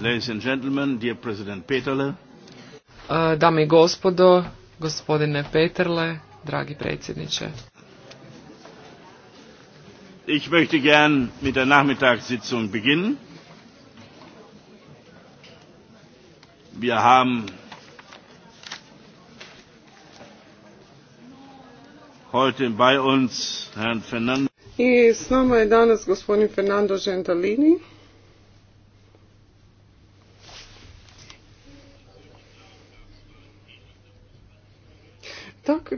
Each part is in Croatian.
Ladies and gentlemen, dear Dame i gospodo, gospodine Peterle, dragi predsjedniče. Ich möchte gern mit der Nachmittagssitzung beginnen. Wir haben heute bei uns Herrn Fernando. I s je danas gospodin Fernando Gentalini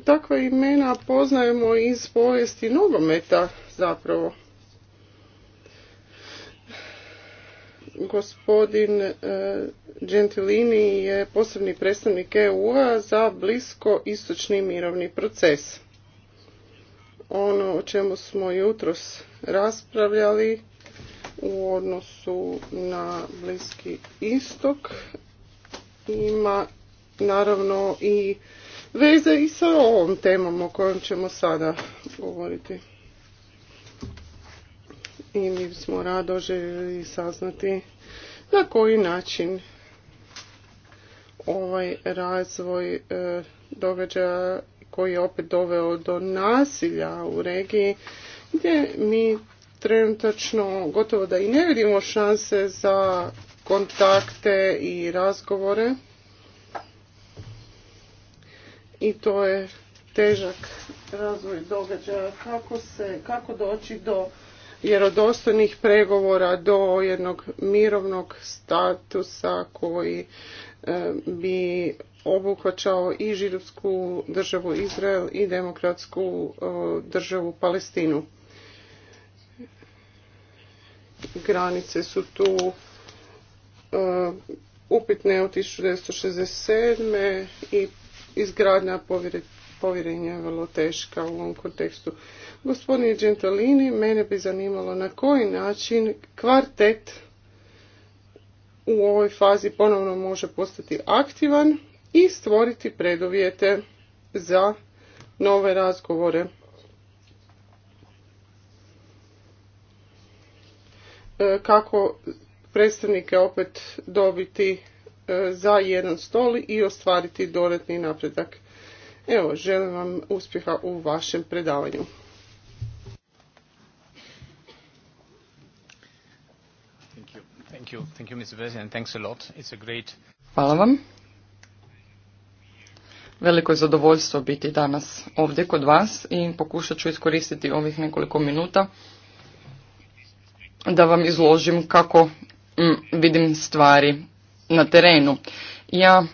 takva imena poznajemo iz povijesti nogometa zapravo. Gospodin e, Gentilini je posebni predstavnik EU-a za blisko istočni mirovni proces. Ono o čemu smo jutros raspravljali u odnosu na Bliski istok ima naravno i veze i sa ovom temom o kojom ćemo sada govoriti. I mi smo rado željeli saznati na koji način ovaj razvoj e, događaja koji je opet doveo do nasilja u regiji gdje mi trenutačno gotovo da i ne vidimo šanse za kontakte i razgovore i to je težak razvoj događaja. Kako, se, kako doći do vjerodostojnih pregovora, do jednog mirovnog statusa koji e, bi obuhvaćao i židovsku državu Izrael i demokratsku e, državu Palestinu. Granice su tu e, upitne od 1967. i izgradnja povjerenja je vrlo teška u ovom kontekstu. Gospodine Gentolini, mene bi zanimalo na koji način kvartet u ovoj fazi ponovno može postati aktivan i stvoriti preduvjete za nove razgovore. E, kako predstavnike opet dobiti E, za jedan stol i ostvariti dodatni napredak. Evo, želim vam uspjeha u vašem predavanju. Hvala vam. Veliko je zadovoljstvo biti danas ovdje kod vas i pokušat ću iskoristiti ovih nekoliko minuta da vam izložim kako mm, vidim stvari na terenu. Ja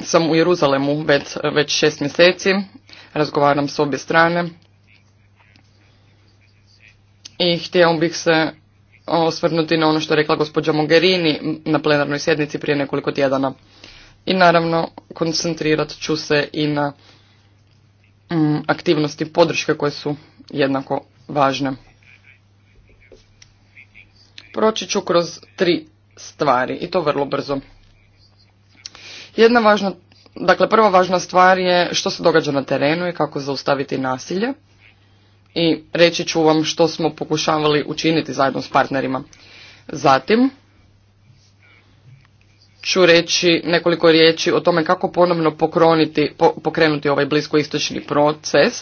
sam u Jeruzalemu već, već šest mjeseci, razgovaram s obje strane i htio bih se osvrnuti na ono što je rekla gospođa Mogherini na plenarnoj sjednici prije nekoliko tjedana. I naravno koncentrirat ću se i na mm, aktivnosti podrške koje su jednako važne. Proći ću kroz tri stvari i to vrlo brzo. Jedna važna, dakle prva važna stvar je što se događa na terenu i kako zaustaviti nasilje. I reći ću vam što smo pokušavali učiniti zajedno s partnerima. Zatim ću reći nekoliko riječi o tome kako ponovno pokrenuti ovaj bliskoistočni proces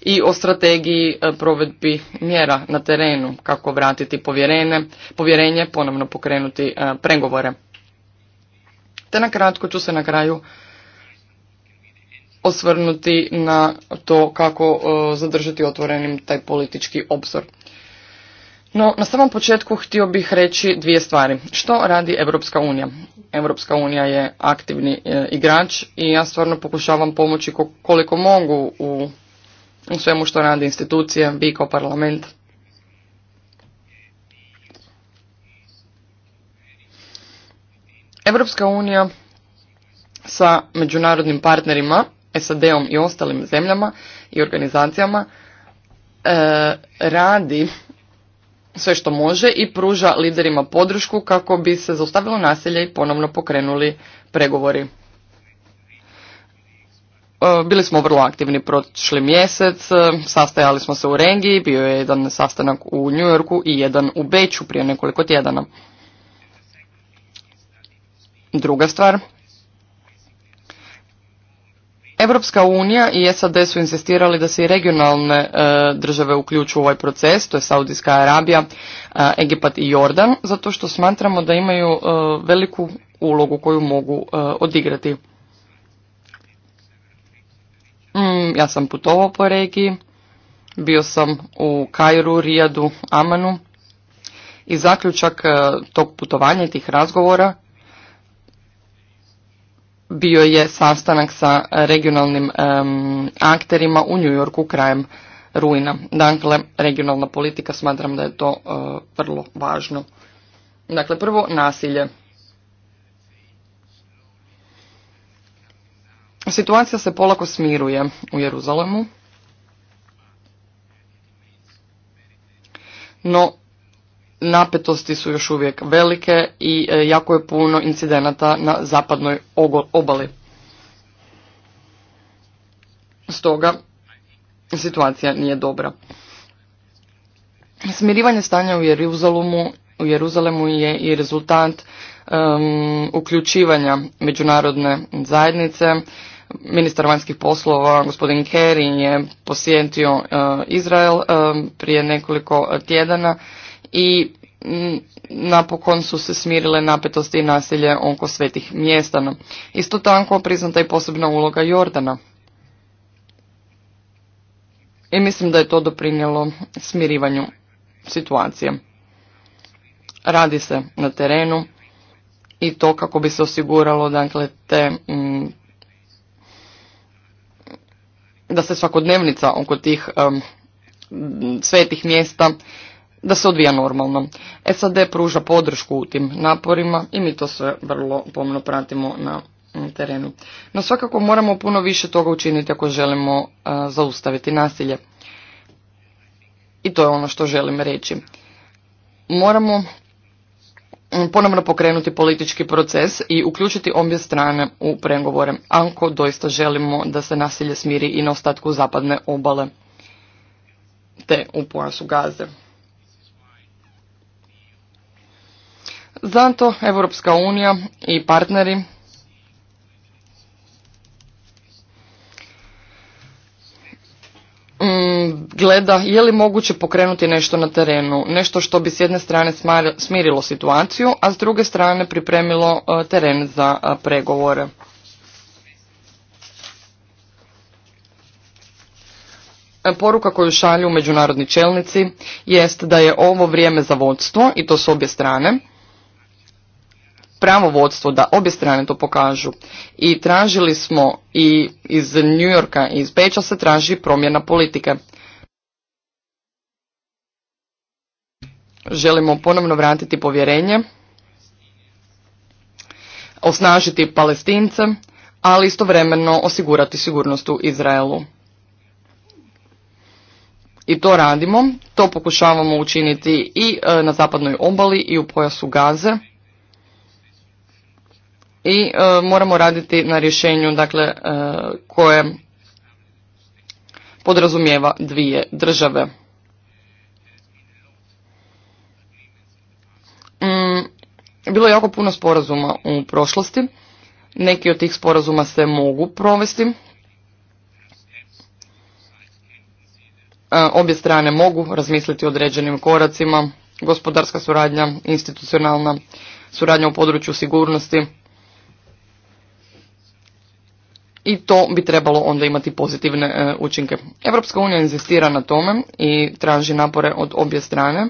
i o strategiji e, provedbi mjera na terenu, kako vratiti povjerenje, ponovno pokrenuti e, pregovore. Te na kratko ću se na kraju osvrnuti na to kako e, zadržati otvorenim taj politički obzor. No, na samom početku htio bih reći dvije stvari. Što radi Europska unija? Europska unija je aktivni e, igrač i ja stvarno pokušavam pomoći koliko mogu u, svemu što radi institucije, vi kao parlament, Europska unija sa međunarodnim partnerima, SAD-om i ostalim zemljama i organizacijama e, radi sve što može i pruža liderima podršku kako bi se zaustavilo nasilje i ponovno pokrenuli pregovori. E, bili smo vrlo aktivni prošli mjesec, sastajali smo se u Rengi, bio je jedan sastanak u New Yorku i jedan u Beću prije nekoliko tjedana. Druga stvar, Europska unija i SAD su insistirali da se i regionalne e, države uključu u ovaj proces, to je Saudijska Arabija, e, Egipat i Jordan, zato što smatramo da imaju e, veliku ulogu koju mogu odigrati. Mm, ja sam putovao po regiji, bio sam u Kairu, Rijadu, Amanu i zaključak tog putovanja i tih razgovora bio je sastanak sa regionalnim akterima u New Yorku krajem rujna. Dakle, regionalna politika smatram da je to uh, vrlo važno. Dakle, prvo nasilje. Situacija se polako smiruje u Jeruzalemu. No, napetosti su još uvijek velike i e, jako je puno incidenata na zapadnoj obali. Stoga situacija nije dobra. Smirivanje stanja u Jeruzalemu, u Jeruzalemu je i rezultat uključivanja međunarodne zajednice. Ministar vanjskih poslova gospodin Kerry je posjetio e, Izrael prije nekoliko tjedana i mm, napokon su se smirile napetosti i nasilje oko svetih mjesta. Isto tako priznata je posebna uloga Jordana. I mislim da je to doprinijelo smirivanju situacije. Radi se na terenu i to kako bi se osiguralo dakle, te, mm, da se svakodnevnica oko tih svetih mjesta da se odvija normalno. SAD pruža podršku u tim naporima i mi to sve vrlo pomno pratimo na terenu. No svakako moramo puno više toga učiniti ako želimo e, zaustaviti nasilje. I to je ono što želim reći. Moramo ponovno pokrenuti politički proces i uključiti obje strane u pregovore, ako doista želimo da se nasilje smiri i na ostatku zapadne obale, te u pojasu gaze. Zato Europska unija i partneri mm, gleda je li moguće pokrenuti nešto na terenu, nešto što bi s jedne strane smirilo situaciju, a s druge strane pripremilo e, teren za e, pregovore. E, poruka koju šalju međunarodni čelnici jest da je ovo vrijeme za vodstvo i to s obje strane pravo vodstvo da obje strane to pokažu. I tražili smo i iz New Yorka i iz Beča se traži promjena politike. Želimo ponovno vratiti povjerenje, osnažiti palestince, ali istovremeno osigurati sigurnost u Izraelu. I to radimo, to pokušavamo učiniti i e, na zapadnoj obali i u pojasu Gaze i e, moramo raditi na rješenju dakle e, koje podrazumijeva dvije države. Mm, bilo je jako puno sporazuma u prošlosti. Neki od tih sporazuma se mogu provesti. E, obje strane mogu razmisliti o određenim koracima, gospodarska suradnja, institucionalna suradnja u području sigurnosti i to bi trebalo onda imati pozitivne e, učinke. Europska unija inzistira na tome i traži napore od obje strane.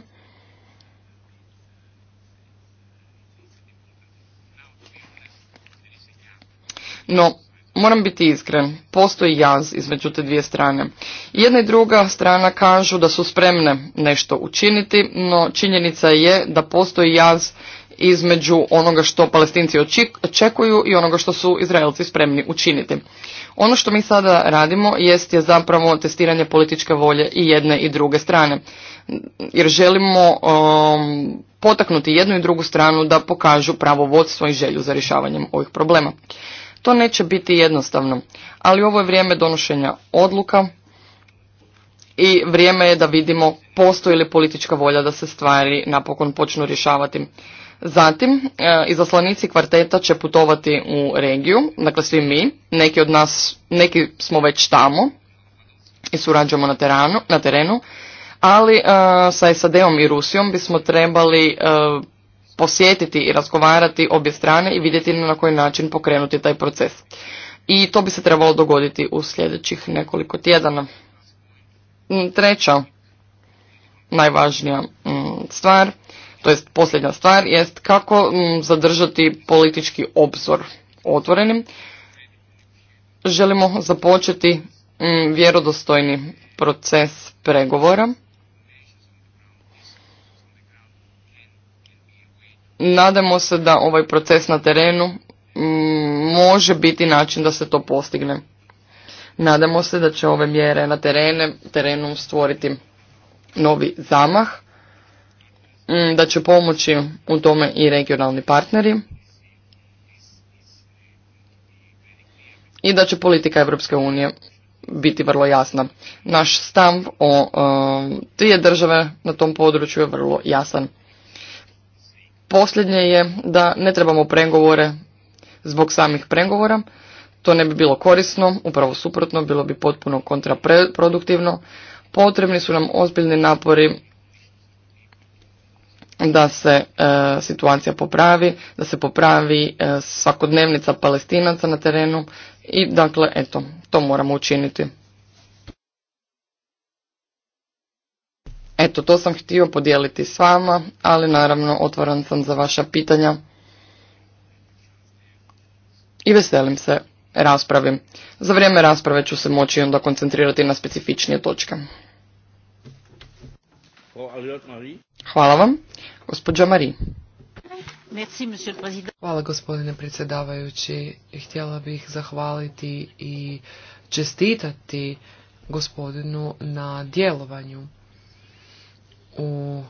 No, moram biti iskren, postoji jaz između te dvije strane. Jedna i druga strana kažu da su spremne nešto učiniti, no činjenica je da postoji jaz između onoga što palestinci očekuju i onoga što su Izraelci spremni učiniti. Ono što mi sada radimo jest je zapravo testiranje političke volje i jedne i druge strane. Jer želimo um, potaknuti jednu i drugu stranu da pokažu pravo vodstvo i želju za rješavanjem ovih problema. To neće biti jednostavno, ali ovo je vrijeme donošenja odluka i vrijeme je da vidimo postoji li politička volja da se stvari napokon počnu rješavati. Zatim, e, izaslanici kvarteta će putovati u regiju, dakle svi mi, neki od nas, neki smo već tamo i surađujemo na, teranu, na terenu, ali e, sa SAD-om i Rusijom bismo trebali e, posjetiti i razgovarati obje strane i vidjeti na koji način pokrenuti taj proces. I to bi se trebalo dogoditi u sljedećih nekoliko tjedana. Mm, treća najvažnija mm, stvar to jest posljednja stvar, jest kako mm, zadržati politički obzor otvorenim. Želimo započeti mm, vjerodostojni proces pregovora. Nadamo se da ovaj proces na terenu mm, može biti način da se to postigne. Nadamo se da će ove mjere na terene, terenu stvoriti novi zamah Mm, da će pomoći u tome i regionalni partneri i da će politika Europske unije biti vrlo jasna. Naš stav o um, dvije države na tom području je vrlo jasan. Posljednje je da ne trebamo pregovore zbog samih pregovora. To ne bi bilo korisno, upravo suprotno, bilo bi potpuno kontraproduktivno. Potrebni su nam ozbiljni napori da se e, situacija popravi, da se popravi e, svakodnevnica palestinaca na terenu i dakle, eto, to moramo učiniti. Eto, to sam htio podijeliti s vama, ali naravno otvoran sam za vaša pitanja i veselim se raspravi. Za vrijeme rasprave ću se moći onda koncentrirati na specifičnije točke. Hvala vam. Gospodža Mari. Hvala gospodine predsjedavajući. Htjela bih zahvaliti i čestitati gospodinu na djelovanju u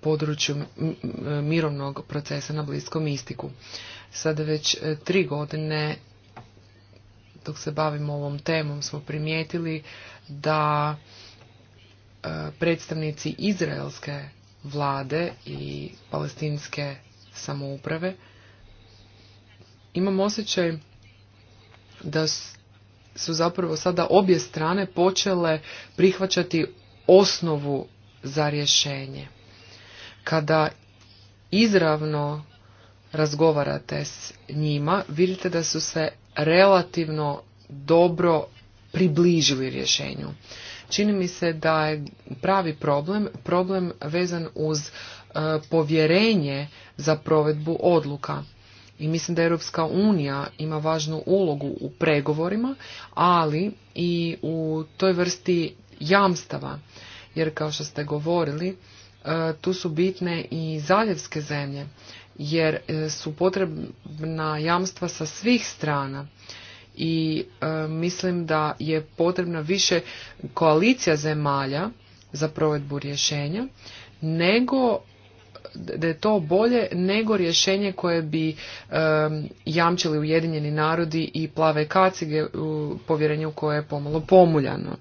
području mirovnog procesa na Bliskom istiku. Sada već e, tri godine dok se bavimo ovom temom smo primijetili da e, predstavnici izraelske vlade i palestinske samouprave, imam osjećaj da su zapravo sada obje strane počele prihvaćati osnovu za rješenje. Kada izravno razgovarate s njima, vidite da su se relativno dobro približili rješenju. Čini mi se da je pravi problem, problem vezan uz e, povjerenje za provedbu odluka. I mislim da Europska unija ima važnu ulogu u pregovorima, ali i u toj vrsti jamstava. Jer kao što ste govorili, e, tu su bitne i zaljevske zemlje, jer e, su potrebna jamstva sa svih strana i e, mislim da je potrebna više koalicija zemalja za provedbu rješenja nego da je to bolje nego rješenje koje bi e, jamčili Ujedinjeni narodi i plave kacige u povjerenju koje je pomalo pomuljano.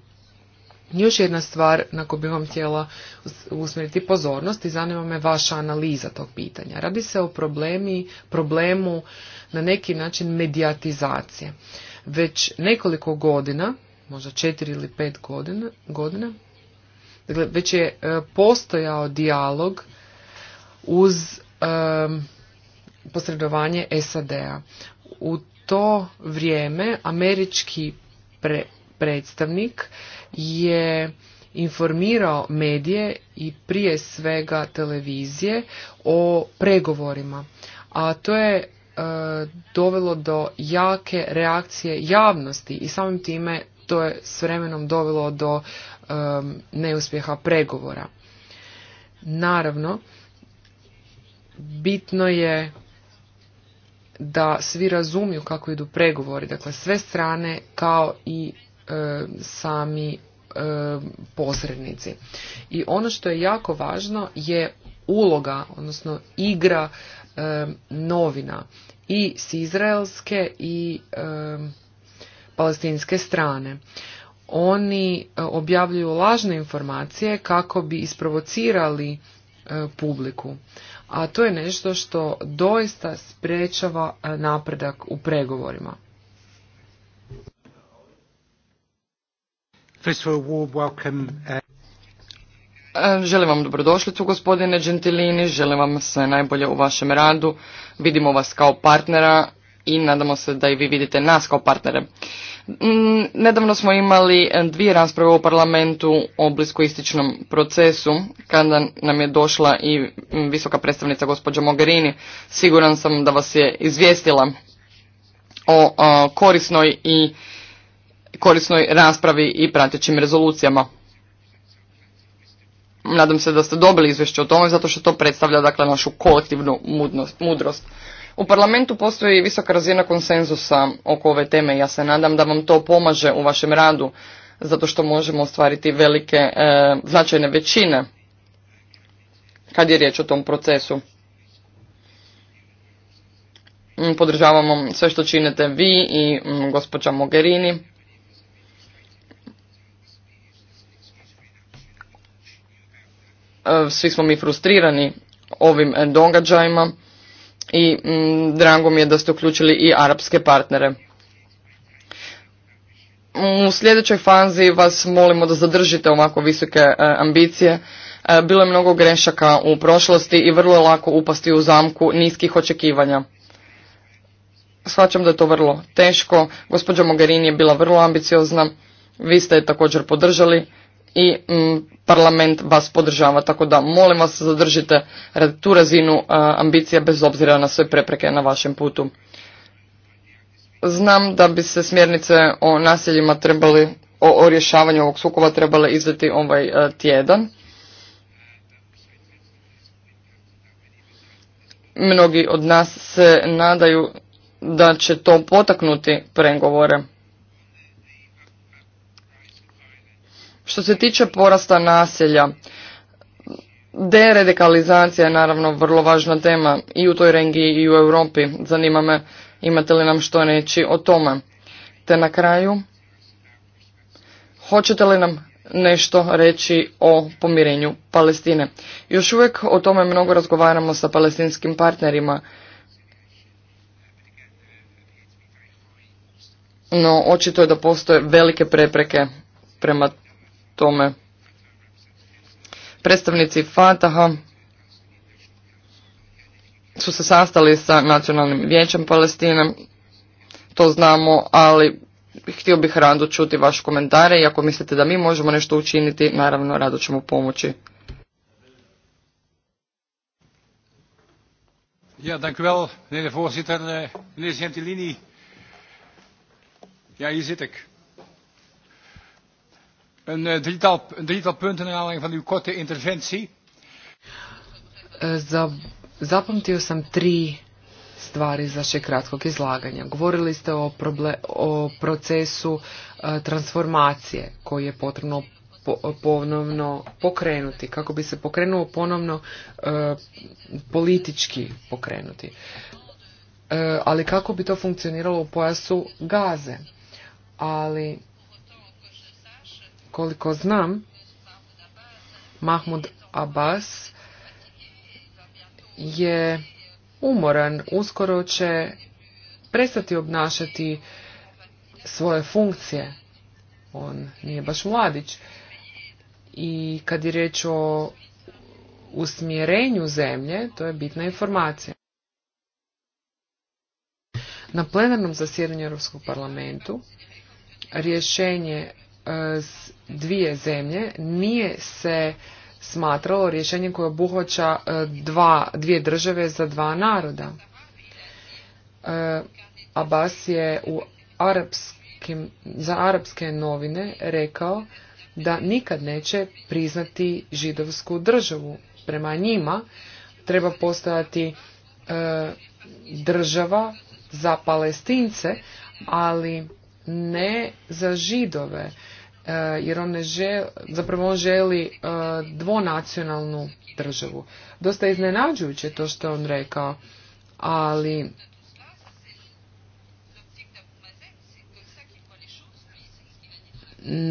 Još jedna stvar na koju bih vam htjela usmjeriti pozornost i zanima me vaša analiza tog pitanja. Radi se o problemi, problemu na neki način medijatizacije. Već nekoliko godina, možda četiri ili pet godina, godina dakle, već je e, postojao dijalog uz e, posredovanje SAD-a. U to vrijeme američki predstavnik je informirao medije i prije svega televizije o pregovorima, a to je e, dovelo do jake reakcije javnosti i samim time to je s vremenom dovelo do e, neuspjeha pregovora. Naravno, bitno je da svi razumiju kako idu pregovori, dakle sve strane kao i E, sami e, posrednici. I ono što je jako važno je uloga, odnosno igra e, novina i s izraelske i palestinske strane. Oni objavljuju lažne informacije kako bi isprovocirali publiku. A to je nešto što doista sprečava napredak u pregovorima. Uh, e, želim vam dobrodošlicu gospodine Gentilini, želim vam sve najbolje u vašem radu, vidimo vas kao partnera i nadamo se da i vi vidite nas kao partnere. Mm, nedavno smo imali e, dvije rasprave u parlamentu o bliskoističnom procesu kada nam je došla i mm, visoka predstavnica gospođa Mogherini. Siguran sam da vas je izvijestila o e, korisnoj i korisnoj raspravi i pratećim rezolucijama. Nadam se da ste dobili izvješće o tome zato što to predstavlja dakle, našu kolektivnu mudnost, mudrost. U parlamentu postoji visoka razina konsenzusa oko ove teme. Ja se nadam da vam to pomaže u vašem radu zato što možemo ostvariti velike e, značajne većine kad je riječ o tom procesu. Mm, podržavamo sve što činete vi i mm, gospođa Mogherini E, svi smo mi frustrirani ovim e, događajima i drago mi je da ste uključili i arapske partnere. U sljedećoj fazi vas molimo da zadržite ovako visoke e, ambicije. bilo je mnogo grešaka u prošlosti i vrlo je lako upasti u zamku niskih očekivanja. Shvaćam da je to vrlo teško. Gospođa Mogherini je bila vrlo ambiciozna. Vi ste je također podržali i parlament vas podržava. Tako da molim vas zadržite tu razinu ambicija bez obzira na sve prepreke na vašem putu. Znam da bi se smjernice o naseljima trebali, o, o rješavanju ovog sukova trebale izdati ovaj tjedan. Mnogi od nas se nadaju da će to potaknuti pregovore. Što se tiče porasta naselja, deradikalizacija je naravno vrlo važna tema i u toj regiji i u Europi. Zanima me imate li nam što reći o tome. Te na kraju, hoćete li nam nešto reći o pomirenju Palestine? Još uvijek o tome mnogo razgovaramo sa palestinskim partnerima. No, očito je da postoje velike prepreke prema tome. Predstavnici Fataha su se sastali sa nacionalnim vijećem Palestine, to znamo, ali htio bih rado čuti vaše komentare i ako mislite da mi možemo nešto učiniti, naravno rado ćemo pomoći. Ja, dank wel, meneer voorzitter. Eh, meneer Ja, hier zit ik zapamtio sam tri stvari iz vašeg kratkog izlaganja. Govorili ste o, procesu eh, transformacije koji je potrebno ponovno pokrenuti, kako bi se pokrenuo ponovno eh, politički pokrenuti. Eh, ali kako bi to funkcioniralo u pojasu gaze? Ali koliko znam, Mahmud Abbas je umoran, uskoro će prestati obnašati svoje funkcije. On nije baš mladić. I kad je reč o usmjerenju zemlje, to je bitna informacija. Na plenarnom zasjedanju Europskog parlamentu rješenje E, dvije zemlje nije se smatralo rješenjem koje obuhvaća e, dva, dvije države za dva naroda. E, Abbas je u arapskim, za arapske novine rekao da nikad neće priznati židovsku državu. Prema njima treba postojati država za palestince, ali ne za židove. E, jer on ne želi, zapravo on želi e, dvonacionalnu državu. Dosta iznenađujuće to što je on rekao, ali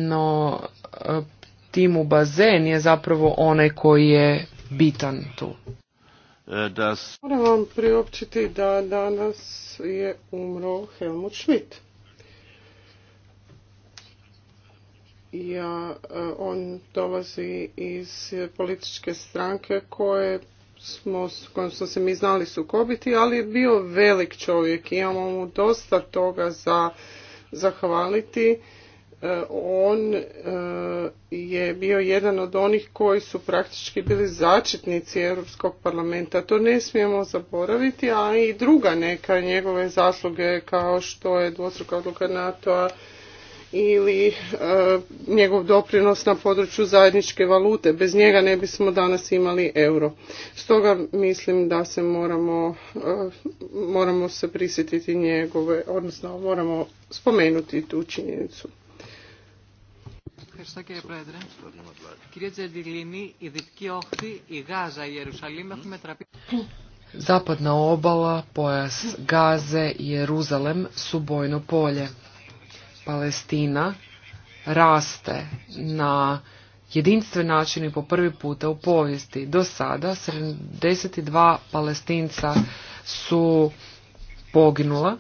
no e, timu bazen je zapravo onaj koji je bitan tu. Moram vam priopćiti da danas je umro Helmut Schmidt. ja, e, on dolazi iz političke stranke koje smo, kojom smo se mi znali sukobiti, ali je bio velik čovjek. Imamo mu dosta toga za zahvaliti. E, on e, je bio jedan od onih koji su praktički bili začetnici Europskog parlamenta. To ne smijemo zaboraviti, a i druga neka njegove zasluge kao što je dvostruka odluka NATO-a, ili e, njegov doprinos na području zajedničke valute. Bez njega ne bismo danas imali euro. Stoga mislim da se moramo, e, moramo se prisjetiti njegove, odnosno moramo spomenuti tu činjenicu. Ευχαριστώ κύριε Πρόεδρε. Κύριε Τζεντιλίνη, η Δυτική Όχθη, η Γάζα, Zapadna obala, pojas Gaze i Jeruzalem su bojno polje. Palestina raste na jedinstven način i po prvi puta u povijesti. Do sada 72 palestinca su poginula,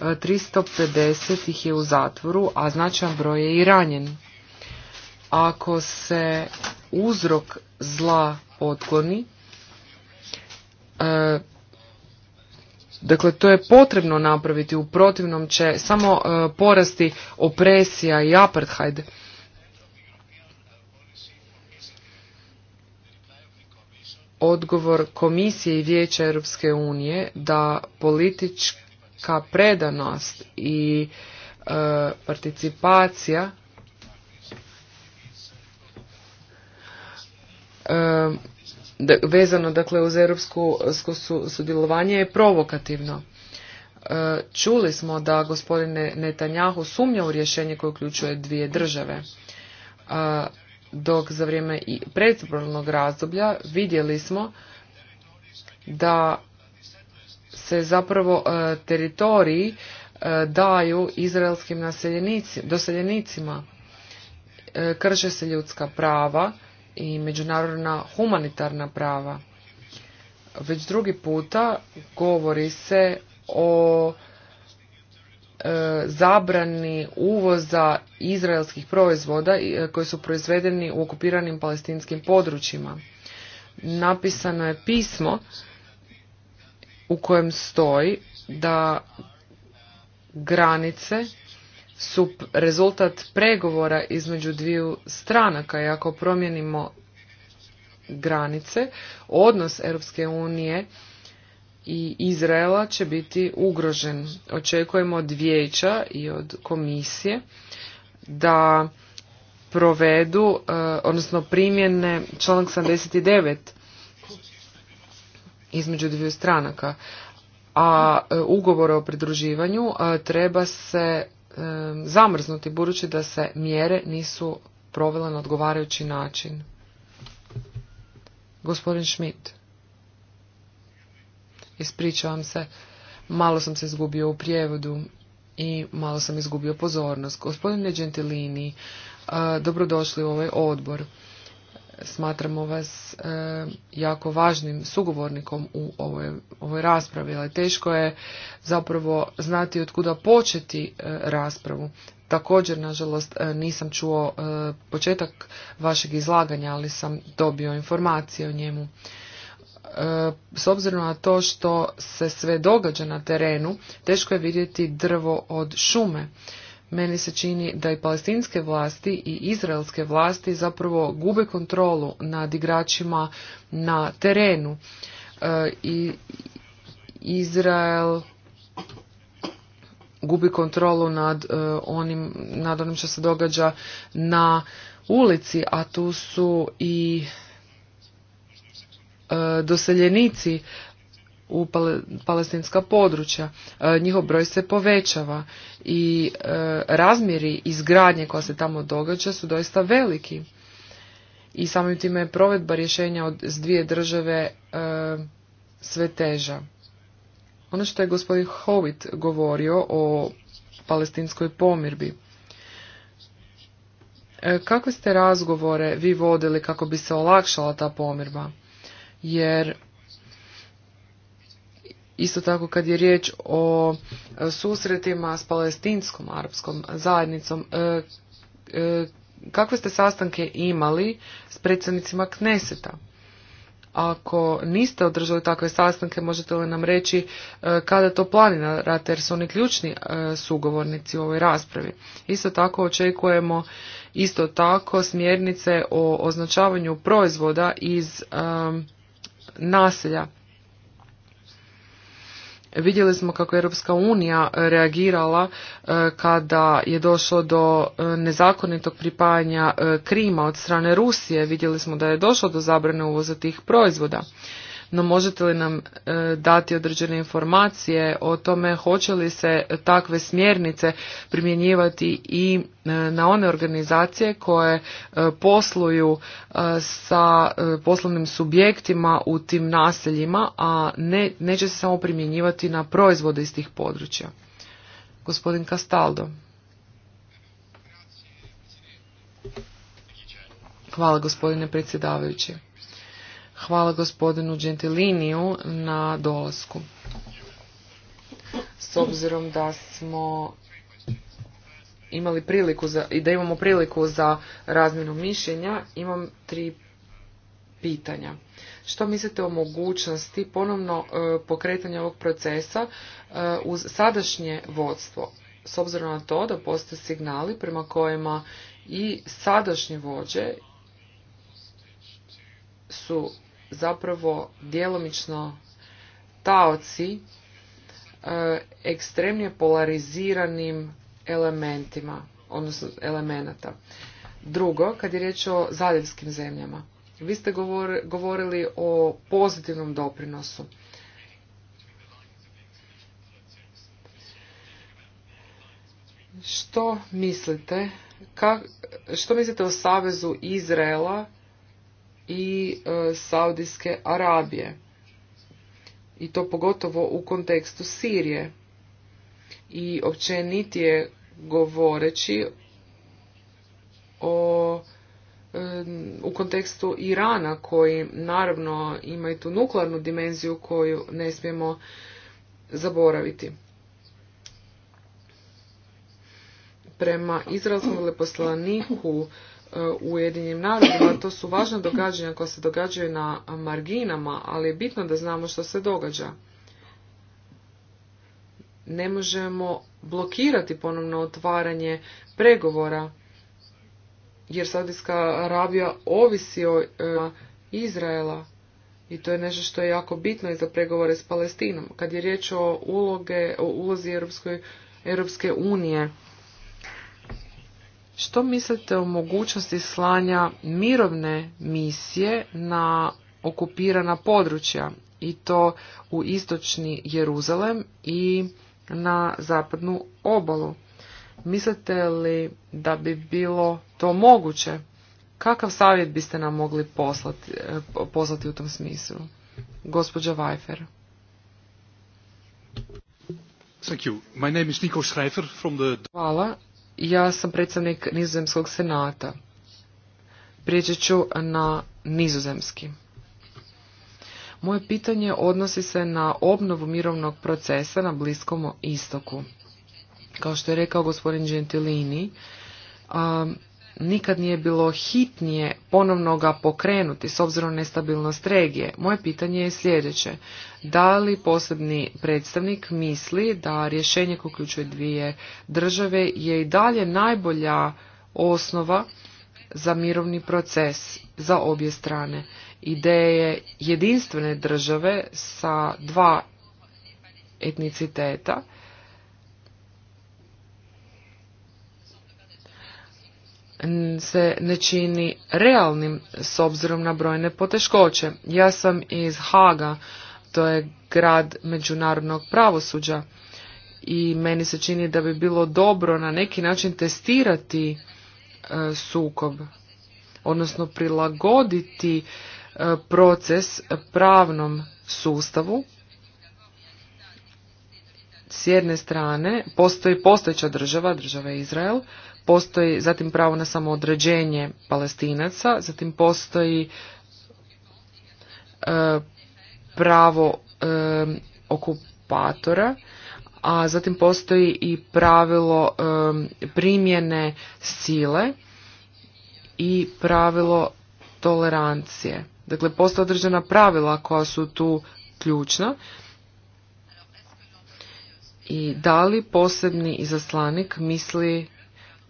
350 ih je u zatvoru, a značajan broj je i ranjen. Ako se uzrok zla otkloni, e, Dakle, to je potrebno napraviti, u protivnom će samo e, porasti opresija i apartheid. Odgovor Komisije i Vijeća Europske unije da politička predanost i e, participacija e, vezano dakle uz europsko sudjelovanje je provokativno. E, čuli smo da gospodine Netanjahu sumnja u rješenje koje uključuje dvije države. E, dok za vrijeme i razdoblja vidjeli smo da se zapravo e, teritoriji daju izraelskim doseljenicima. Krše se ljudska prava, i međunarodna humanitarna prava. Već drugi puta govori se o e, zabrani uvoza izraelskih proizvoda e, koji su proizvedeni u okupiranim palestinskim područjima. Napisano je pismo u kojem stoji da granice su rezultat pregovora između dviju stranaka i ako promijenimo granice, odnos Europske unije i Izraela će biti ugrožen. Očekujemo od vijeća i od komisije da provedu, e, odnosno primjene članak 79 između dviju stranaka. A e, ugovor o pridruživanju e, treba se zamrznuti budući da se mjere nisu provele na odgovarajući način. Gospodin Schmidt. Ispričavam se, malo sam se izgubio u prijevodu i malo sam izgubio pozornost. Gospodine Gentilini, dobrodošli u ovaj odbor smatramo vas e, jako važnim sugovornikom u ovoj, ovoj raspravi, ali teško je zapravo znati od kuda početi e, raspravu. Također, nažalost, e, nisam čuo početak vašeg izlaganja, ali sam dobio informacije o njemu. S obzirom na to što se sve događa na terenu, teško je vidjeti drvo od šume. Meni se čini da i palestinske vlasti i izraelske vlasti zapravo gube kontrolu nad igračima na terenu. E, I Izrael gubi kontrolu nad, e, onim, nad onim što se događa na ulici, a tu su i e, doseljenici u palestinska područja. E, njihov broj se povećava i e, razmjeri izgradnje koja se tamo događa su doista veliki. I samim time je provedba rješenja od, s dvije države e, sve teža. Ono što je gospodin Howitt govorio o palestinskoj pomirbi. Kakve ste razgovore vi vodili kako bi se olakšala ta pomirba? Jer Isto tako kad je riječ o e, susretima s palestinskom arapskom zajednicom, e, e, kakve ste sastanke imali s predsjednicima Kneseta? Ako niste održali takve sastanke, možete li nam reći kada to planirate, jer su oni ključni sugovornici u ovoj raspravi. Isto tako očekujemo isto tako smjernice o označavanju proizvoda iz naselja Vidjeli smo kako je Europska unija e, reagirala e, kada je došlo do e, nezakonitog pripajanja Krima od strane Rusije. Vidjeli smo da je došlo do zabrane uvoza tih proizvoda no možete li nam e, dati određene informacije o tome hoće li se takve smjernice primjenjivati i e, na one organizacije koje e, posluju sa poslovnim subjektima u tim naseljima, a ne, neće se samo primjenjivati na proizvode iz tih područja. Gospodin Castaldo. Hvala gospodine predsjedavajući. Hvala gospodinu Gentiliniju na dolasku. S obzirom da smo imali priliku za, i da imamo priliku za razmjenu mišljenja, imam tri pitanja. Što mislite o mogućnosti ponovno e, pokretanja ovog procesa e, uz sadašnje vodstvo? S obzirom na to da postoje signali prema kojima i sadašnje vođe su zapravo djelomično taoci e, ekstremnije polariziranim elementima, odnosno elemenata. Drugo, kad je riječ o zaljevskim zemljama, vi ste govorili o pozitivnom doprinosu. Što mislite, što mislite o savezu Izraela i e, Saudijske Arabije. I to pogotovo u kontekstu Sirije. I općenitije govoreći o e, u kontekstu Irana koji naravno ima i tu nuklearnu dimenziju koju ne smijemo zaboraviti. Prema izrazom veleposlaniku E, u Ujedinjenim narodima. To su važna događanja koja se događaju na marginama, ali je bitno da znamo što se događa. Ne možemo blokirati ponovno otvaranje pregovora, jer Saudijska Arabija ovisi o e, Izraela i to je nešto što je jako bitno i za pregovore s Palestinom. Kad je riječ o, uloge, o ulozi Europskoj, Europske unije što mislite o mogućnosti slanja mirovne misije na okupirana područja i to u istočni Jeruzalem i na zapadnu obalu? Mislite li da bi bilo to moguće? Kakav savjet biste nam mogli poslati, e, poslati u tom smislu? Gospođa Weifer. Hvala. Ja sam predstavnik Nizozemskog senata. Prijeći ću na nizozemski. Moje pitanje odnosi se na obnovu mirovnog procesa na Bliskom istoku. Kao što je rekao gospodin Gentilini, nikad nije bilo hitnije ponovno ga pokrenuti s obzirom na nestabilnost regije. Moje pitanje je sljedeće. Da li posebni predstavnik misli da rješenje koje uključuje dvije države je i dalje najbolja osnova za mirovni proces za obje strane? Ideje jedinstvene države sa dva etniciteta se ne čini realnim s obzirom na brojne poteškoće. Ja sam iz Haga, to je grad međunarodnog pravosuđa i meni se čini da bi bilo dobro na neki način testirati e, sukob, odnosno prilagoditi e, proces pravnom sustavu. S jedne strane postoji postojeća država, država Izrael, Postoji zatim pravo na samoodređenje palestinaca, zatim postoji e, pravo e, okupatora, a zatim postoji i pravilo e, primjene sile i pravilo tolerancije. Dakle, postoje određena pravila koja su tu ključna. I da li posebni izaslanik misli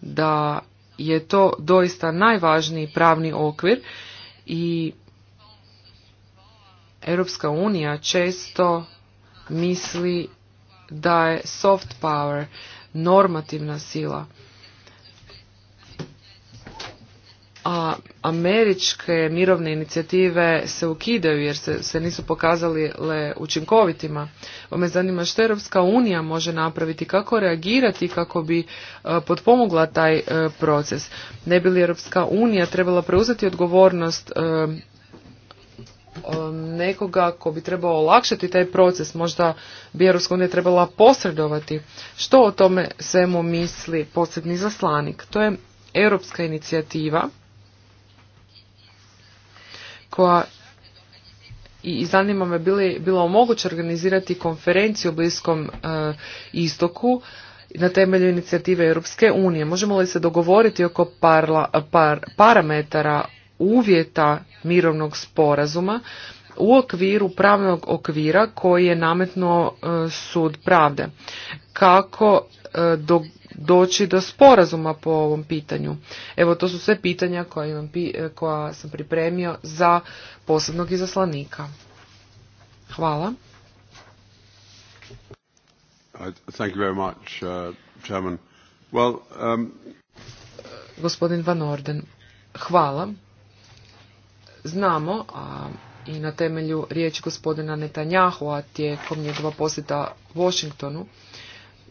da je to doista najvažniji pravni okvir i Europska unija često misli da je soft power normativna sila a američke mirovne inicijative se ukidaju jer se, se nisu pokazali le učinkovitima. Pa me zanima što Europska unija može napraviti, kako reagirati kako bi e, potpomogla taj e, proces. Ne bi li Europska unija trebala preuzeti odgovornost e, nekoga ko bi trebao olakšati taj proces, možda bi Europska unija trebala posredovati. Što o tome svemu misli posebni zaslanik? To je europska inicijativa koja i zanima me bili, bilo moguće organizirati konferenciju u Bliskom e, istoku na temelju inicijative Europske unije. Možemo li se dogovoriti oko parla, par, parametara uvjeta mirovnog sporazuma u okviru pravnog okvira koji je nametno e, sud pravde? Kako e, do, doći do sporazuma po ovom pitanju. Evo, to su sve pitanja koja, imam, eh, koja sam pripremio za posebnog izaslanika. Hvala. Uh, thank you very much, uh, chairman. Well, um... Gospodin Van Orden, hvala. Znamo, a i na temelju riječi gospodina Netanjahua tijekom njegova posjeta Washingtonu,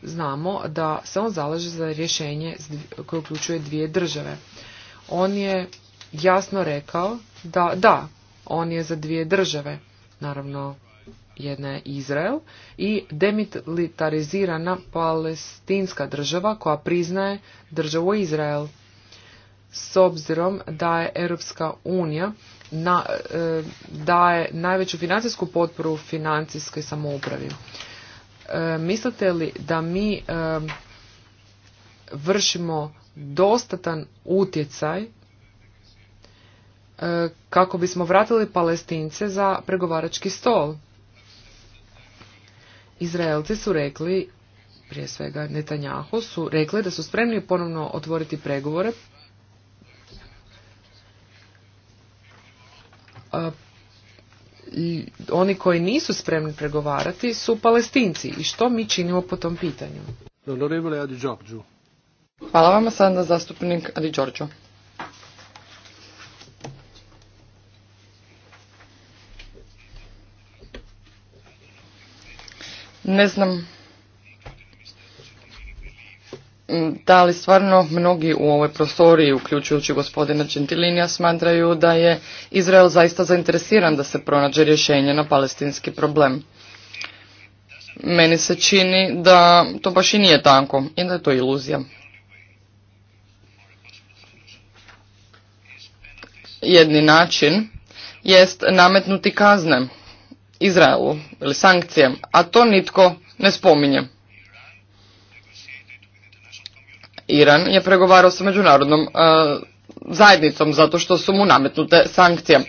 znamo da se on zalaže za rješenje koje uključuje dvije države. On je jasno rekao da da, on je za dvije države. Naravno, jedna je Izrael i demilitarizirana palestinska država koja priznaje državu Izrael. S obzirom da je Europska unija na, e, daje najveću financijsku potporu financijskoj samoupravi. E, mislite li da mi e, vršimo dostatan utjecaj e, kako bismo vratili palestince za pregovarački stol. Izraelci su rekli, prije svega Netanjahu, su rekli da su spremni ponovno otvoriti pregovore oni koji nisu spremni pregovarati su palestinci i što mi činimo po tom pitanju. Hvala vam sada zastupnik Adi Đorđo. Ne znam Mm, da li stvarno mnogi u ovoj prostoriji, uključujući gospodina Gentilinija, smatraju da je Izrael zaista zainteresiran da se pronađe rješenje na palestinski problem. Meni se čini da to baš i nije tako i da je to iluzija. Jedni način jest nametnuti kazne Izraelu ili sankcije, a to nitko ne spominje. Iran je pregovarao sa međunarodnom e, zajednicom zato što su mu nametnute sankcije.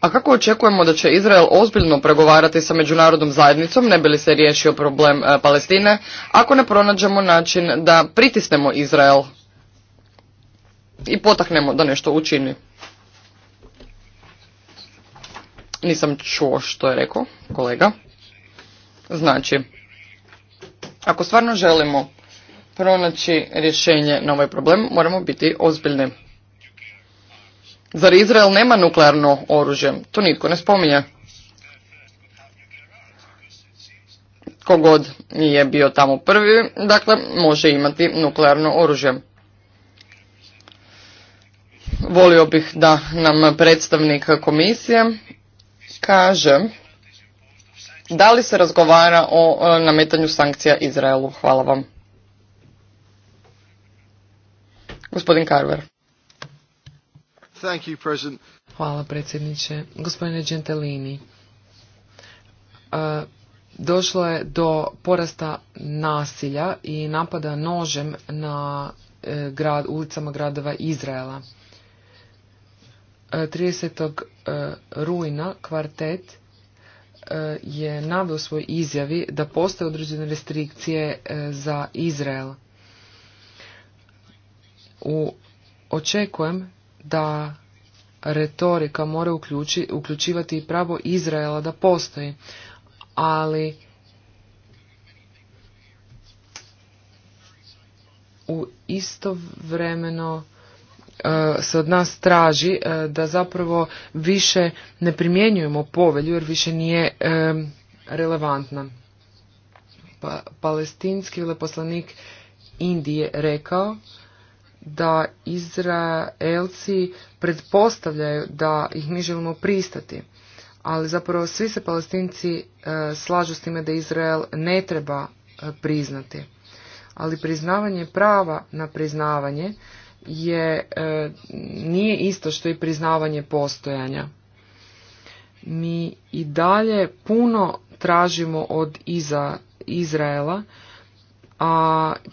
A kako očekujemo da će Izrael ozbiljno pregovarati sa međunarodnom zajednicom, ne bi li se riješio problem e, Palestine, ako ne pronađemo način da pritisnemo Izrael i potaknemo da nešto učini? Nisam čuo što je rekao kolega. Znači, ako stvarno želimo pronaći rješenje na ovaj problem, moramo biti ozbiljni. Zar Izrael nema nuklearno oružje? To nitko ne spominje. Kogod je bio tamo prvi, dakle, može imati nuklearno oružje. Volio bih da nam predstavnik komisije kaže da li se razgovara o e, nametanju sankcija Izraelu. Hvala vam. Gospodin Carver. Hvala predsjedniče. Gospodine Gentilini, e, došlo je do porasta nasilja i napada nožem na e, grad, ulicama gradova Izraela. 30. E, rujna kvartet je naveo svoj izjavi da postoje određene restrikcije za Izrael u, očekujem da retorika mora uključivati i pravo Izraela da postoji, ali u vremeno e, se od nas traži e, da zapravo više ne primjenjujemo povelju jer više nije e, relevantna. Pa, palestinski veleposlanik Indije rekao da Izraelci pretpostavljaju da ih mi želimo pristati, ali zapravo svi se Palestinci e, slažu s time da Izrael ne treba e, priznati. Ali priznavanje prava na priznavanje je e, nije isto što i priznavanje postojanja. Mi i dalje puno tražimo od iza Izraela a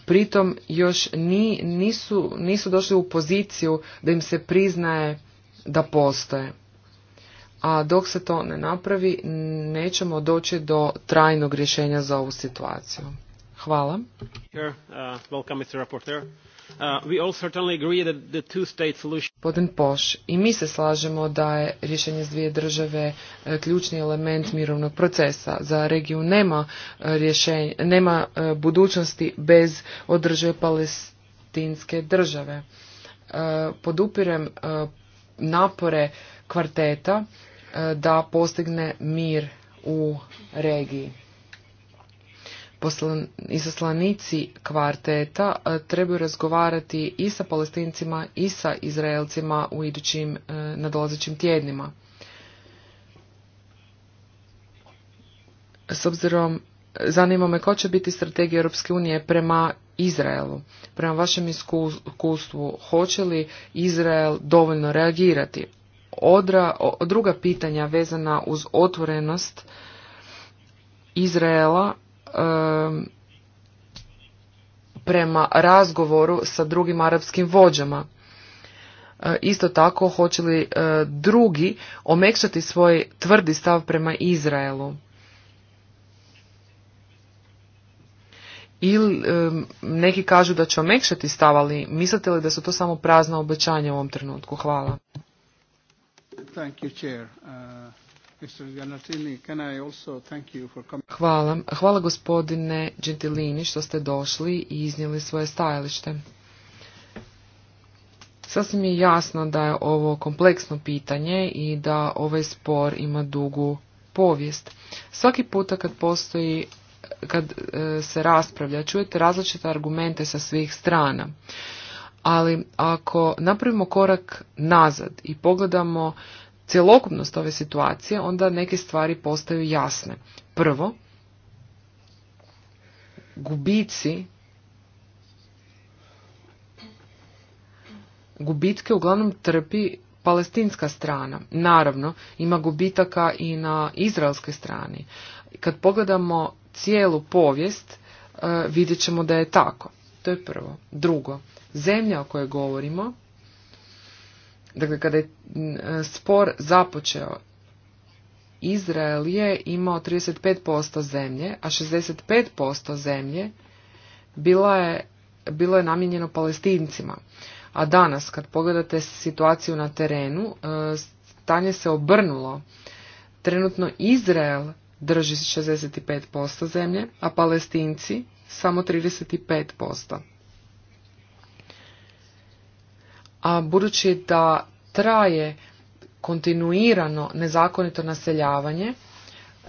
pritom još ni, nisu, nisu došli u poziciju da im se priznaje da postoje. A dok se to ne napravi, nećemo doći do trajnog rješenja za ovu situaciju. Hvala. Uh, Uh, we Poš, i mi se slažemo da je rješenje s dvije države uh, ključni element mirovnog procesa. Za regiju nema, uh, rješenja, nema budućnosti bez održive palestinske države. Podupirem napore kvarteta da postigne mir u regiji poslan, izaslanici kvarteta e, trebaju razgovarati i sa palestincima i sa Izraelcima u idućim e, nadolazećim tjednima. S obzirom, zanima me ko će biti strategija Europske unije prema Izraelu. Prema vašem iskustvu, hoće li Izrael dovoljno reagirati? Odra, druga pitanja vezana uz otvorenost Izraela prema razgovoru sa drugim arapskim vođama. E, isto tako, hoće li e, drugi omekšati svoj tvrdi stav prema Izraelu? Ili neki kažu da će omekšati stav, ali mislite li da su to samo prazna obećanja u ovom trenutku? Hvala. Thank you, chair. Uh, Hvala. Hvala gospodine Gentilini što ste došli i iznijeli svoje stajalište. Sasvim je jasno da je ovo kompleksno pitanje i da ovaj spor ima dugu povijest. Svaki puta kad postoji kad e, se raspravlja, čujete različite argumente sa svih strana. Ali ako napravimo korak nazad i pogledamo cjelokupnost ove situacije, onda neke stvari postaju jasne. Prvo, gubici gubitke uglavnom trpi palestinska strana. Naravno, ima gubitaka i na izraelskoj strani. Kad pogledamo cijelu povijest, e, vidjet ćemo da je tako. To je prvo. Drugo, zemlja o kojoj govorimo, Dakle, kada je e, spor započeo, Izrael je imao 35% zemlje, a 65% zemlje bila je, bilo je namijenjeno palestincima. A danas, kad pogledate situaciju na terenu, e, stanje se obrnulo. Trenutno Izrael drži 65% zemlje, a palestinci samo 35%. a budući da traje kontinuirano nezakonito naseljavanje,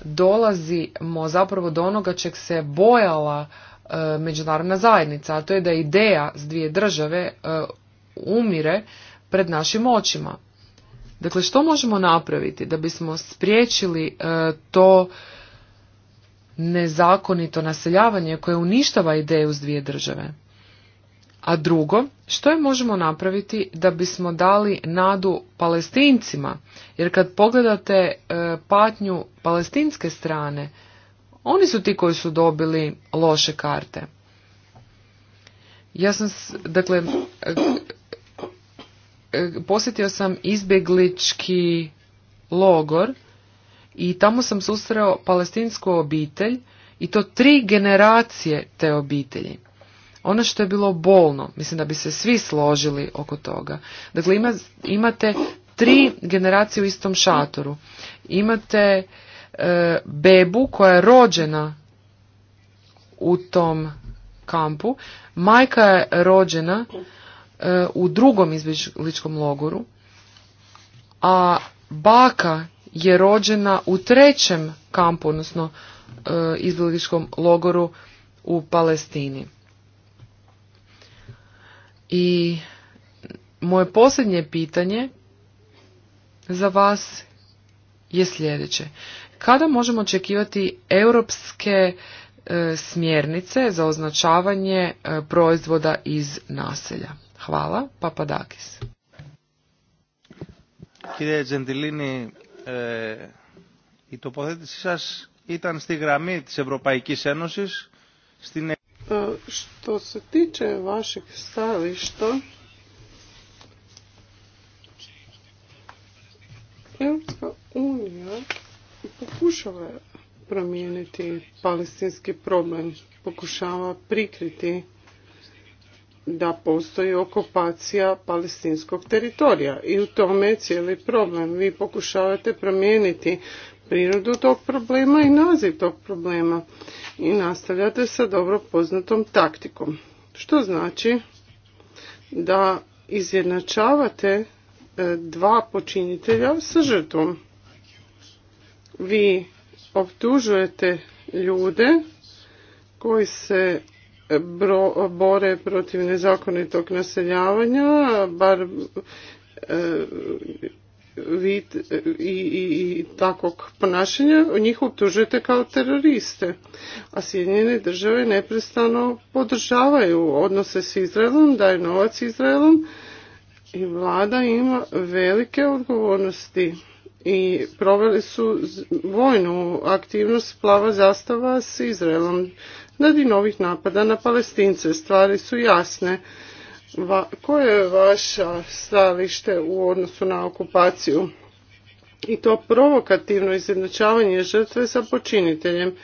dolazimo zapravo do onoga čeg se bojala e, međunarodna zajednica, a to je da ideja s dvije države e, umire pred našim očima. Dakle, što možemo napraviti da bismo spriječili e, to nezakonito naseljavanje koje uništava ideju s dvije države? A drugo, što je možemo napraviti da bismo dali nadu palestincima? Jer kad pogledate e, patnju palestinske strane, oni su ti koji su dobili loše karte. Ja sam, dakle, e, e, posjetio sam izbjeglički logor i tamo sam susreo palestinsku obitelj i to tri generacije te obitelji ono što je bilo bolno, mislim da bi se svi složili oko toga. Dakle, ima, imate tri generacije u istom šatoru. Imate e, bebu koja je rođena u tom kampu, majka je rođena e, u drugom izbjegličkom logoru, a baka je rođena u trećem kampu, odnosno e, izbjegličkom logoru u Palestini. I moje posljednje pitanje za vas je sljedeće. Kada možemo očekivati europske e, smjernice za označavanje e, proizvoda iz naselja? Hvala, Papadakis. Gentilini, i to sas ήταν στη γραμμή της Ευρωπαϊκής E, što se tiče vašeg stajališta, Europska unija pokušava promijeniti palestinski problem, pokušava prikriti da postoji okupacija palestinskog teritorija i u tome je cijeli problem. Vi pokušavate promijeniti prirodu tog problema i naziv tog problema i nastavljate sa dobro poznatom taktikom. Što znači da izjednačavate e, dva počinitelja sa žrtvom. Vi optužujete ljude koji se bore protiv nezakonitog naseljavanja, bar e, vid i, i, i takvog ponašanja, njih optužujete kao teroriste. A Sjedinjene države neprestano podržavaju odnose s Izraelom, daju novac Izraelom i vlada ima velike odgovornosti i proveli su vojnu aktivnost plava zastava s Izraelom radi novih napada na palestince. Stvari su jasne koje je vaša stajalište u odnosu na okupaciju? I to provokativno izjednačavanje žrtve sa počiniteljem.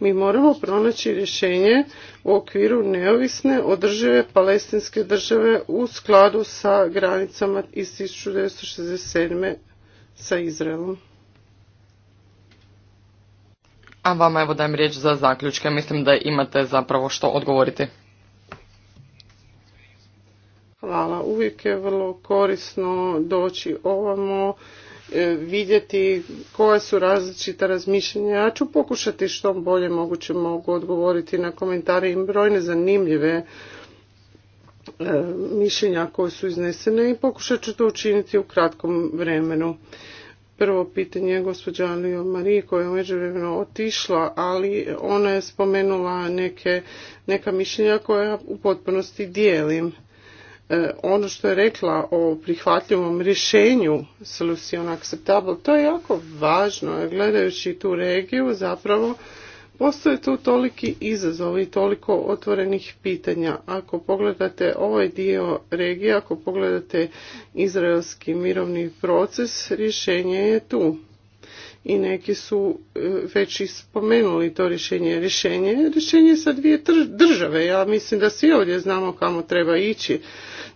Mi moramo pronaći rješenje u okviru neovisne održive palestinske države u skladu sa granicama iz 1967. sa Izraelom. A vama evo dajem riječ za zaključke. Mislim da imate zapravo što odgovoriti. Hvala. Uvijek je vrlo korisno doći ovamo, e, vidjeti koja su različita razmišljenja. Ja ću pokušati što bolje moguće mogu odgovoriti na komentare i brojne zanimljive e, mišljenja koje su iznesene i pokušat ću to učiniti u kratkom vremenu. Prvo pitanje je gospođa Alio Marije koja je međuvremeno otišla, ali ona je spomenula neka mišljenja koja u potpunosti dijelim. E, ono što je rekla o prihvatljivom rješenju solution acceptable, to je jako važno. Gledajući tu regiju zapravo postoje tu toliki izazovi i toliko otvorenih pitanja. Ako pogledate ovaj dio regije, ako pogledate izraelski mirovni proces, rješenje je tu. I neki su e, već i spomenuli to rješenje. Rješenje je rješenje sa dvije države. Ja mislim da svi ovdje znamo kamo treba ići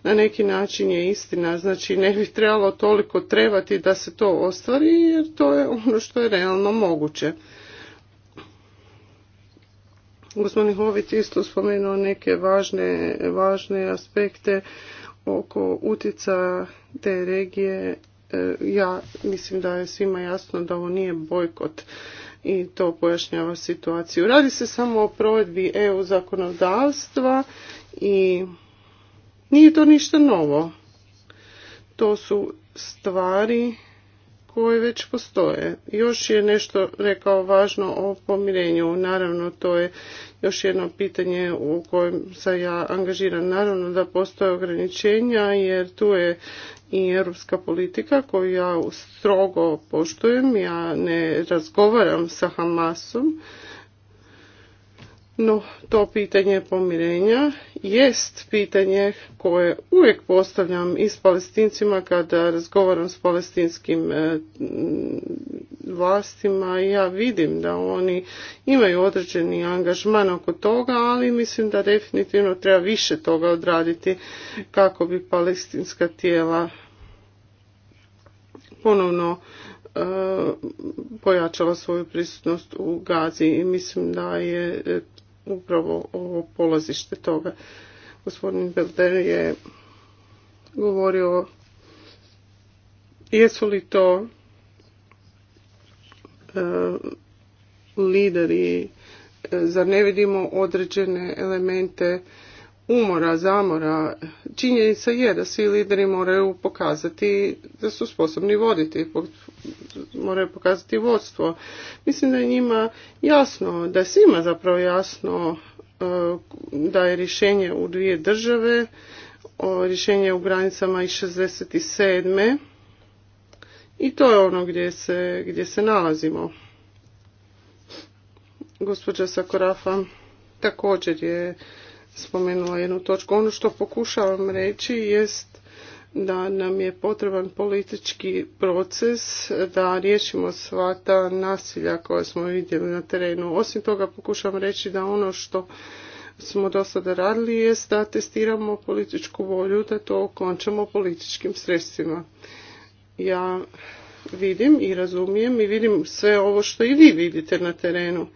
na neki način je istina. Znači ne bi trebalo toliko trebati da se to ostvari jer to je ono što je realno moguće. Gospodin Hovit isto spomenuo neke važne, važne aspekte oko utjecaja te regije. E, ja mislim da je svima jasno da ovo nije bojkot i to pojašnjava situaciju. Radi se samo o provedbi EU zakonodavstva i nije to ništa novo. To su stvari koje već postoje. Još je nešto rekao važno o pomirenju. Naravno, to je još jedno pitanje u kojem sam ja angažiran. Naravno da postoje ograničenja jer tu je i europska politika koju ja strogo poštujem. Ja ne razgovaram sa Hamasom no, to pitanje pomirenja jest pitanje koje uvijek postavljam i s palestincima kada razgovaram s palestinskim e, vlastima. Ja vidim da oni imaju određeni angažman oko toga, ali mislim da definitivno treba više toga odraditi kako bi palestinska tijela ponovno e, pojačala svoju prisutnost u Gazi i mislim da je upravo ovo polazište toga. Gospodin Belder je govorio jesu li to e, lideri, e, zar ne vidimo određene elemente umora, zamora, činjenica je da svi lideri moraju pokazati da su sposobni voditi, moraju pokazati vodstvo. Mislim da je njima jasno, da je svima zapravo jasno eh, da je rješenje u dvije države, rješenje u granicama i 67. I to je ono gdje se, gdje se nalazimo. Gospođa Sakorafa također je spomenula jednu točku. Ono što pokušavam reći jest da nam je potreban politički proces da riješimo sva ta nasilja koja smo vidjeli na terenu. Osim toga pokušavam reći da ono što smo do sada radili je da testiramo političku volju, da to okončamo političkim sredstvima. Ja vidim i razumijem i vidim sve ovo što i vi vidite na terenu.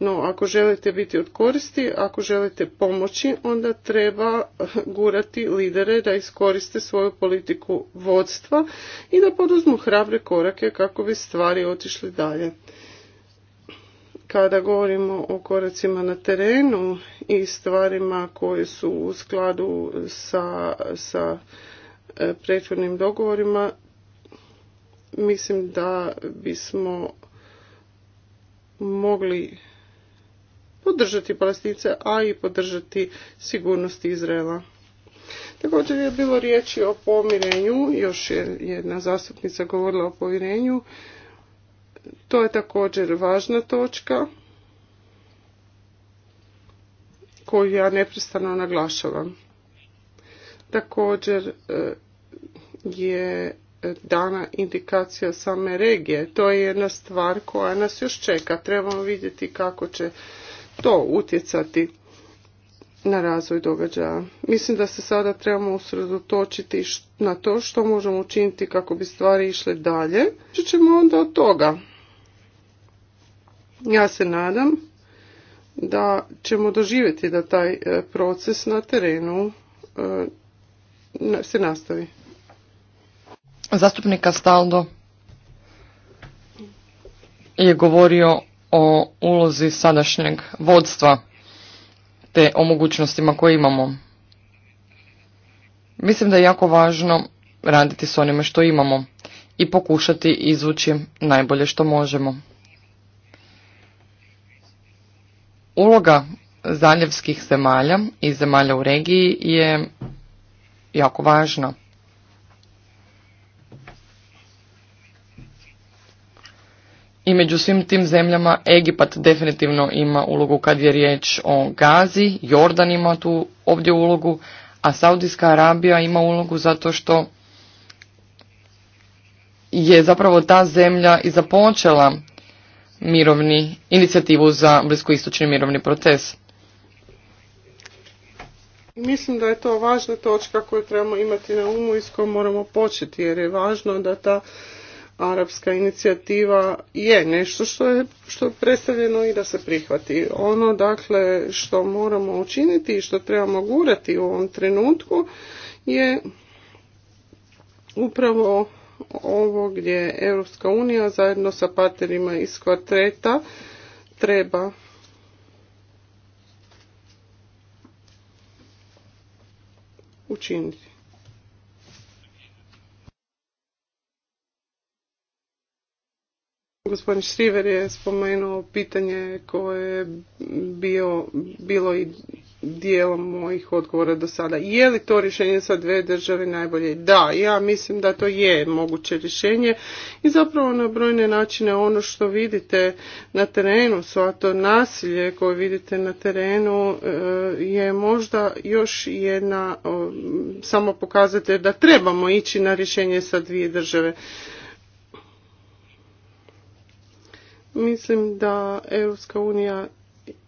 No, ako želite biti od koristi, ako želite pomoći, onda treba gurati lidere da iskoriste svoju politiku vodstva i da poduzmu hrabre korake kako bi stvari otišle dalje. Kada govorimo o koracima na terenu i stvarima koje su u skladu sa, sa e, prethodnim dogovorima, mislim da bismo mogli podržati Palestince, a i podržati sigurnost Izraela. Također je bilo riječi o pomirenju, još je jedna zastupnica govorila o pomirenju. To je također važna točka koju ja neprestano naglašavam. Također e, je dana indikacija same regije. To je jedna stvar koja nas još čeka. Trebamo vidjeti kako će to utjecati na razvoj događaja. Mislim da se sada trebamo usredotočiti na to što možemo učiniti kako bi stvari išle dalje. Što ćemo onda od toga? Ja se nadam da ćemo doživjeti da taj e, proces na terenu e, se nastavi. Zastupnik Castaldo je govorio o ulozi sadašnjeg vodstva te o mogućnostima koje imamo. Mislim da je jako važno raditi s onime što imamo i pokušati izvući najbolje što možemo. Uloga zaljevskih zemalja i zemalja u regiji je jako važna. i među svim tim zemljama Egipat definitivno ima ulogu kad je riječ o Gazi, Jordan ima tu ovdje ulogu, a Saudijska Arabija ima ulogu zato što je zapravo ta zemlja i započela mirovni inicijativu za bliskoistočni mirovni proces. Mislim da je to važna točka koju trebamo imati na umu i s kojom moramo početi jer je važno da ta arapska inicijativa je nešto što je, što predstavljeno i da se prihvati. Ono dakle što moramo učiniti i što trebamo gurati u ovom trenutku je upravo ovo gdje Europska unija zajedno sa partnerima iz kvartreta treba učiniti. Gospodin Šriver je spomenuo pitanje koje je bio, bilo i dijelom mojih odgovora do sada. Je li to rješenje sa dve države najbolje? Da, ja mislim da to je moguće rješenje i zapravo na brojne načine ono što vidite na terenu, sva to nasilje koje vidite na terenu e, je možda još jedna samo pokazate da trebamo ići na rješenje sa dvije države. Mislim da Europska unija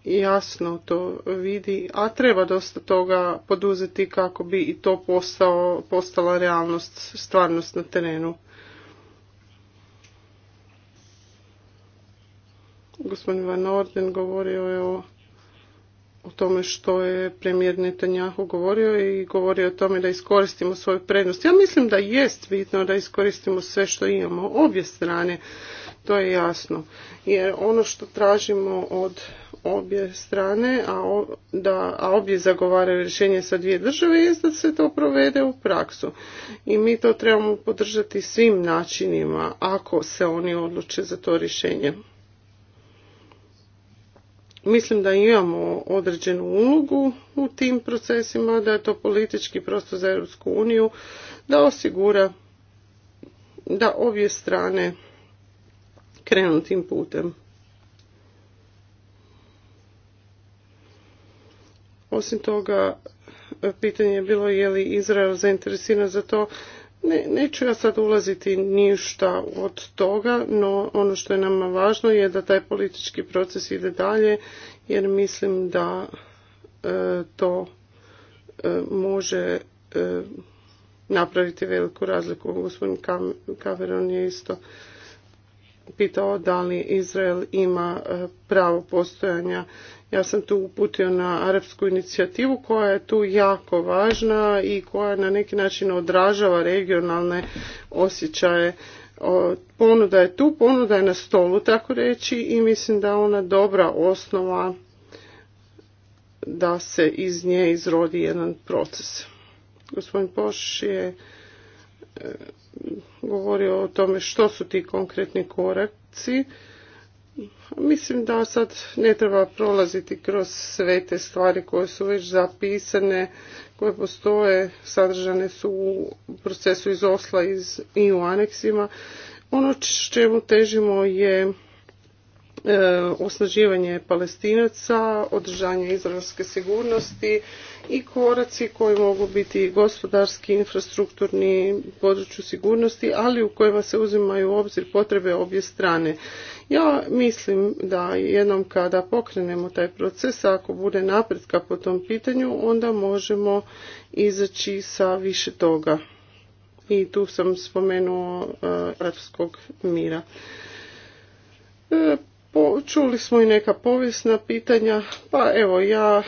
jasno to vidi, a treba dosta toga poduzeti kako bi i to postao, postala realnost, stvarnost na terenu. Gospodin Van Orden govorio je o, o tome što je premijer Netanjahu govorio i govorio o tome da iskoristimo svoju prednost. Ja mislim da jest bitno da iskoristimo sve što imamo, obje strane to je jasno. Jer ono što tražimo od obje strane, a, da, a obje zagovaraju rješenje sa dvije države, jest da se to provede u praksu. I mi to trebamo podržati svim načinima ako se oni odluče za to rješenje. Mislim da imamo određenu ulogu u tim procesima, da je to politički prostor za Europsku uniju, da osigura da obje strane krenu tim putem. Osim toga, pitanje je bilo je li Izrael zainteresiran za to. neću ja sad ulaziti ništa od toga, no ono što je nama važno je da taj politički proces ide dalje, jer mislim da e, to e, može e, napraviti veliku razliku. Gospodin Kaveron je isto pitao da li Izrael ima e, pravo postojanja. Ja sam tu uputio na arapsku inicijativu koja je tu jako važna i koja na neki način odražava regionalne osjećaje. Ponuda je tu, ponuda je na stolu tako reći i mislim da je ona dobra osnova da se iz nje izrodi jedan proces. Gospodin Poš je e, govorio o tome što su ti konkretni koraci. Mislim da sad ne treba prolaziti kroz sve te stvari koje su već zapisane, koje postoje, sadržane su u procesu izosla i u aneksima. Ono čemu težimo je E, osnaživanje palestinaca, održanje izraelske sigurnosti i koraci koji mogu biti gospodarski, infrastrukturni, području sigurnosti, ali u kojima se uzimaju u obzir potrebe obje strane. Ja mislim da jednom kada pokrenemo taj proces, ako bude napretka po tom pitanju, onda možemo izaći sa više toga. I tu sam spomenuo e, arapskog mira. E, čuli smo i neka povijesna pitanja, pa evo ja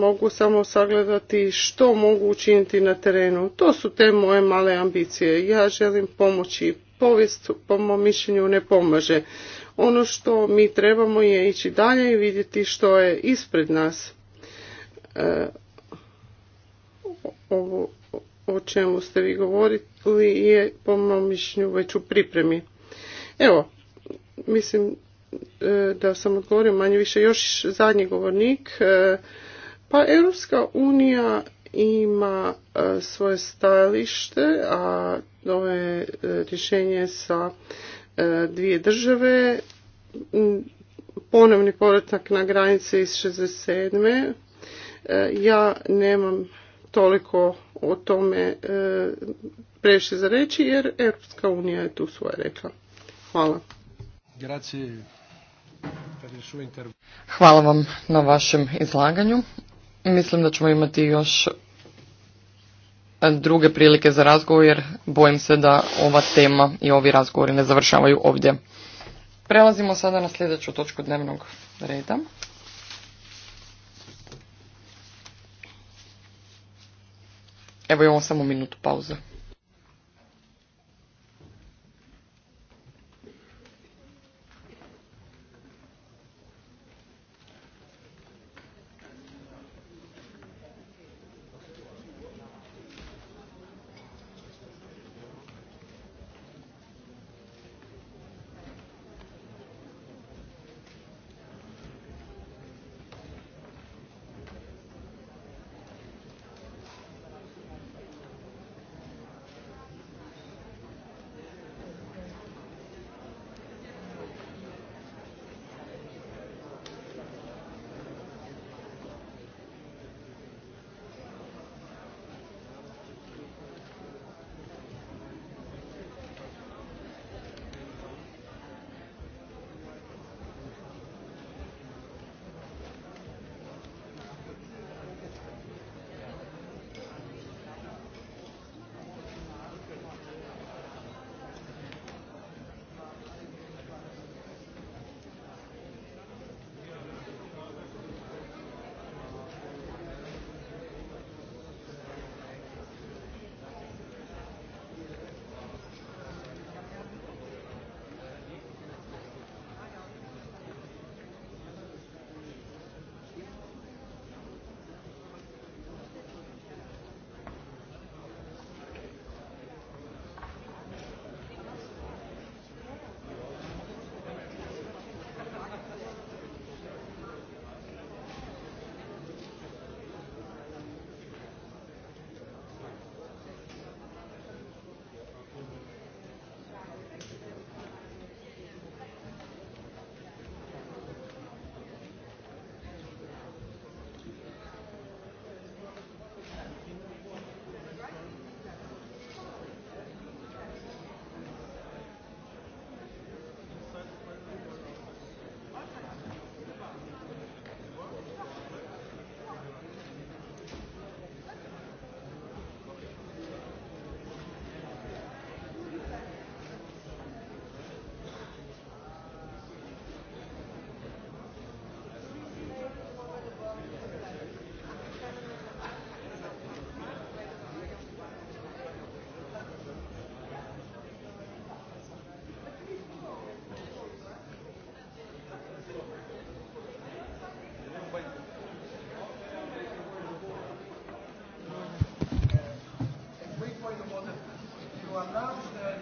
mogu samo sagledati što mogu učiniti na terenu. To su te moje male ambicije. Ja želim pomoći. Povijest po mom mišljenju ne pomaže. Ono što mi trebamo je ići dalje i vidjeti što je ispred nas. E, ovo o čemu ste vi govorili je po mom mišljenju već u pripremi. Evo, mislim E, da sam odgovorio manje više još zadnji govornik. E, pa Europska unija ima e, svoje stajalište, a ovo je rješenje sa dvije države. Mm, ponovni povratak na granice iz 67. Ja nemam toliko o tome previše za reći jer Europska unija je tu svoje rekla. Hvala. Grazie Hvala vam na vašem izlaganju. Mislim da ćemo imati još druge prilike za razgovor jer bojim se da ova tema i ovi razgovori ne završavaju ovdje. Prelazimo sada na sljedeću točku dnevnog reda. Evo imamo samo minutu pauze.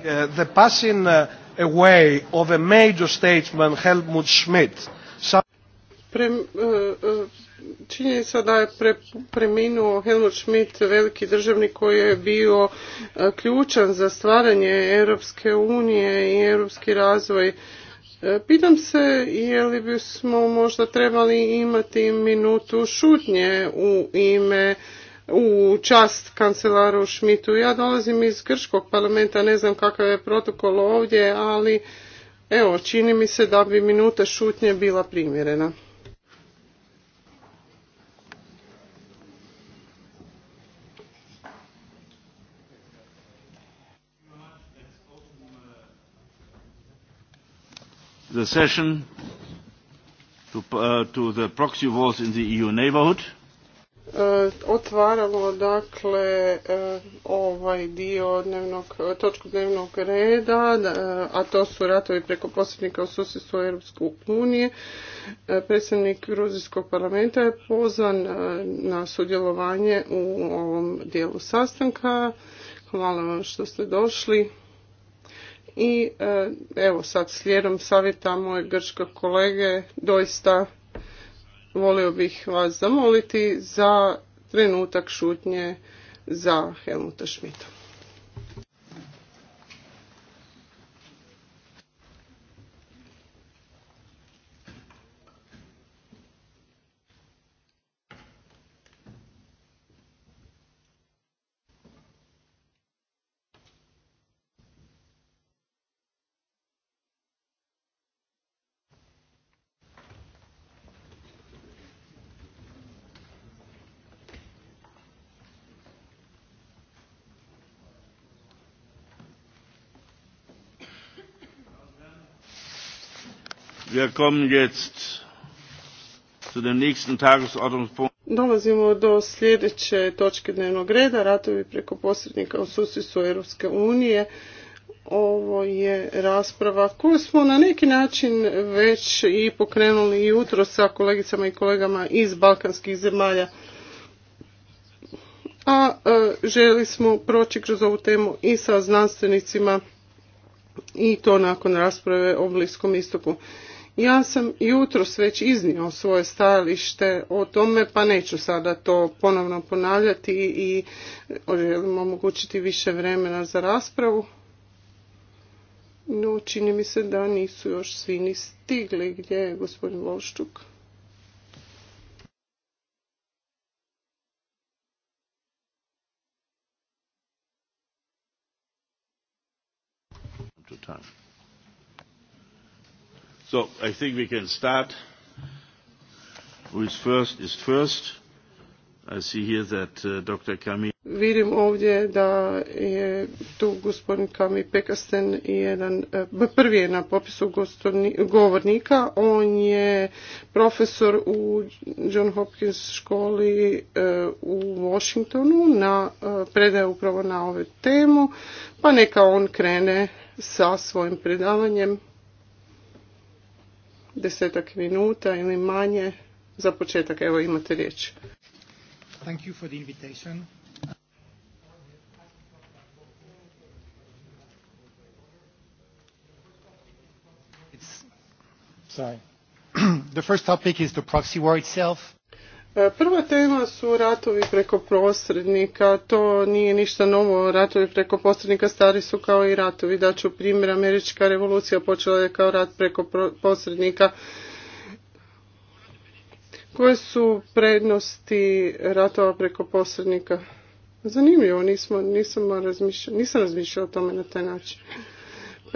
Uh, the passing uh, away of a major statesman Helmut Schmidt. Sa uh, da je pre, preminuo Helmut Schmidt, veliki državnik koji je bio ključan za stvaranje Europske unije i europski razvoj. Pitam se je li bismo možda trebali imati minutu šutnje u ime u čast kancelaru Šmitu. Ja dolazim iz Grčkog parlamenta, ne znam kakav je protokol ovdje, ali evo, čini mi se da bi minuta šutnje bila primjerena. The session to, uh, to the proxy in the EU neighborhood. E, otvaralo dakle e, ovaj dio dnevnog, točku dnevnog reda, e, a to su ratovi preko posljednika u susjedstvu Europske unije. Predsjednik Gruzijskog parlamenta je pozvan na sudjelovanje u ovom dijelu sastanka. Hvala vam što ste došli. I evo sad slijedom savjeta moje grčke kolege doista volio bih vas zamoliti za trenutak šutnje za Helmuta Šmita. Wir kommen Dolazimo do sljedeće točke dnevnog reda, ratovi preko posrednika u susjedstvu Europske unije. Ovo je rasprava koju smo na neki način već i pokrenuli jutro sa kolegicama i kolegama iz balkanskih zemalja. A e, želi smo proći kroz ovu temu i sa znanstvenicima i to nakon rasprave o Bliskom istoku. Ja sam jutros već iznio svoje stajalište o tome, pa neću sada to ponovno ponavljati i e, želim omogućiti više vremena za raspravu. No, čini mi se da nisu još svi ni stigli. Gdje je gospodin Volščuk? So I think we can start. Who is first is first. I see here that uh, Dr. Kami... Vidim ovdje da je tu gospodin Kami Pekasten jedan, eh, prvi je na popisu govornika. On je profesor u John Hopkins školi eh, u Washingtonu na eh, predaje upravo na ovu temu. Pa neka on krene sa svojim predavanjem desetak minuta ili manje za početak. Evo imate riječ. Thank you for the invitation. It's... Sorry. the first topic is the proxy war itself. Prva tema su ratovi preko posrednika, to nije ništa novo, ratovi preko posrednika stari su kao i ratovi, daću primjer, američka revolucija počela je kao rat preko posrednika, koje su prednosti ratova preko posrednika? Zanimljivo, nisam razmišljala, nisam razmišljala o tome na taj način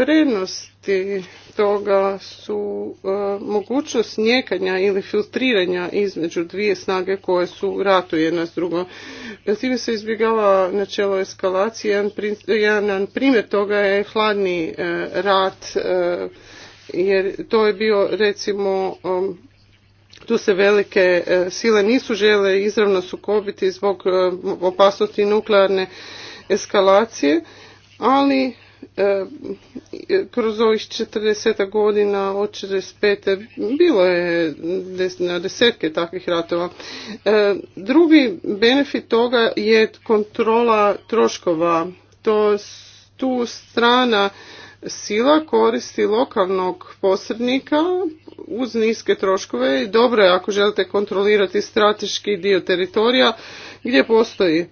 prednosti toga su e, mogućnost njekanja ili filtriranja između dvije snage koje su u ratu jedna s drugom. Time se izbjegava načelo eskalacije. Jedan, primjer toga je hladni e, rat e, jer to je bio recimo tu se velike sile nisu žele izravno sukobiti zbog opasnosti nuklearne eskalacije ali E, kroz ovih 40 godina od 45. bilo je na desetke takvih ratova. E, drugi benefit toga je kontrola troškova. To tu strana sila koristi lokalnog posrednika uz niske troškove i dobro je ako želite kontrolirati strateški dio teritorija gdje postoji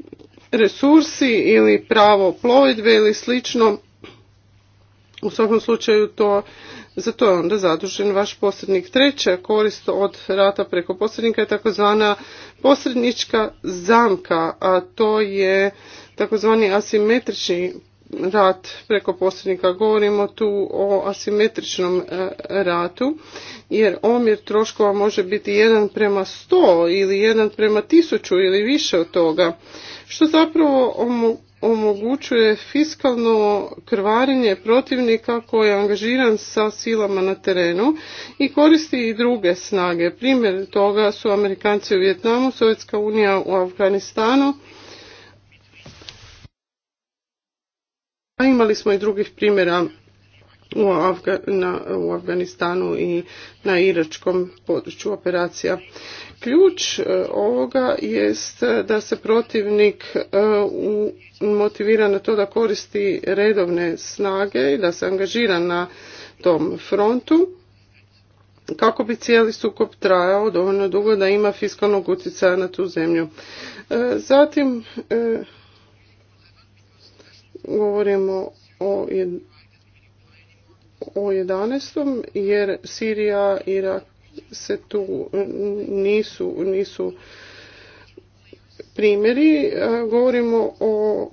resursi ili pravo plovidbe ili slično u svakom slučaju to, za to je onda zadužen vaš posrednik. Treća korist od rata preko posrednika je takozvana posrednička zamka, a to je takozvani asimetrični rat preko posrednika. Govorimo tu o asimetričnom e, ratu jer omjer troškova može biti 1 prema 100 ili 1 prema 1000 ili više od toga što zapravo omogućuje fiskalno krvarenje protivnika koji je angažiran sa silama na terenu i koristi i druge snage. Primjer toga su Amerikanci u Vjetnamu, Sovjetska unija u Afganistanu, a imali smo i drugih primjera u, Afganistanu i na iračkom području operacija. Ključ e, ovoga jest da se protivnik e, motivira na to da koristi redovne snage i da se angažira na tom frontu kako bi cijeli sukob trajao dovoljno dugo da ima fiskalnog utjecaja na tu zemlju. E, zatim govorimo o u 11. jer Sirija, i Irak se tu nisu, nisu primjeri. E, govorimo o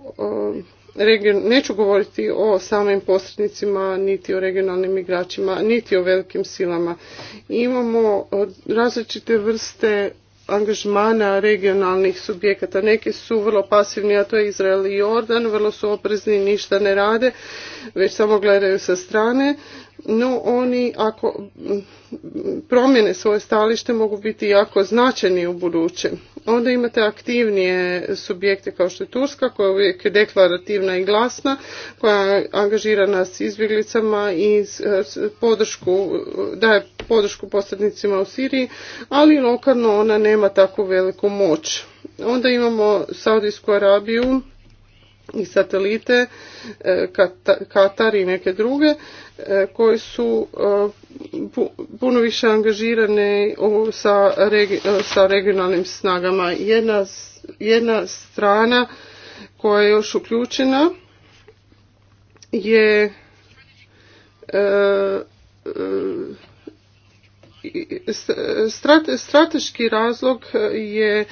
neću govoriti o samim posrednicima, niti o regionalnim igračima, niti o velikim silama. Imamo različite vrste angažmana regionalnih subjekata. Neki su vrlo pasivni, a to je Izrael i Jordan, vrlo su oprezni, ništa ne rade, već samo gledaju sa strane no oni ako promjene svoje stalište mogu biti jako značajni u Onda imate aktivnije subjekte kao što je Turska koja je uvijek deklarativna i glasna, koja angažira nas izbjeglicama i podršku, daje podršku posrednicima u Siriji, ali lokalno ona nema takvu veliku moć. Onda imamo Saudijsku Arabiju i satelite e, Katar i neke druge e, koje su e, puno više angažirane sa regionalnim snagama. Jedna, jedna strana koja je još uključena je strateški razlog je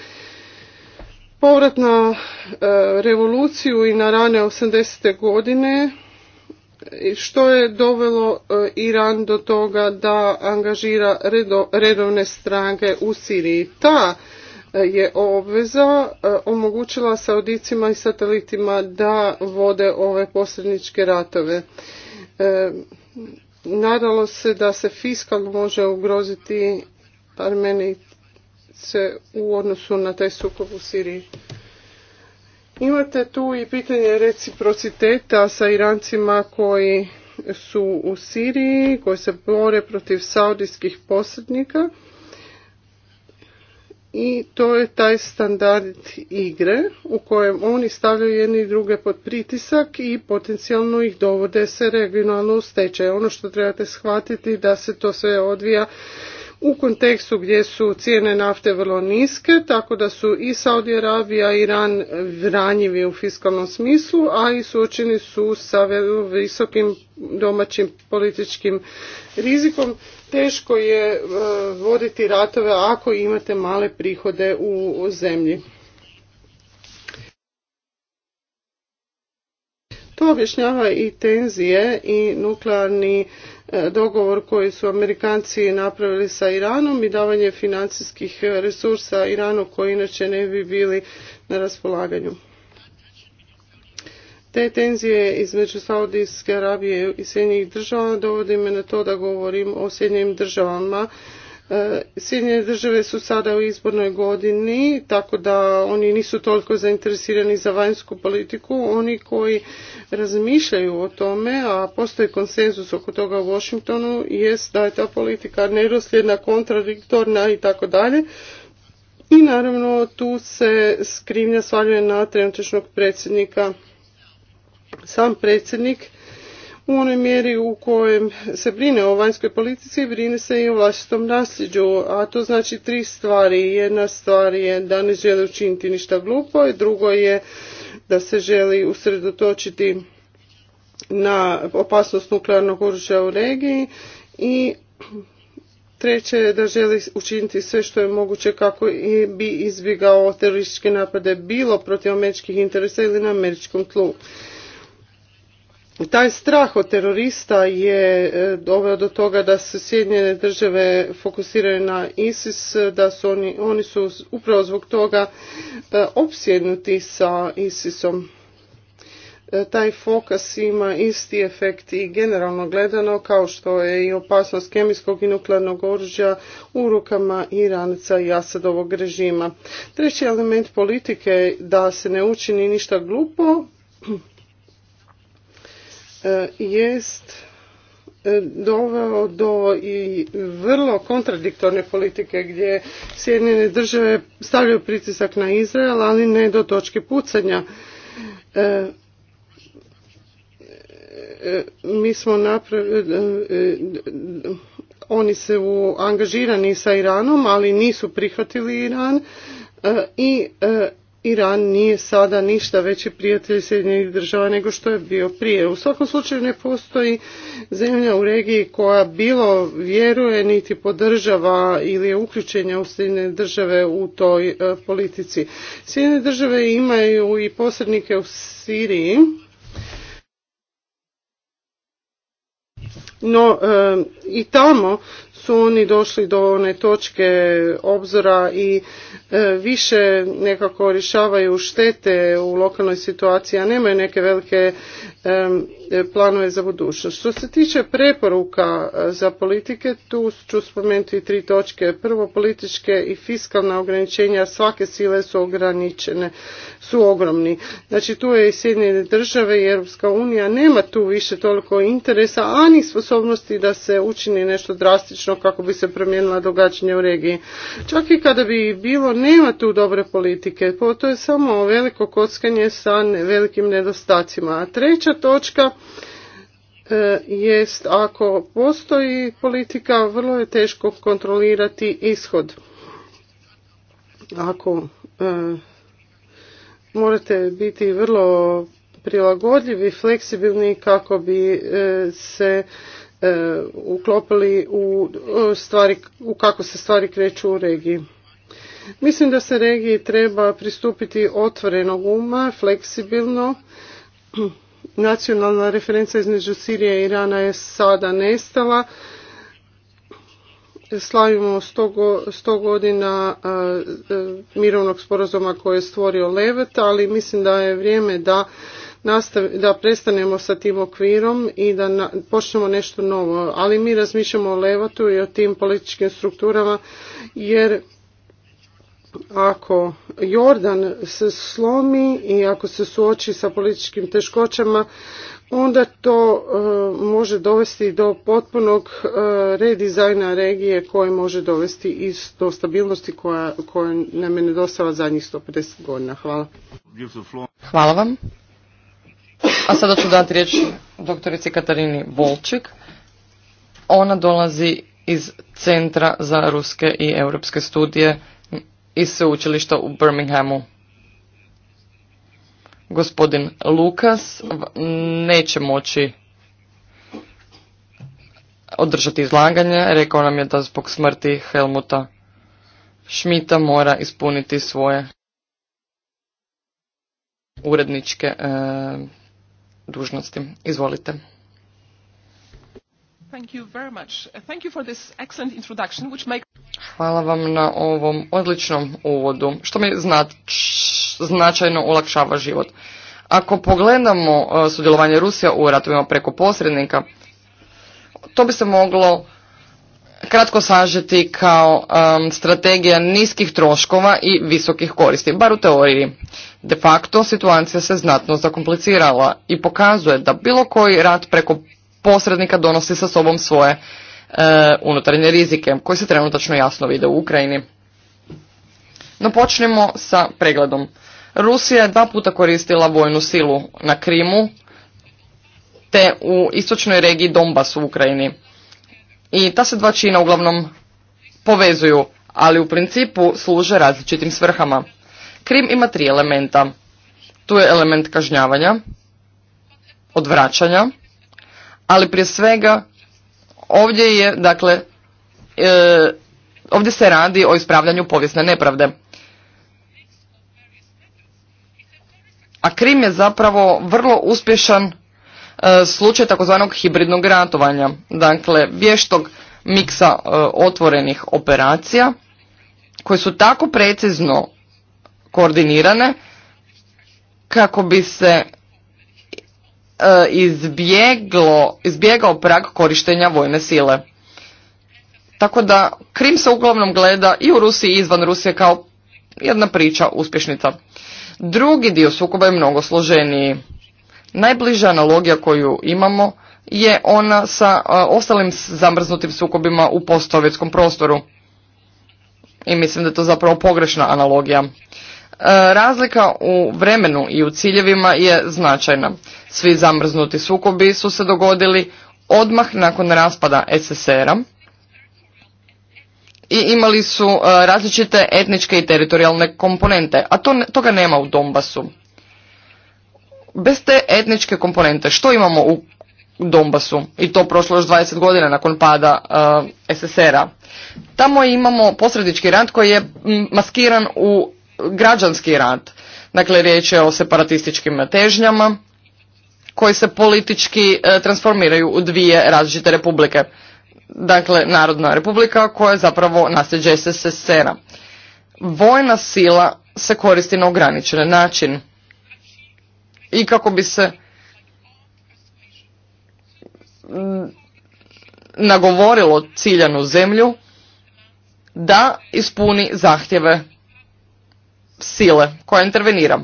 Povrat na e, revoluciju i na rane 80. godine što je dovelo e, Iran do toga da angažira redovne stranke u Siriji. Ta e, je obveza omogućila Saudicima i satelitima da vode ove posredničke ratove. Nadalo se da se fiskal može ugroziti Armeni u odnosu na taj sukob u Siriji. Imate tu i pitanje reciprociteta sa Irancima koji su u Siriji, koji se bore protiv saudijskih posrednika i to je taj standard igre u kojem oni stavljaju jedni i druge pod pritisak i potencijalno ih dovode se regionalno u stečaj. Ono što trebate shvatiti da se to sve odvija u kontekstu gdje su cijene nafte vrlo niske, tako da su i Saudi Arabija i Iran ranjivi u fiskalnom smislu, a i suočeni su sa visokim domaćim političkim rizikom. Teško je e, voditi ratove ako imate male prihode u zemlji. To objašnjava i tenzije i nuklearni E, dogovor koji su Amerikanci napravili sa Iranom i davanje financijskih e, resursa Iranu koji inače ne bi bili na raspolaganju. Te tenzije između Saudijske Arabije i Sjedinjenih država dovodi me na to da govorim o Sjedinjenim državama E, Sjedinjene države su sada u izbornoj godini, tako da oni nisu toliko zainteresirani za vanjsku politiku. Oni koji razmišljaju o tome, a postoji konsenzus oko toga u Washingtonu, jest da je ta politika nedosljedna, kontradiktorna i tako dalje. I naravno tu se skrivnja svaljuje na trenutačnog predsjednika. Sam predsjednik u onoj mjeri u kojem se brine o vanjskoj politici, brine se i o vlastitom nasljeđu, a to znači tri stvari. Jedna stvar je da ne želi učiniti ništa glupo i drugo je da se želi usredotočiti na opasnost nuklearnog oružja u regiji i treće je da želi učiniti sve što je moguće kako bi izbjegao terorističke napade bilo protiv američkih interesa ili na američkom tlu taj strah od terorista je e, doveo do toga da se Sjedinjene države fokusiraju na ISIS, da su oni, oni su upravo zbog toga e, opsjednuti sa ISISom. E, taj fokus ima isti efekt i generalno gledano kao što je i opasnost kemijskog i nuklearnog oružja u rukama Iranca i Asadovog režima. Treći element politike da se ne učini ništa glupo E, jest e, doveo do i vrlo kontradiktorne politike gdje Sjedinjene države stavljaju pritisak na Izrael, ali ne do točke pucanja. E, mi smo napravili, oni su angažirani sa Iranom, ali nisu prihvatili Iran i Iran nije sada ništa veći prijatelj Sjedinjenih država nego što je bio prije. U svakom slučaju ne postoji zemlja u regiji koja bilo vjeruje niti podržava ili je uključenja u Sjedinjene države u toj e, politici. Sjedinjene države imaju i posrednike u Siriji. No e, i tamo su oni došli do one točke obzora i e, više nekako rješavaju štete u lokalnoj situaciji, a nemaju neke velike E, planove za budućnost. Što se tiče preporuka e, za politike, tu ću spomenuti tri točke. Prvo, političke i fiskalna ograničenja svake sile su ograničene, su ogromni. Znači tu je i Sjedinjene države i Europska unija, nema tu više toliko interesa, ani sposobnosti da se učini nešto drastično kako bi se promijenila događanja u regiji. Čak i kada bi bilo, nema tu dobre politike, to je samo veliko kockanje sa velikim nedostacima. A treća točka E, jest ako postoji politika, vrlo je teško kontrolirati ishod. Ako e, morate biti vrlo prilagodljivi, fleksibilni kako bi e, se uklopili u stvari, u kako se stvari kreću u regiji. Mislim da se regiji treba pristupiti otvorenog uma, fleksibilno nacionalna referenca između Sirije i Irana je sada nestala. Slavimo 100 godina e, mirovnog sporazuma koje je stvorio Levet, ali mislim da je vrijeme da da prestanemo sa tim okvirom i da počnemo nešto novo. Ali mi razmišljamo o Levatu i o tim političkim strukturama jer ako Jordan se slomi i ako se suoči sa političkim teškoćama, onda to e, može dovesti do potpunog e, redizajna regije koje može dovesti i do stabilnosti koja, koja nam je nedostala zadnjih 150 godina. Hvala. Hvala vam. A sada ću dati riječ doktorici Katarini Volčik. Ona dolazi iz Centra za ruske i europske studije iz sveučilišta u Birminghamu. Gospodin Lukas neće moći održati izlaganje. Rekao nam je da zbog smrti Helmuta Šmita mora ispuniti svoje uredničke eh, dužnosti. Izvolite. Hvala vam na ovom odličnom uvodu, što mi značajno olakšava život. Ako pogledamo e, sudjelovanje Rusija u ratovima preko posrednika, to bi se moglo kratko sažeti kao strategija niskih troškova i visokih koristi, bar u teoriji. De facto situacija se znatno zakomplicirala i pokazuje da bilo koji rat preko posrednika donosi sa sobom svoje e, unutarnje rizike koji se trenutačno jasno vide u Ukrajini. No počnemo sa pregledom. Rusija je dva puta koristila vojnu silu na Krimu te u istočnoj regiji Donbas u Ukrajini. I ta se dva čina uglavnom povezuju, ali u principu služe različitim svrhama. Krim ima tri elementa. Tu je element kažnjavanja, odvraćanja ali prije svega ovdje je, dakle, e, ovdje se radi o ispravljanju povijesne nepravde. A Krim je zapravo vrlo uspješan e, slučaj takozvanog hibridnog ratovanja, dakle vještog miksa e, otvorenih operacija koje su tako precizno koordinirane kako bi se E, izbjeglo, izbjegao prag korištenja vojne sile. Tako da Krim se uglavnom gleda i u Rusiji i izvan Rusije kao jedna priča uspješnica. Drugi dio sukoba je mnogo složeniji. Najbliža analogija koju imamo je ona sa e, ostalim zamrznutim sukobima u postovjetskom prostoru. I mislim da je to zapravo pogrešna analogija. E, razlika u vremenu i u ciljevima je značajna. Svi zamrznuti sukobi su se dogodili odmah nakon raspada SSR-a i imali su e, različite etničke i teritorijalne komponente, a to, toga nema u Donbasu. Bez te etničke komponente što imamo u Donbasu i to prošlo još 20 godina nakon pada uh, e, SSR-a. Tamo imamo posrednički rat koji je maskiran u građanski rat. Dakle, riječ je o separatističkim težnjama koji se politički e, transformiraju u dvije različite republike. Dakle, Narodna republika koja je zapravo nasljeđe SSSR-a. Vojna sila se koristi na ograničen način. I kako bi se nagovorilo ciljanu zemlju da ispuni zahtjeve sile koja intervenira.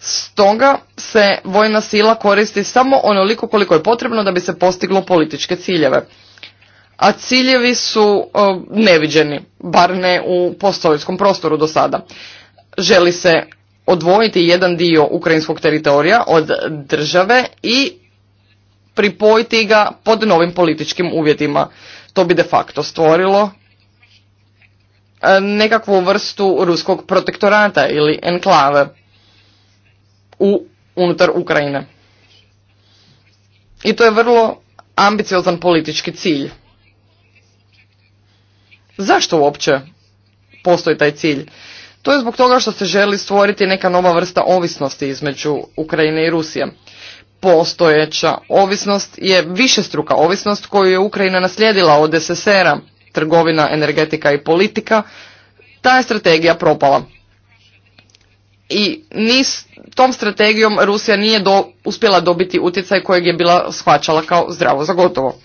Stoga se vojna sila koristi samo onoliko koliko je potrebno da bi se postiglo političke ciljeve. A ciljevi su e, neviđeni, bar ne u postsovjetskom prostoru do sada. Želi se odvojiti jedan dio ukrajinskog teritorija od države i pripojiti ga pod novim političkim uvjetima. To bi de facto stvorilo E, nekakvu vrstu ruskog protektorata ili enklave u, unutar Ukrajine. I to je vrlo ambiciozan politički cilj. Zašto uopće postoji taj cilj? To je zbog toga što se želi stvoriti neka nova vrsta ovisnosti između Ukrajine i Rusije. Postojeća ovisnost je višestruka ovisnost koju je Ukrajina naslijedila od SSR-a trgovina, energetika i politika, ta je strategija propala. I nis tom strategijom Rusija nije uspjela dobiti utjecaj kojeg je bila shvaćala kao zdravo za gotovo.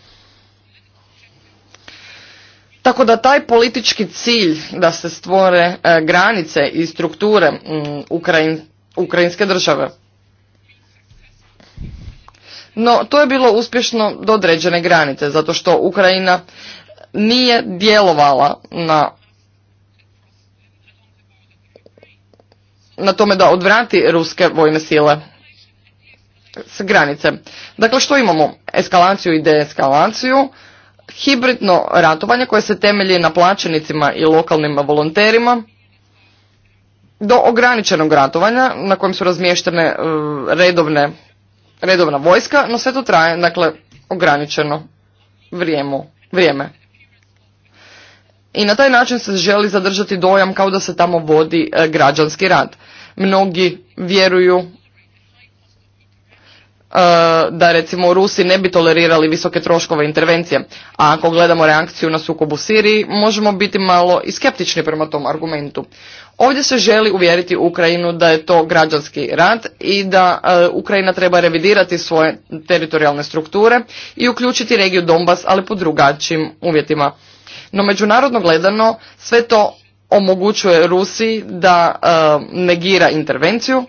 Tako da taj politički cilj da se stvore e, granice i strukture mm, ukrajinske države. No, to je bilo uspješno do određene granice, zato što Ukrajina nije djelovala na na tome da odvrati ruske vojne sile s granice. Dakle, što imamo? Eskalaciju i deeskalaciju, hibridno ratovanje koje se temelji na plaćenicima i lokalnim volonterima, do ograničenog ratovanja na kojem su razmještene e, redovne, redovna vojska, no sve to traje, dakle, ograničeno vrijeme i na taj način se želi zadržati dojam kao da se tamo vodi e, građanski rat. Mnogi vjeruju e, da recimo Rusi ne bi tolerirali visoke troškove intervencije, a ako gledamo reakciju na sukob u Siriji, možemo biti malo i skeptični prema tom argumentu. Ovdje se želi uvjeriti Ukrajinu da je to građanski rat i da e, Ukrajina treba revidirati svoje teritorijalne strukture i uključiti regiju Donbas, ali po drugačijim uvjetima. No međunarodno gledano sve to omogućuje Rusiji da e, negira intervenciju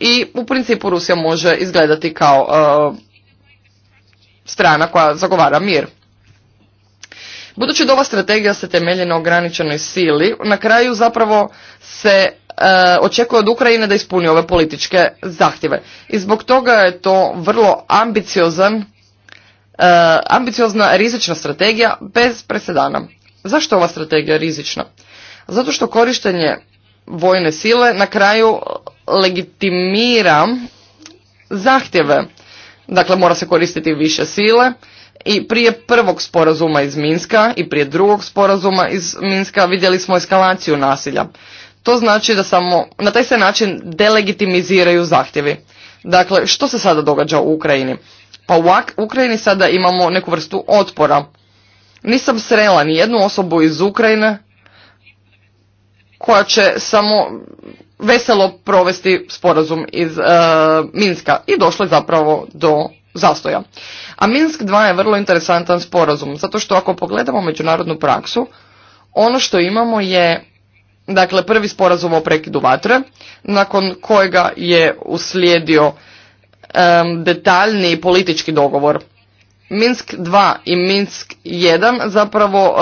i u principu Rusija može izgledati kao e, strana koja zagovara mir. Budući da ova strategija se temelji na ograničenoj sili, na kraju zapravo se e, očekuje od Ukrajine da ispuni ove političke zahtjeve. I zbog toga je to vrlo ambiciozan E, ambiciozna rizična strategija bez presedana. Zašto je ova strategija rizična? Zato što korištenje vojne sile na kraju legitimira zahtjeve. Dakle, mora se koristiti više sile i prije prvog sporazuma iz Minska i prije drugog sporazuma iz Minska vidjeli smo eskalaciju nasilja. To znači da samo na taj se način delegitimiziraju zahtjevi. Dakle, što se sada događa u Ukrajini? Pa u Ukrajini sada imamo neku vrstu otpora. Nisam srela ni jednu osobu iz Ukrajine koja će samo veselo provesti sporazum iz e, Minska i došlo je zapravo do zastoja. A Minsk 2 je vrlo interesantan sporazum, zato što ako pogledamo međunarodnu praksu, ono što imamo je dakle prvi sporazum o prekidu vatre, nakon kojega je uslijedio detaljni politički dogovor. Minsk 2 i Minsk 1 zapravo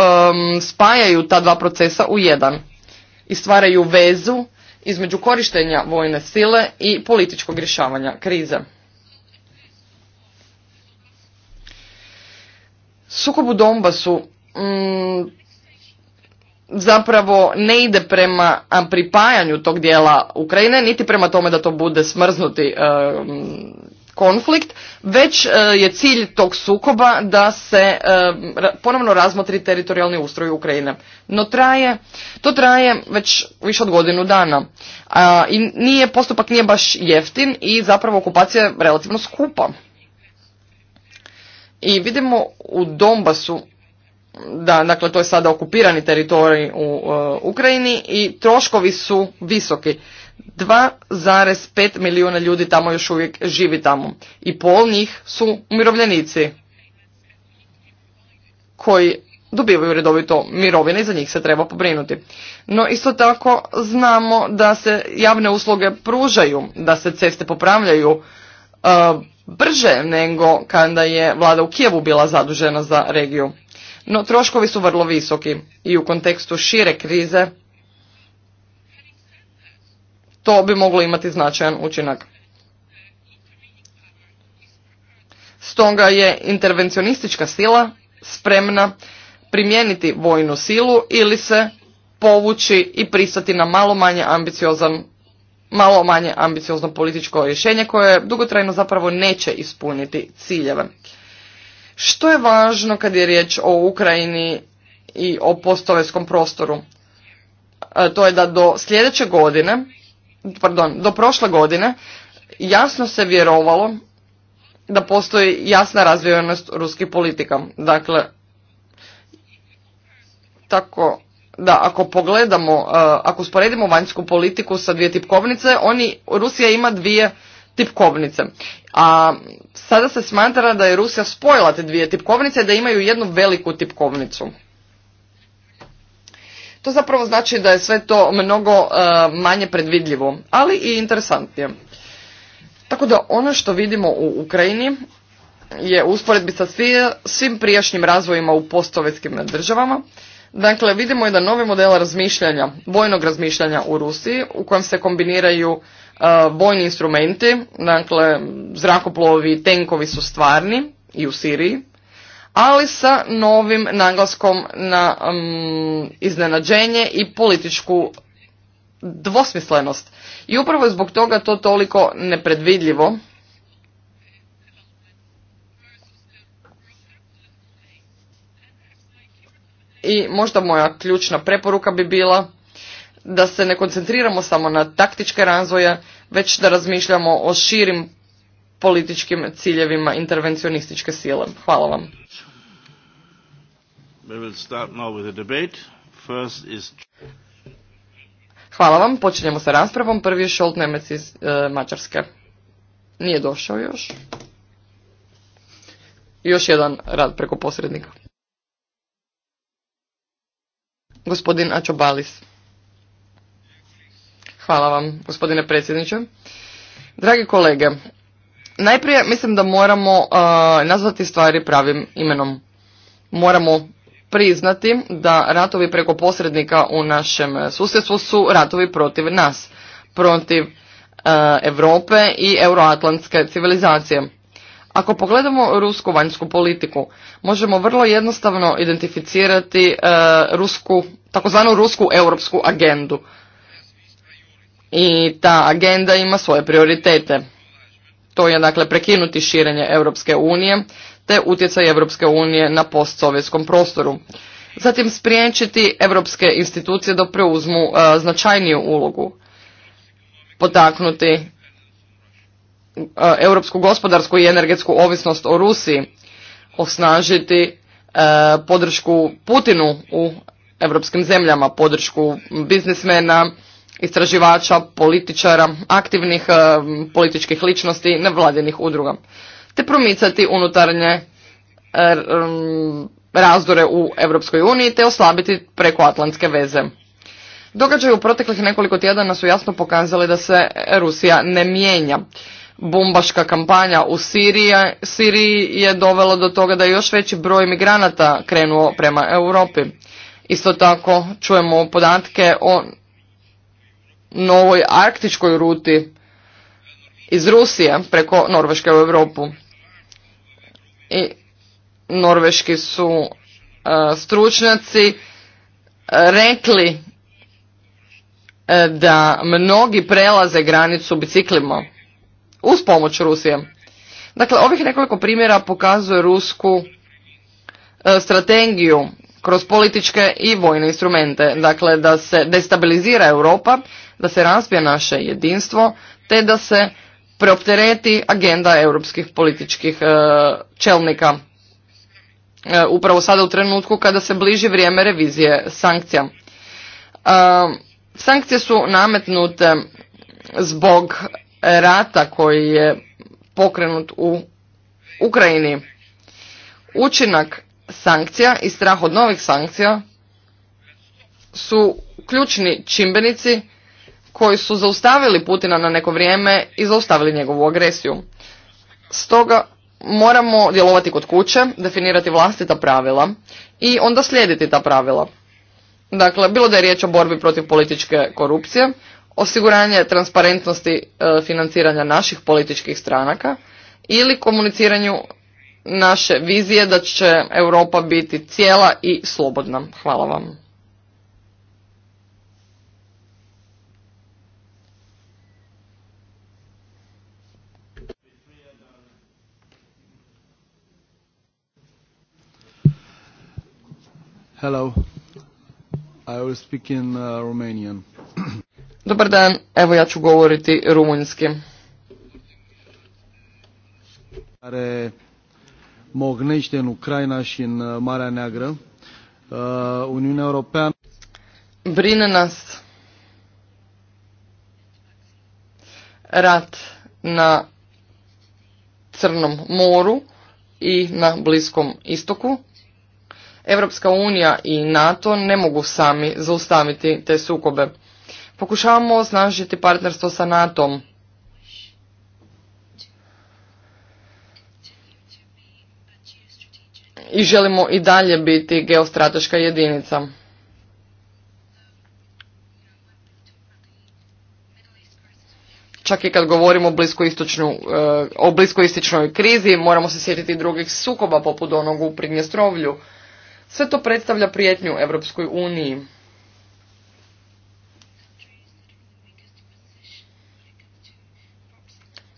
spajaju ta dva procesa u jedan i stvaraju vezu između korištenja vojne sile i političkog rješavanja krize. Sukob u Donbasu mm, zapravo ne ide prema pripajanju tog dijela Ukrajine, niti prema tome da to bude smrznuti e, konflikt, već e, je cilj tog sukoba da se e, ponovno razmotri teritorijalni ustroj Ukrajine. No traje, to traje već više od godinu dana. I nije, postupak nije baš jeftin i zapravo okupacija je relativno skupa. I vidimo u Donbasu da, dakle to je sada okupirani teritorij u e, Ukrajini i troškovi su visoki. 2,5 milijuna ljudi tamo još uvijek živi tamo i pol njih su umirovljenici koji dobivaju redovito mirovine i za njih se treba pobrinuti. No isto tako znamo da se javne usluge pružaju, da se ceste popravljaju e, brže nego kada je vlada u Kijevu bila zadužena za regiju no troškovi su vrlo visoki i u kontekstu šire krize to bi moglo imati značajan učinak. Stoga je intervencionistička sila spremna primijeniti vojnu silu ili se povući i pristati na malo manje ambiciozan malo manje ambiciozno političko rješenje koje dugotrajno zapravo neće ispuniti ciljeve. Što je važno kad je riječ o Ukrajini i o postovetskom prostoru? E, to je da do sljedeće godine, pardon, do prošle godine jasno se vjerovalo da postoji jasna razvijenost ruskih politika. Dakle, tako da ako pogledamo, e, ako usporedimo vanjsku politiku sa dvije tipkovnice, oni, Rusija ima dvije tipkovnice. A sada se smatra da je Rusija spojila te dvije tipkovnice i da imaju jednu veliku tipkovnicu. To zapravo znači da je sve to mnogo e, manje predvidljivo, ali i interesantnije. Tako da ono što vidimo u Ukrajini je usporedbi sa svim prijašnjim razvojima u postovetskim državama. Dakle, vidimo jedan novi model razmišljanja, vojnog razmišljanja u Rusiji, u kojem se kombiniraju vojni e, instrumenti, dakle zrakoplovi, tenkovi su stvarni i u Siriji, ali sa novim naglaskom na mm, iznenađenje i političku dvosmislenost. I upravo je zbog toga to toliko nepredvidljivo. I možda moja ključna preporuka bi bila da se ne koncentriramo samo na taktičke razvoje, već da razmišljamo o širim političkim ciljevima intervencionističke sile. Hvala vam. Hvala vam, počinjemo sa raspravom. Prvi je Šolt Nemec iz e, Mađarske. Mačarske. Nije došao još. Još jedan rad preko posrednika. Gospodin Ačobalis. Hvala vam, gospodine predsjedniče. Dragi kolege, najprije mislim da moramo uh, nazvati stvari pravim imenom. Moramo priznati da ratovi preko posrednika u našem susjedstvu su ratovi protiv nas, protiv Evrope uh, Europe i euroatlantske civilizacije. Ako pogledamo rusku vanjsku politiku, možemo vrlo jednostavno identificirati uh, takozvanu rusku europsku agendu i ta agenda ima svoje prioritete. To je dakle prekinuti širenje Europske unije te utjecaj Europske unije na postsovjetskom prostoru. Zatim spriječiti europske institucije da preuzmu e, značajniju ulogu. Potaknuti e, europsku gospodarsku i energetsku ovisnost o Rusiji. Osnažiti e, podršku Putinu u europskim zemljama, podršku biznismena, istraživača, političara, aktivnih eh, političkih ličnosti, nevladinih udruga, te promicati unutarnje eh, mm, razdore u EU te oslabiti preko Atlantske veze. Događaje u proteklih nekoliko tjedana su jasno pokazali da se Rusija ne mijenja. Bumbaška kampanja u Siriji, Siriji je dovela do toga da je još veći broj migranata krenuo prema Europi. Isto tako čujemo podatke o novoj arktičkoj ruti iz Rusije preko Norveške u Europu. I norveški su uh, stručnjaci e, rekli e, da mnogi prelaze granicu biciklima uz pomoć Rusije. Dakle, ovih nekoliko primjera pokazuje rusku strategiju kroz političke i vojne instrumente. Dakle, da se destabilizira Europa, da se razbije naše jedinstvo, te da se preoptereti agenda europskih političkih e, čelnika. E, upravo sada u trenutku kada se bliži vrijeme revizije sankcija. E, sankcije su nametnute zbog rata koji je pokrenut u Ukrajini. Učinak sankcija i strah od novih sankcija su ključni čimbenici koji su zaustavili Putina na neko vrijeme i zaustavili njegovu agresiju. Stoga moramo djelovati kod kuće, definirati vlastita pravila i onda slijediti ta pravila. Dakle, bilo da je riječ o borbi protiv političke korupcije, osiguranje transparentnosti e, financiranja naših političkih stranaka ili komuniciranju naše vizije da će Europa biti cijela i slobodna. Hvala vam. Hello. I will speak in uh, Romanian. Dobar dan, evo ja ću govoriti rumunjski. Are mognește în Ucraina și în uh, Marea Neagră. Uh, Uniunea Europeană... Brine nas rat na Crnom moru i na Bliskom istoku. Europska unija i NATO ne mogu sami zaustaviti te sukobe. Pokušavamo osnažiti partnerstvo sa NATO-om i želimo i dalje biti geostrateška jedinica. Čak i kad govorimo o eh, bliskoističnoj krizi, moramo se sjetiti drugih sukoba poput onog u Pridnjestrovlju. Sve to predstavlja prijetnju Europskoj uniji.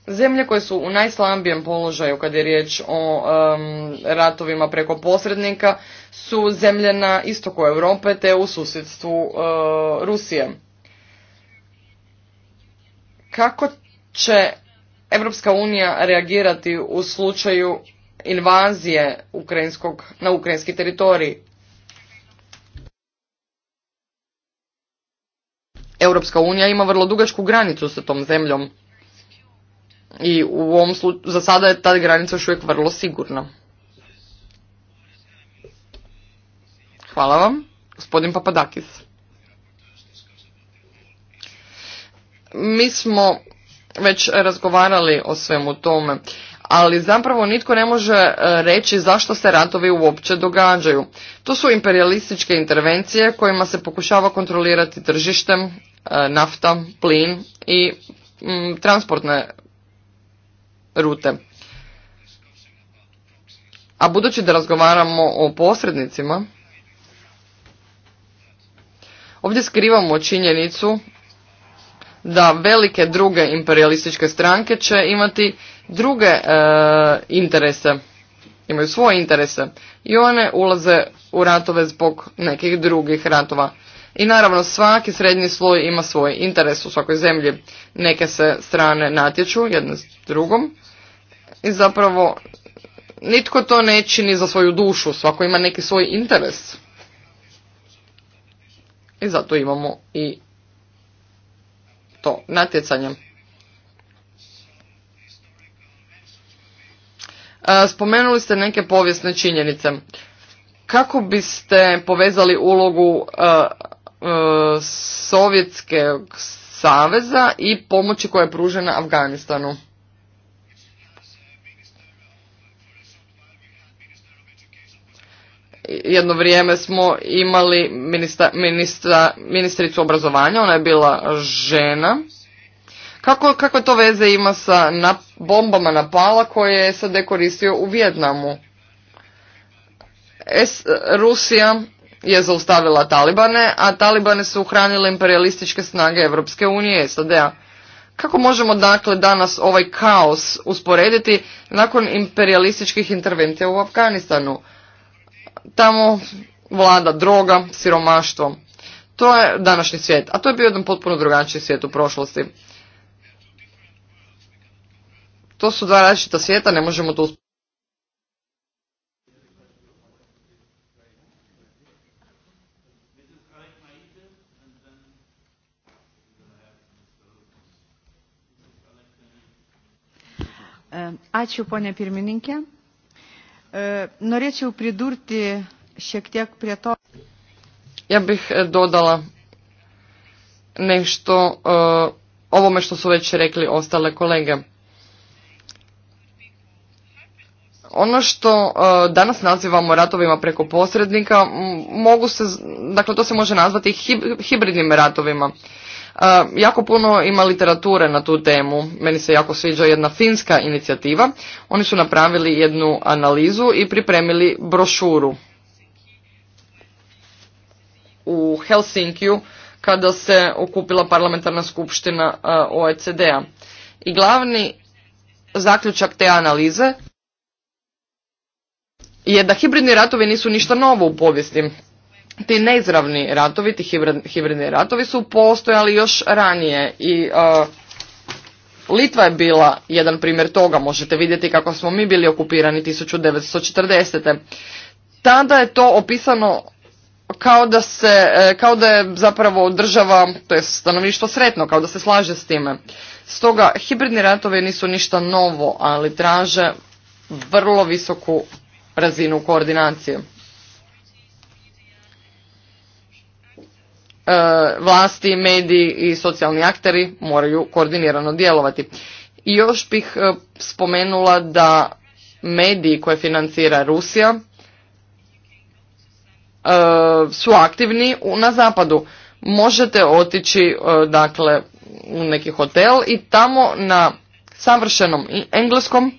Zemlje koje su u najslabijem položaju kad je riječ o ratovima preko posrednika su zemlje na istoku Europe te u susjedstvu e, Rusije. Kako će Europska unija reagirati u slučaju invazije ukrajinskog, na ukrajinski teritorij? Europska unija ima vrlo dugačku granicu sa tom zemljom. I u ovom slučaju, za sada je ta granica još uvijek vrlo sigurna. Hvala vam. Gospodin Papadakis. Mi smo već razgovarali o svemu tome, ali zapravo nitko ne može e, reći zašto se ratovi uopće događaju. To su imperialističke intervencije kojima se pokušava kontrolirati tržištem, e, nafta, plin i mm, transportne rute. A budući da razgovaramo o posrednicima, ovdje skrivamo činjenicu da velike druge imperialističke stranke će imati druge e, interese, imaju svoje interese i one ulaze u ratove zbog nekih drugih ratova. I naravno svaki srednji sloj ima svoj interes u svakoj zemlji. Neke se strane natječu jedne s drugom i zapravo nitko to ne čini za svoju dušu, svako ima neki svoj interes. I zato imamo i to natjecanje. E, spomenuli ste neke povijesne činjenice. Kako biste povezali ulogu e, e, Sovjetskog saveza i pomoći koja je pružena Afganistanu? jedno vrijeme smo imali ministra, ministricu obrazovanja, ona je bila žena. Kako, kakve to veze ima sa na, bombama napala koje je sad koristio u Vjetnamu? Es, Rusija je zaustavila Talibane, a Talibane su uhranile imperialističke snage Evropske unije i SAD-a. Kako možemo dakle danas ovaj kaos usporediti nakon imperialističkih intervencija u Afganistanu? Tamo vlada droga, siromaštvo. To je današnji svijet, a to je bio jedan potpuno drugačiji svijet u prošlosti. To su dva različita svijeta, ne možemo to Ačiū, ponė pirmininkė. E, norėčiau pridurti šiek tiek prie to. Ja bih e, dodala nešto e, ovome što su već rekli ostale kolege. Ono što danas nazivamo ratovima preko posrednika, mogu se, dakle to se može nazvati hibridnim ratovima. Jako puno ima literature na tu temu. Meni se jako sviđa jedna finska inicijativa. Oni su napravili jednu analizu i pripremili brošuru u Helsinkiju kada se okupila parlamentarna skupština OECD-a. I glavni zaključak te analize je da hibridni ratovi nisu ništa novo u povijesti ti neizravni ratovi, ti hibridni ratovi su postojali još ranije i e, Litva je bila jedan primjer toga, možete vidjeti kako smo mi bili okupirani 1940. Tada je to opisano kao da, se, e, kao da je zapravo država, to je stanovništvo sretno, kao da se slaže s time. Stoga hibridni ratovi nisu ništa novo, ali traže vrlo visoku razinu koordinacije. E, vlasti, mediji i socijalni akteri moraju koordinirano djelovati. I još bih e, spomenula da mediji koje financira Rusija e, su aktivni na zapadu. Možete otići dakle u neki hotel i tamo na savršenom engleskom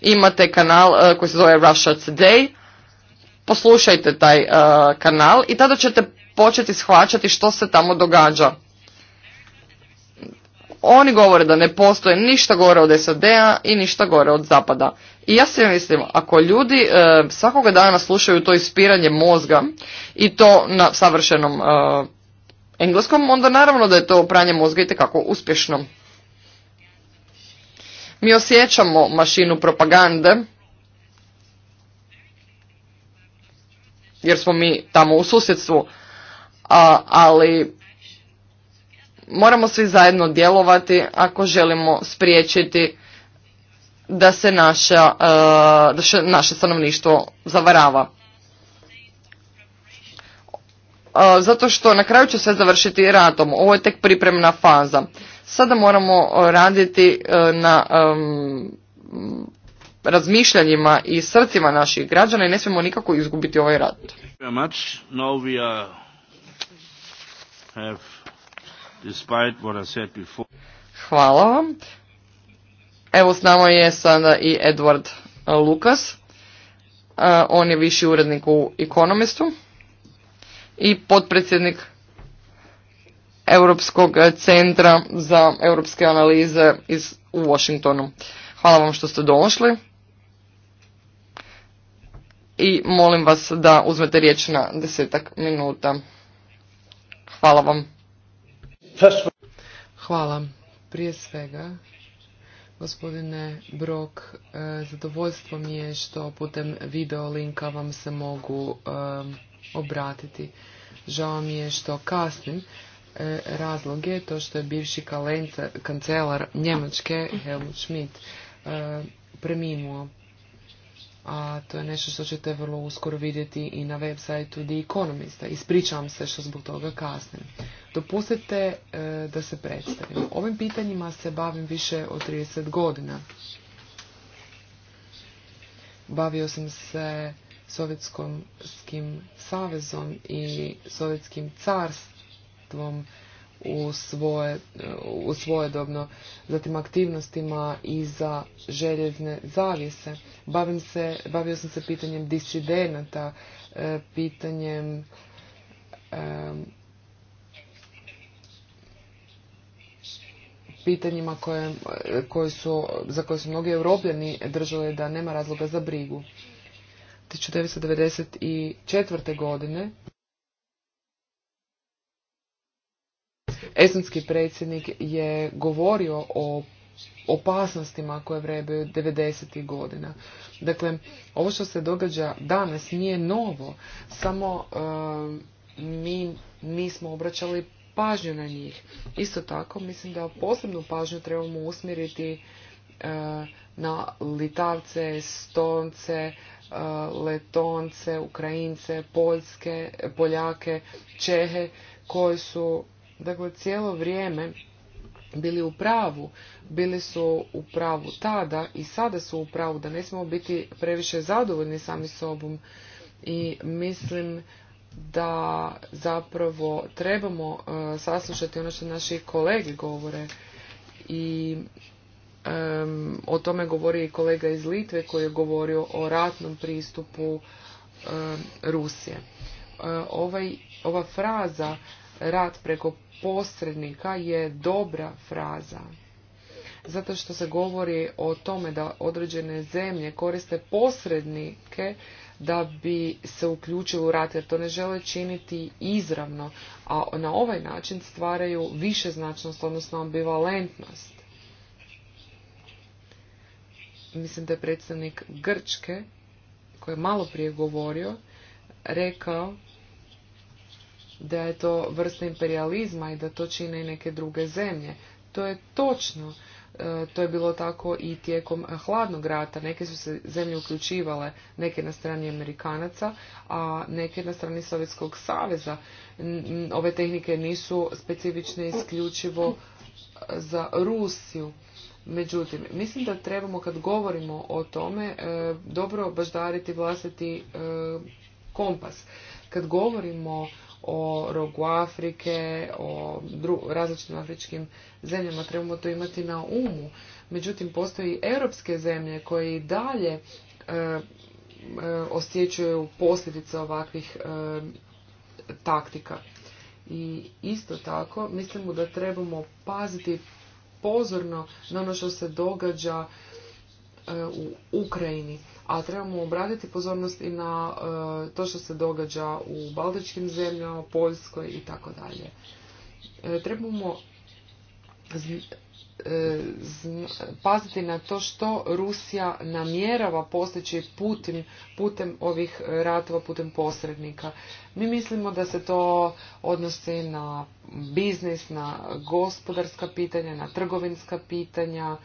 imate kanal koji se zove Russia Today. Poslušajte taj kanal i tada ćete početi shvaćati što se tamo događa. Oni govore da ne postoje ništa gore od SAD-a i ništa gore od Zapada. I ja se mislim, ako ljudi e, svakoga dana slušaju to ispiranje mozga i to na savršenom e, engleskom, onda naravno da je to pranje mozga i tekako uspješno. Mi osjećamo mašinu propagande, jer smo mi tamo u susjedstvu, ali moramo svi zajedno djelovati ako želimo spriječiti da se naša, e, naše stanovništvo zavarava. E, zato što na kraju će sve završiti ratom. Ovo je tek pripremna faza. Sada moramo raditi e, na razmišljanjima i srcima naših građana i ne smijemo nikako izgubiti ovaj rat. Hvala vam. Evo s nama je sada i Edward uh, Lukas. Uh, on je viši urednik u ekonomistu i potpredsjednik Europskog centra za europske analize iz, u Washingtonu. Hvala vam što ste došli i molim vas da uzmete riječ na desetak minuta. Hvala vam. Hvala. Prije svega, gospodine Brok, e, zadovoljstvo mi je što putem video linka vam se mogu e, obratiti. Žao mi je što kasnim. E, razlog je to što je bivši kancelar Njemačke Helmut Schmidt preminuo a to je nešto što ćete vrlo uskoro vidjeti i na web sajtu The Economist. Ispričavam se što zbog toga kasnim. Dopustite e, da se predstavim. Ovim pitanjima se bavim više od 30 godina. Bavio sam se Sovjetskom savezom i Sovjetskim carstvom u svoje, u svojedobno, zatim aktivnostima i za željezne zavise. Bavim se, bavio sam se pitanjem disidenata, e, pitanjem pitanjima su, za koje su mnogi europljani držali da nema razloga za brigu. 1994. godine Estonski predsjednik je govorio o opasnostima koje vrebaju 90. godina. Dakle, ovo što se događa danas nije novo, samo eh, mi nismo obraćali pažnju na njih. Isto tako, mislim da posebnu pažnju trebamo usmjeriti eh, na Litavce, Stonce, eh, Letonce, Ukrajince, Poljske, Poljake, Čehe, koji su dakle cijelo vrijeme bili u pravu, bili su u pravu tada i sada su u pravu da ne smemo biti previše zadovoljni sami sobom i mislim da zapravo trebamo e, saslušati ono što naši kolege govore i o tome govori i kolega iz Litve koji je govorio o ratnom pristupu Rusije. E, ovaj, ova fraza rad preko posrednika je dobra fraza zato što se govori o tome da određene zemlje koriste posrednike da bi se uključili u rat jer to ne žele činiti izravno a na ovaj način stvaraju više značnost, odnosno ambivalentnost mislim da je predstavnik Grčke koji je malo prije govorio rekao da je to vrsta imperializma i da to čine i neke druge zemlje. To je točno. E, to je bilo tako i tijekom hladnog rata. Neke su se zemlje uključivale, neke na strani Amerikanaca, a neke na strani Sovjetskog saveza. ove tehnike nisu specifične isključivo za Rusiju. Međutim, mislim da trebamo kad govorimo o tome e, dobro baždariti vlastiti e, kompas. Kad govorimo o rogu Afrike, o različitim afričkim zemljama, trebamo to imati na umu. Međutim, postoji europske zemlje koje i dalje e, e osjećaju posljedice ovakvih e, taktika. I isto tako mislimo da trebamo paziti pozorno na ono što se događa e, u Ukrajini a trebamo obratiti pozornost i na e, to što se događa u baltičkim zemljama, Poljskoj i tako dalje. E, trebamo e, paziti na to što Rusija namjerava postići putem, putem ovih ratova, putem posrednika. Mi mislimo da se to odnosi na biznis, na gospodarska pitanja, na trgovinska pitanja,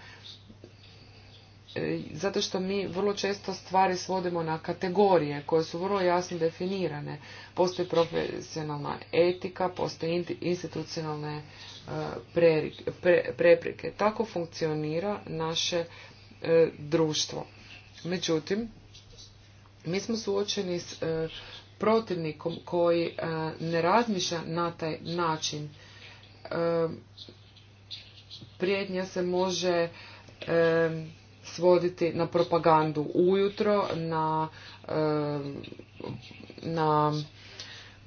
E, zato što mi vrlo često stvari svodimo na kategorije koje su vrlo jasno definirane. Postoji profesionalna etika, postoje institucionalne e, prepreke. Tako funkcionira naše e, društvo. Međutim, mi smo suočeni s protivnikom koji ne razmišlja na taj način. Prijetnja se može svoditi na propagandu ujutro, na, na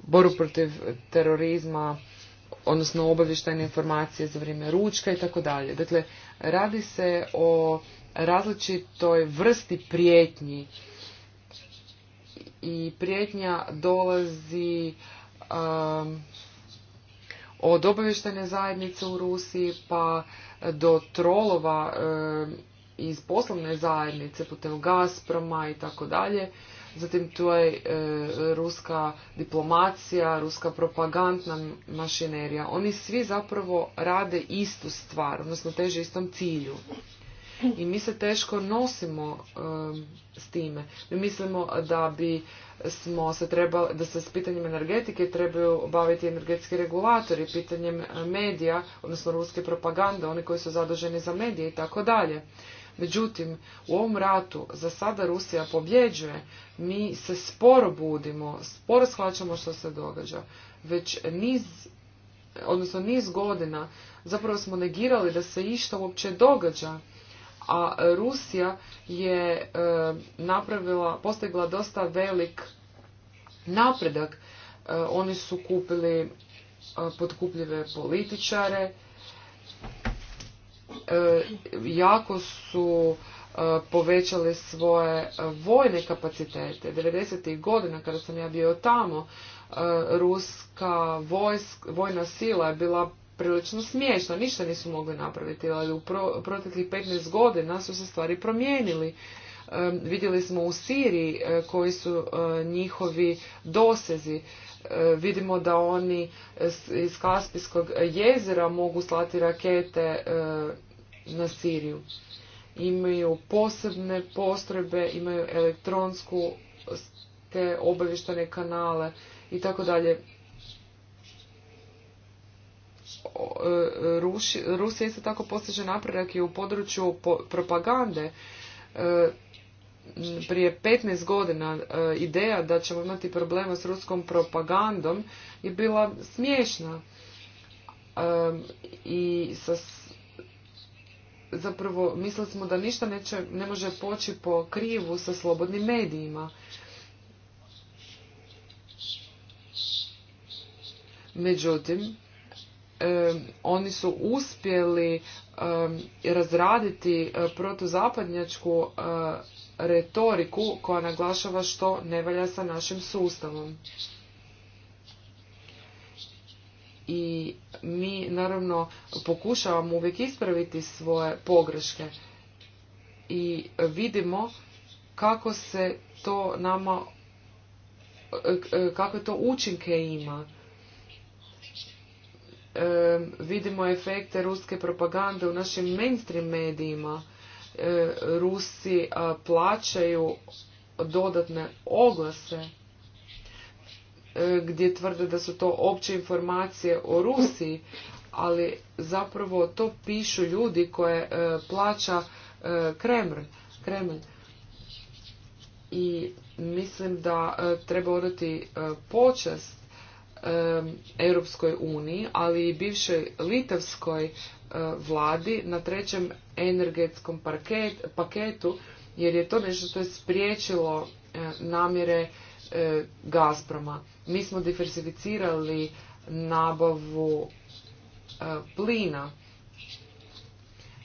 boru protiv terorizma, odnosno obavještajne informacije za vrijeme ručka i tako dalje. Dakle, radi se o različitoj vrsti prijetnji i prijetnja dolazi um, od obavještajne zajednice u Rusiji pa do trolova iz poslovne zajednice putem Gazproma i tako dalje. Zatim tu je e, ruska diplomacija, ruska propagandna mašinerija. Oni svi zapravo rade istu stvar, odnosno teže istom cilju. I mi se teško nosimo e, s time. Mi mislimo da bi smo se trebali, da se s pitanjem energetike trebaju baviti energetski regulatori, pitanjem medija, odnosno ruske propagande, oni koji su zaduženi za medije i tako dalje. Međutim, u ovom ratu za sada Rusija pobjeđuje, mi se sporo budimo, sporo shvaćamo što se događa. Već niz, odnosno niz godina zapravo smo negirali da se išta uopće događa. A Rusija je e, napravila, postigla dosta velik napredak. E, oni su kupili e, podkupljive političare E, jako su e, povećali svoje vojne kapacitete. 90. godina kada sam ja bio tamo, e, ruska vojska, vojna sila je bila prilično smiješna, ništa nisu mogli napraviti, ali u proteklih 15 godina su se stvari promijenili. vidjeli smo u Siriji koji su njihovi dosezi. Vidimo da oni iz Kaspijskog jezera mogu slati rakete na Siriju. Imaju posebne postrebe, imaju elektronsku te obavještane kanale i tako dalje. E, Rusija isto tako postiže napredak i u području propagande. E, prije 15 godina e, ideja da ćemo imati problema s ruskom propagandom je bila smiješna i sa zapravo mislili smo da ništa neće, ne može poći po krivu sa slobodnim medijima. Međutim, oni su uspjeli razraditi e, protuzapadnjačku e, retoriku koja naglašava što ne valja sa našim sustavom i mi naravno pokušavamo uvijek ispraviti svoje pogreške i vidimo kako se to nama kakve to učinke ima. vidimo efekte ruske propagande u našim mainstream medijima. Rusi plaćaju dodatne oglase E, gdje tvrde da su to opće informacije o Rusiji, ali zapravo to pišu ljudi koje e, plaća e, Kreml. I mislim da treba odati počest Europskoj uniji, ali i bivšoj litavskoj vladi na trećem energetskom paketu, jer je to nešto što je spriječilo namjere E, Gazproma. Mi smo diversificirali nabavu e, plina.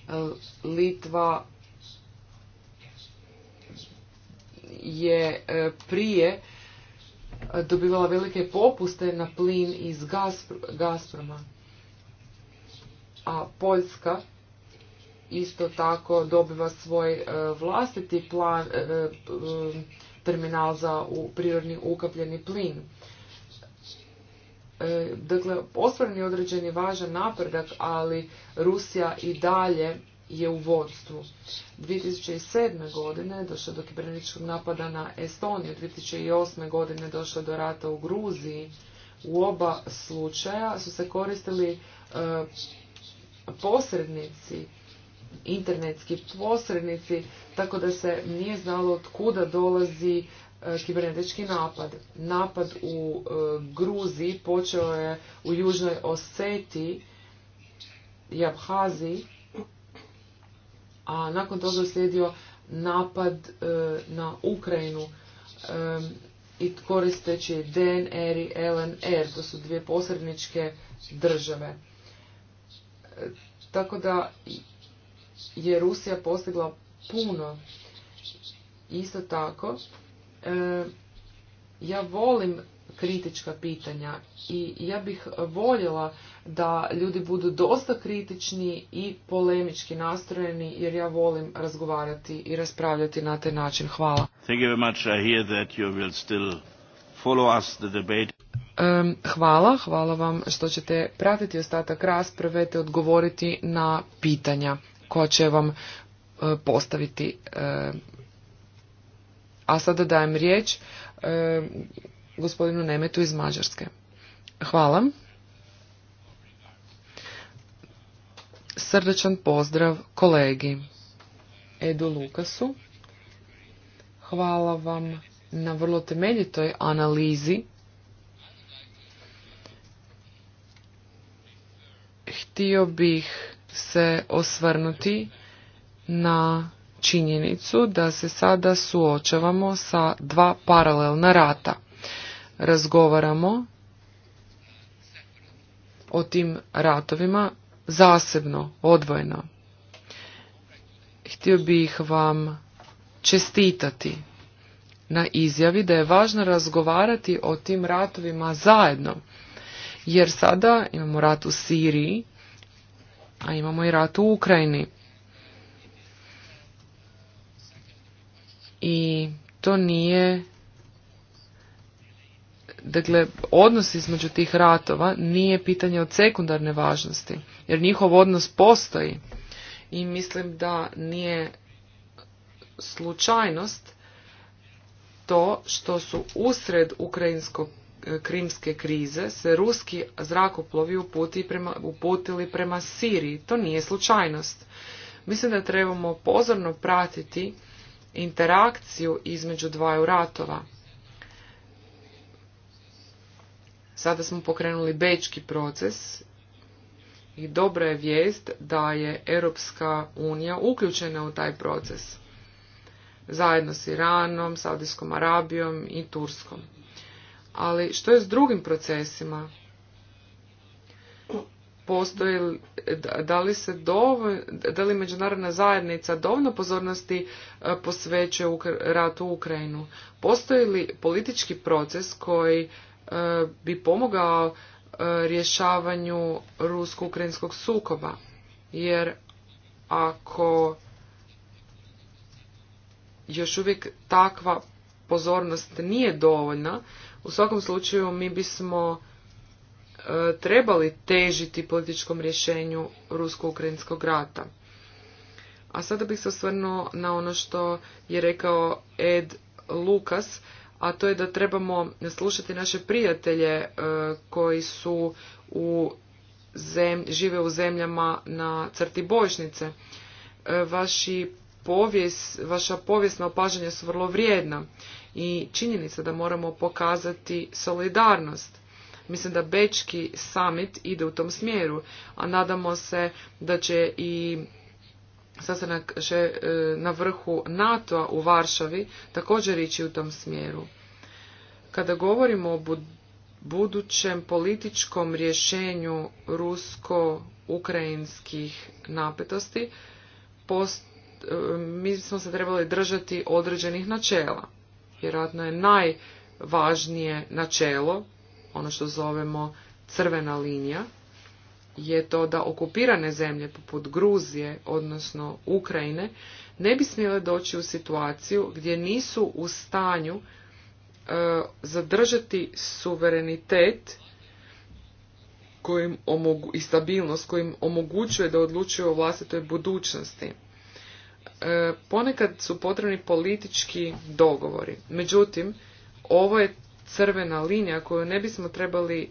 E, Litva je prije dobivala velike popuste na plin iz Gazproma. A Poljska isto tako dobiva svoj vlastiti plan, terminal za prirodni ukapljeni plin. E, dakle, ostvaren je određeni važan napredak, ali Rusija i dalje je u vodstvu. 2007. godine došlo do kibernetičkog napada na Estoniju, 2008. godine došlo do rata u Gruziji. U oba slučaja su se koristili e, posrednici internetski posrednici, tako da se nije znalo od kuda dolazi e, kibernetički napad. Napad u e, Gruziji počeo je u Južnoj Oseti i Abhaziji, a nakon toga uslijedio napad e, na Ukrajinu i koristeći DNR i LNR, to su dvije posredničke države. Tako da je Rusija postigla puno. Isto tako, e, ja volim kritička pitanja i ja bih voljela da ljudi budu dosta kritični i polemički nastrojeni jer ja volim razgovarati i raspravljati na taj način. Hvala. hvala, hvala vam što ćete pratiti ostatak rasprave te odgovoriti na pitanja koja će vam e, postaviti. E, a sada dajem riječ e, gospodinu Nemetu iz Mađarske. Hvala. Srdečan pozdrav kolegi Edu Lukasu. Hvala vam na vrlo temeljitoj analizi. Htio bih se osvrnuti na činjenicu da se sada suočavamo sa dva paralelna rata. Razgovaramo o tim ratovima zasebno, odvojeno. Htio bih vam čestitati na izjavi da je važno razgovarati o tim ratovima zajedno. Jer sada imamo rat u Siriji a imamo i rat u Ukrajini. I to nije dakle, odnos između tih ratova nije pitanje od sekundarne važnosti, jer njihov odnos postoji i mislim da nije slučajnost to što su usred ukrajinskog krimske krize se ruski zrakoplovi prema, uputili prema Siriji. To nije slučajnost. Mislim da trebamo pozorno pratiti interakciju između dvaju ratova. Sada smo pokrenuli bečki proces i dobra je vijest da je Europska unija uključena u taj proces zajedno s Iranom, Saudijskom Arabijom i Turskom ali što je s drugim procesima? Postoji, da li se dovolj, da li međunarodna zajednica dovoljno pozornosti e, posvećuje ratu u Ukrajinu? Postoji li politički proces koji e, bi pomogao e, rješavanju rusko-ukrajinskog sukoba? Jer ako još uvijek takva pozornost nije dovoljna, u svakom slučaju mi bismo e, trebali težiti političkom rješenju rusko-ukrajinskog rata. A sada bih se osvrnuo na ono što je rekao Ed Lukas, a to je da trebamo slušati naše prijatelje e, koji su u žive u zemljama na crti bojišnice. E, vaši vaša povijesna opažanja su vrlo vrijedna i činjenica da moramo pokazati solidarnost. Mislim da Bečki summit ide u tom smjeru, a nadamo se da će i sastanak e, na vrhu NATO-a u Varšavi također ići u tom smjeru. Kada govorimo o budućem političkom rješenju rusko-ukrajinskih napetosti, e, mi smo se trebali držati određenih načela vjerojatno je najvažnije načelo, ono što zovemo crvena linija, je to da okupirane zemlje poput Gruzije, odnosno Ukrajine, ne bi smjele doći u situaciju gdje nisu u stanju e, zadržati suverenitet kojim omogu i stabilnost kojim omogućuje da odlučuju o vlastitoj budućnosti. E, ponekad su potrebni politički dogovori. Međutim, ovo je crvena linija koju ne bismo trebali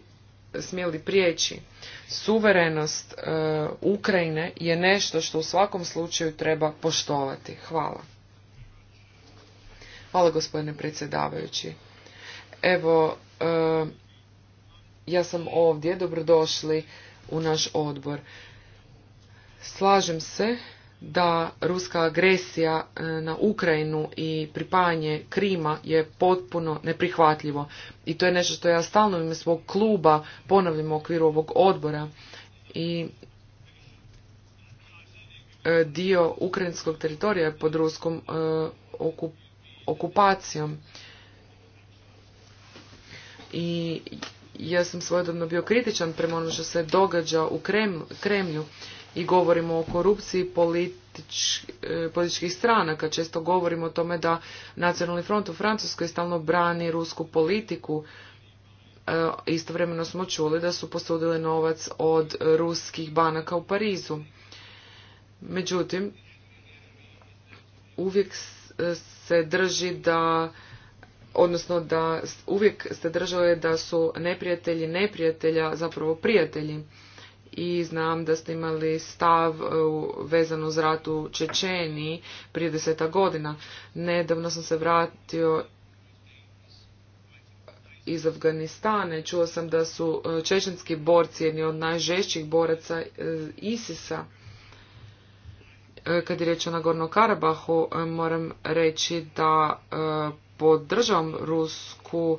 smjeli prijeći. Suverenost e, Ukrajine je nešto što u svakom slučaju treba poštovati. Hvala. Hvala gospodine predsjedavajući. Evo, e, ja sam ovdje, dobrodošli u naš odbor. Slažem se da ruska agresija e, na Ukrajinu i pripajanje Krima je potpuno neprihvatljivo. I to je nešto što ja stalno ime svog kluba ponavljam u okviru ovog odbora. I e, dio ukrajinskog teritorija je pod ruskom e, okupacijom. I ja sam svojodobno bio kritičan prema ono što se događa u Kremlju i govorimo o korupciji politič, e, političkih stranaka. Često govorimo o tome da Nacionalni front u Francuskoj stalno brani rusku politiku. E, istovremeno smo čuli da su posudili novac od ruskih banaka u Parizu. Međutim, uvijek se drži da odnosno da uvijek ste držali da su neprijatelji neprijatelja zapravo prijatelji i znam da ste imali stav e, vezan uz rat u Čečeniji prije deseta godina. Nedavno sam se vratio iz Afganistane. Čuo sam da su e, čečenski borci jedni od najžešćih boraca e, ISIS-a. Kad je riječ o Nagorno Karabahu, moram reći da podržavam rusku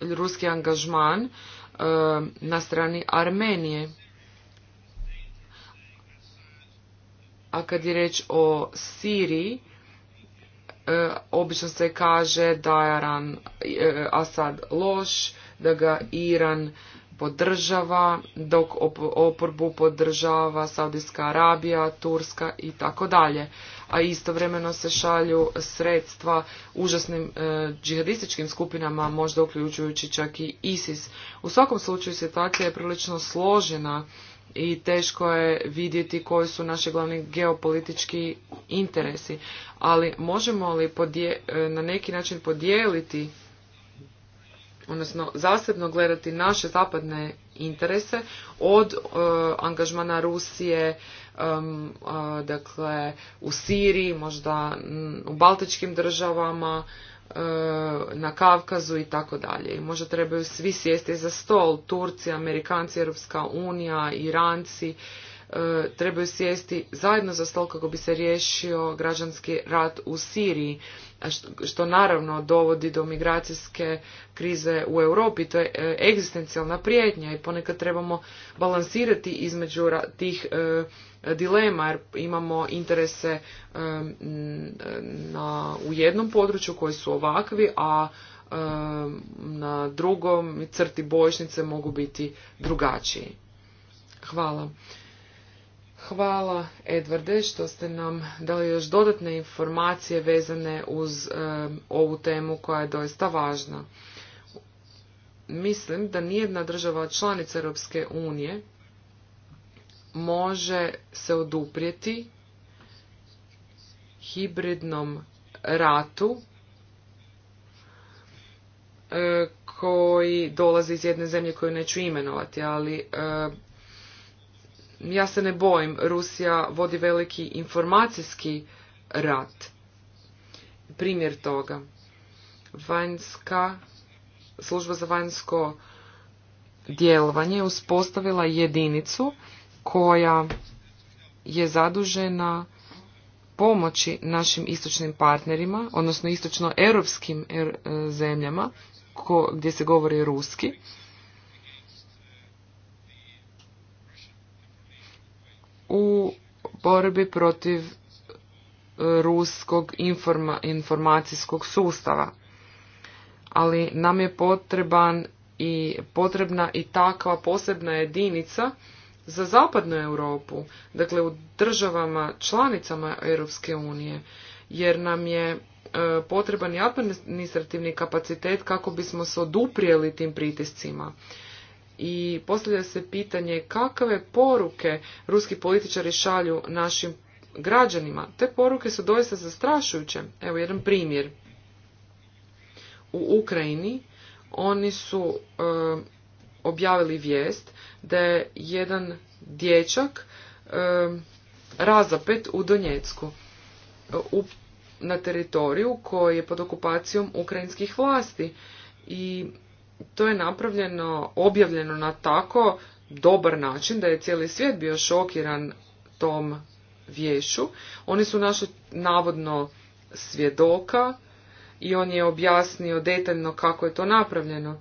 ruski angažman na strani Armenije. A kad je reč o Siriji, e, obično se kaže da je Aran, e, Asad loš, da ga Iran podržava, dok oporbu podržava Saudijska Arabija, Turska i tako dalje a istovremeno se šalju sredstva užasnim e, džihadističkim skupinama, možda uključujući čak i ISIS. U svakom slučaju situacija je prilično složena i teško je vidjeti koji su naši glavni geopolitički interesi, ali možemo li e, na neki način podijeliti odnosno zasebno gledati naše zapadne interese od e, angažmana Rusije e, dakle u Siriji, možda u Baltičkim državama, e, na Kavkazu i tako dalje. I možda trebaju svi sjesti za stol, Turci, Amerikanci, Europska unija, Iranci, E, trebaju sjesti zajedno za stol kako bi se riješio građanski rat u Siriji, što, naravno dovodi do migracijske krize u Europi. To je e, egzistencijalna prijetnja i ponekad trebamo balansirati između tih e, dilema jer imamo interese na, u jednom području koji su ovakvi, a na drugom crti bojišnice mogu biti drugačiji. Hvala. Hvala, Edvarde, što ste nam dali još dodatne informacije vezane uz ovu temu koja je doista važna. Mislim da nijedna država članica Europske unije može se oduprijeti hibridnom ratu koji dolazi iz jedne zemlje koju neću imenovati, ali ja se ne bojim, Rusija vodi veliki informacijski rat. Primjer toga. Vanjska služba za vanjsko djelovanje uspostavila jedinicu koja je zadužena pomoći našim istočnim partnerima, odnosno istočno europskim er, e, zemljama gdje se govori ruski borbi protiv e, ruskog informa, informacijskog sustava. Ali nam je potreban i potrebna i takva posebna jedinica za zapadnu Europu, dakle u državama članicama Europske unije, jer nam je e, potreban i administrativni kapacitet kako bismo se oduprijeli tim pritiscima i postavlja se pitanje kakve poruke ruski političari šalju našim građanima. Te poruke su doista zastrašujuće. Evo jedan primjer. U Ukrajini oni su objavili vijest da je jedan dječak razapet u Donjecku u, na teritoriju koji je pod okupacijom ukrajinskih vlasti i to je napravljeno, objavljeno na tako dobar način da je cijeli svijet bio šokiran tom vješu. Oni su našli navodno svjedoka i on je objasnio detaljno kako je to napravljeno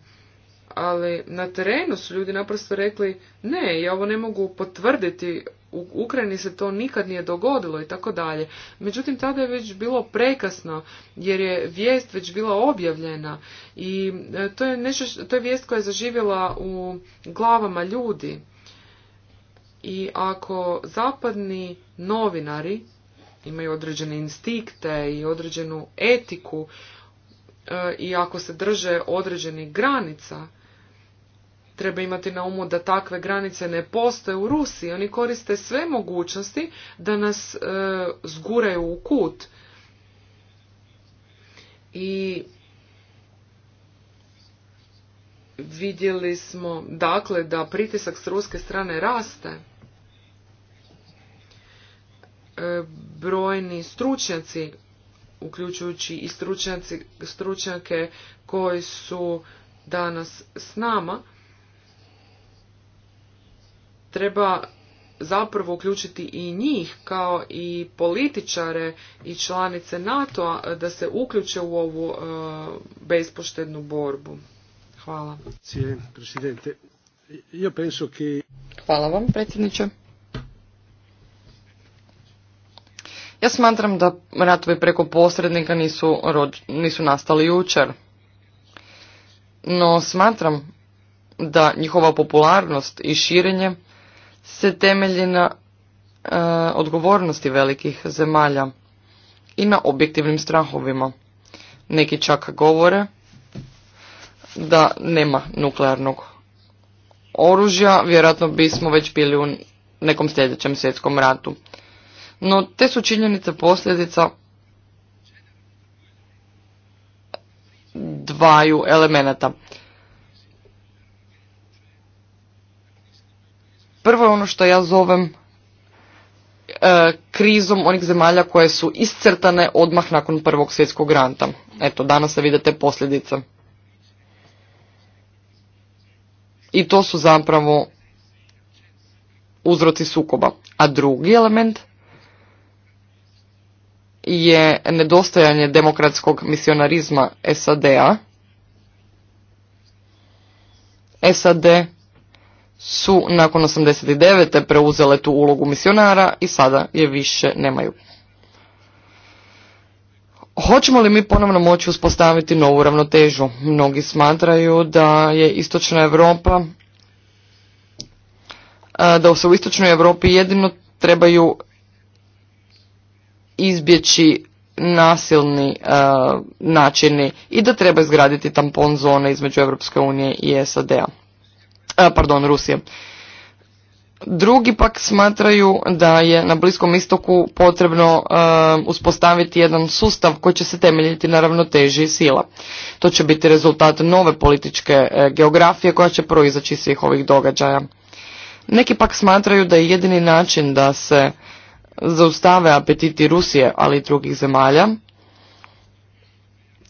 ali na terenu su ljudi naprosto rekli ne, ja ovo ne mogu potvrditi, u Ukrajini se to nikad nije dogodilo i tako dalje. Međutim, tada je već bilo prekasno, jer je vijest već bila objavljena i e, to je, nešto, to je vijest koja je zaživjela u glavama ljudi. I ako zapadni novinari imaju određene instinkte i određenu etiku, e, i ako se drže određenih granica Treba imati na umu da takve granice ne postoje u Rusiji. Oni koriste sve mogućnosti da nas e, zguraju u kut. I vidjeli smo dakle da pritisak s ruske strane raste. E, brojni stručnjaci, uključujući i stručnjaci, stručnjake koji su danas s nama, treba zapravo uključiti i njih kao i političare i članice NATO-a da se uključe u ovu e, bespoštednu borbu. Hvala. Hvala vam, predsjedniče. Ja smatram da ratovi preko posrednika nisu, nisu nastali jučer. No smatram da njihova popularnost i širenje se temelji na e, odgovornosti velikih zemalja i na objektivnim strahovima. Neki čak govore da nema nuklearnog oružja, vjerojatno bismo već bili u nekom sljedećem svjetskom ratu. No te su činjenice posljedica dvaju elemenata. Prvo je ono što ja zovem e, krizom onih zemalja koje su iscrtane odmah nakon Prvog svjetskog ranta. Eto, danas se vidite posljedice. I to su zapravo uzroci sukoba. A drugi element je nedostajanje demokratskog misionarizma SAD-a. SAD su nakon 89. preuzele tu ulogu misionara i sada je više nemaju. Hoćemo li mi ponovno moći uspostaviti novu ravnotežu? Mnogi smatraju da je istočna Europa, da se u istočnoj Europi jedino trebaju izbjeći nasilni načini i da treba izgraditi tampon zone između Europske unije i SAD-a. E, pardon, Rusije. Drugi pak smatraju da je na Bliskom istoku potrebno e, uspostaviti jedan sustav koji će se temeljiti na ravnoteži sila. To će biti rezultat nove političke e, geografije koja će proizaći svih ovih događaja. Neki pak smatraju da je jedini način da se zaustave apetiti Rusije, ali i drugih zemalja,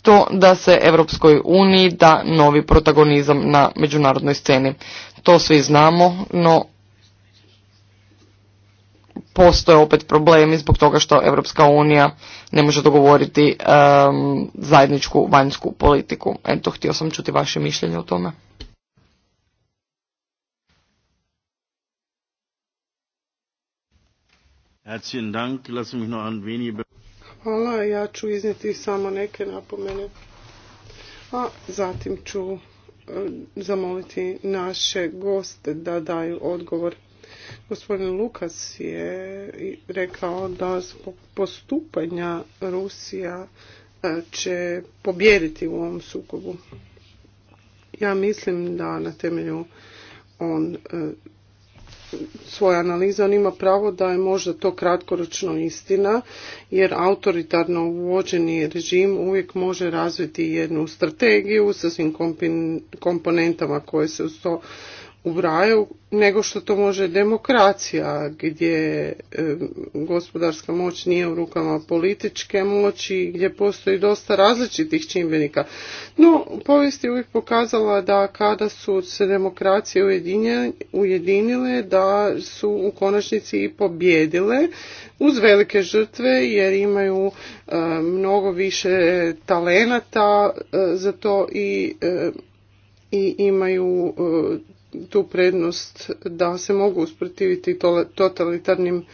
to da se Europskoj uniji da novi protagonizam na međunarodnoj sceni. To svi znamo, no postoje opet problemi zbog toga što Europska unija ne može dogovoriti zajedničku vanjsku politiku. Eto, htio sam čuti vaše mišljenje o tome. Herzlichen Dank. Lass mich Hvala, ja ću iznijeti samo neke napomene. A zatim ću e, zamoliti naše goste da daju odgovor. Gospodin Lukas je rekao da zbog postupanja Rusija e, će pobijediti u ovom sukobu. Ja mislim da na temelju on e, svoje analiza, on ima pravo da je možda to kratkoročno istina, jer autoritarno uvođeni režim uvijek može razviti jednu strategiju sa svim komponentama koje se uz to u raju nego što to može demokracija gdje e, gospodarska moć nije u rukama političke moći gdje postoji dosta različitih čimbenika. No, povijest je uvijek pokazala da kada su se demokracije ujedinile da su u konačnici i pobjedile uz velike žrtve jer imaju e, mnogo više talenata e, za to i i imaju tu prednost da se mogu usprotiviti totalitarnim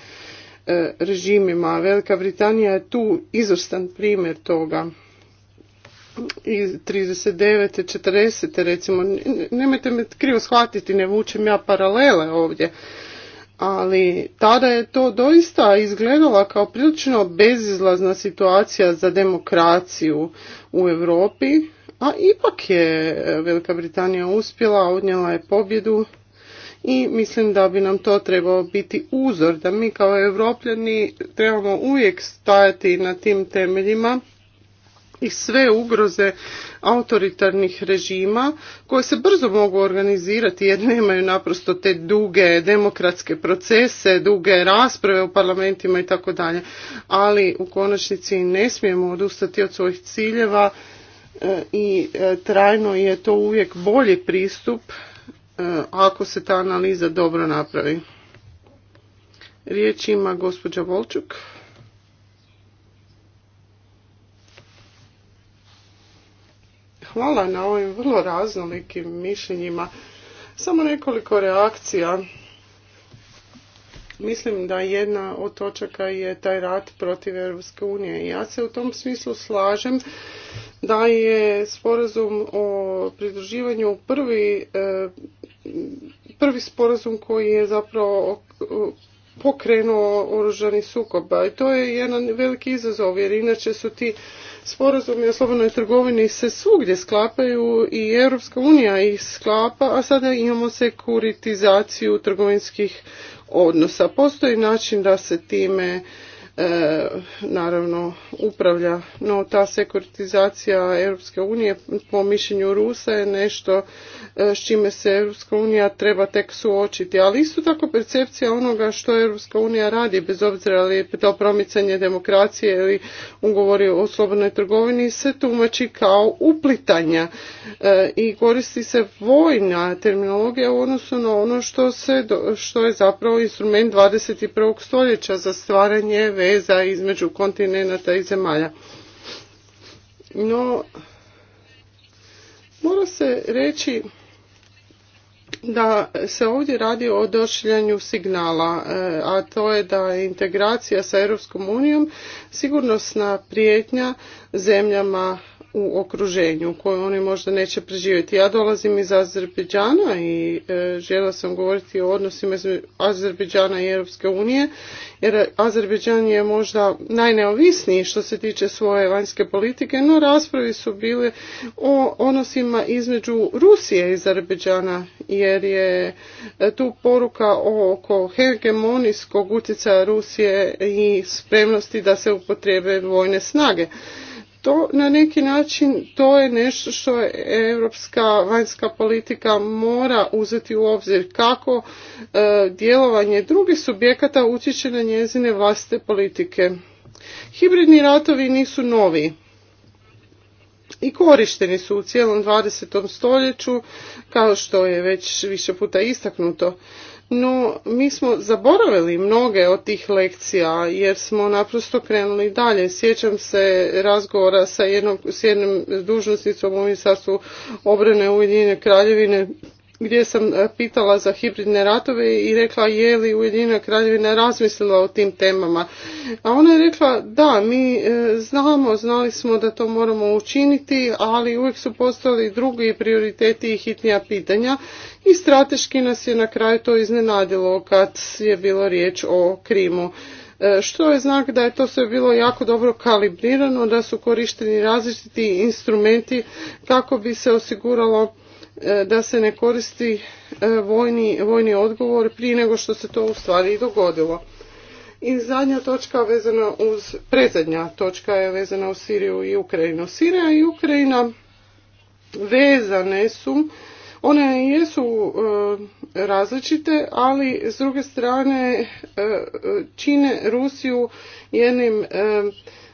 e, režimima. Velika Britanija je tu izvrstan primjer toga. I 39. 40. recimo, nemojte me krivo shvatiti, ne vučem ja paralele ovdje, ali tada je to doista izgledala kao prilično bezizlazna situacija za demokraciju u Europi a ipak je Velika Britanija uspjela, odnijela je pobjedu i mislim da bi nam to trebao biti uzor, da mi kao evropljani trebamo uvijek stajati na tim temeljima i sve ugroze autoritarnih režima koje se brzo mogu organizirati jer nemaju naprosto te duge demokratske procese, duge rasprave u parlamentima i tako dalje. Ali u konačnici ne smijemo odustati od svojih ciljeva E, i e, trajno je to uvijek bolji pristup e, ako se ta analiza dobro napravi. Riječ ima gospođa Volčuk. Hvala na ovim vrlo raznolikim mišljenjima. Samo nekoliko reakcija Mislim da jedna od točaka je taj rat protiv Europske unije. Ja se u tom smislu slažem da je sporazum o pridruživanju prvi, eh, prvi sporazum koji je zapravo eh, pokrenuo oružani sukob. I to je jedan veliki izazov jer inače su ti sporazumi o slobodnoj trgovini se svugdje sklapaju i Europska unija ih sklapa, a sada imamo sekuritizaciju trgovinskih odnosa. Postoji način da se time E, naravno upravlja. No ta sekuritizacija Europske unije po mišljenju Rusa je nešto e, s čime se Europska unija treba tek suočiti, ali isto tako percepcija onoga što Europska unija radi, bez obzira li je to promicanje demokracije ili ugovori o slobodnoj trgovini se tumači kao uplitanja e, i koristi se vojna terminologija u odnosu na ono što, se, što je zapravo instrument 21. stoljeća za stvaranje veza između kontinenata i zemalja. No, mora se reći da se ovdje radi o došljanju signala, e, a to je da je integracija sa Europskom unijom sigurnosna prijetnja zemljama u okruženju koje oni možda neće preživjeti. Ja dolazim iz Azerbeđana i e, žela sam govoriti o odnosima Azerbeđana i Europske unije jer Azerbeđan je možda najneovisniji što se tiče svoje vanjske politike, no raspravi su bile o odnosima između Rusije i Azerbeđana jer je e, tu poruka oko hegemonijskog utjecaja Rusije i spremnosti da se upotrebe vojne snage to na neki način to je nešto što je europska vanjska politika mora uzeti u obzir kako e, djelovanje drugih subjekata utječe na njezine vlastite politike. Hibridni ratovi nisu novi i korišteni su u cijelom 20. stoljeću kao što je već više puta istaknuto no mi smo zaboravili mnoge od tih lekcija jer smo naprosto krenuli dalje. Sjećam se razgovora sa jednom, s dužnosnicom u Ministarstvu obrane Ujedinjene kraljevine gdje sam e, pitala za hibridne ratove i rekla je li Ujedinjena kraljevina razmislila o tim temama. A ona je rekla da, mi e, znamo, znali smo da to moramo učiniti, ali uvijek su postali drugi prioriteti i hitnija pitanja i strateški nas je na kraju to iznenadilo kad je bilo riječ o Krimu e, što je znak da je to sve bilo jako dobro kalibrirano, da su korišteni različiti instrumenti kako bi se osiguralo E, da se ne koristi e, vojni, odgovor prije nego što se to u stvari i dogodilo. I zadnja točka vezana uz, predzadnja točka je vezana uz Siriju i Ukrajinu. Sirija i Ukrajina vezane su, one jesu e, različite, ali s druge strane čine Rusiju jednim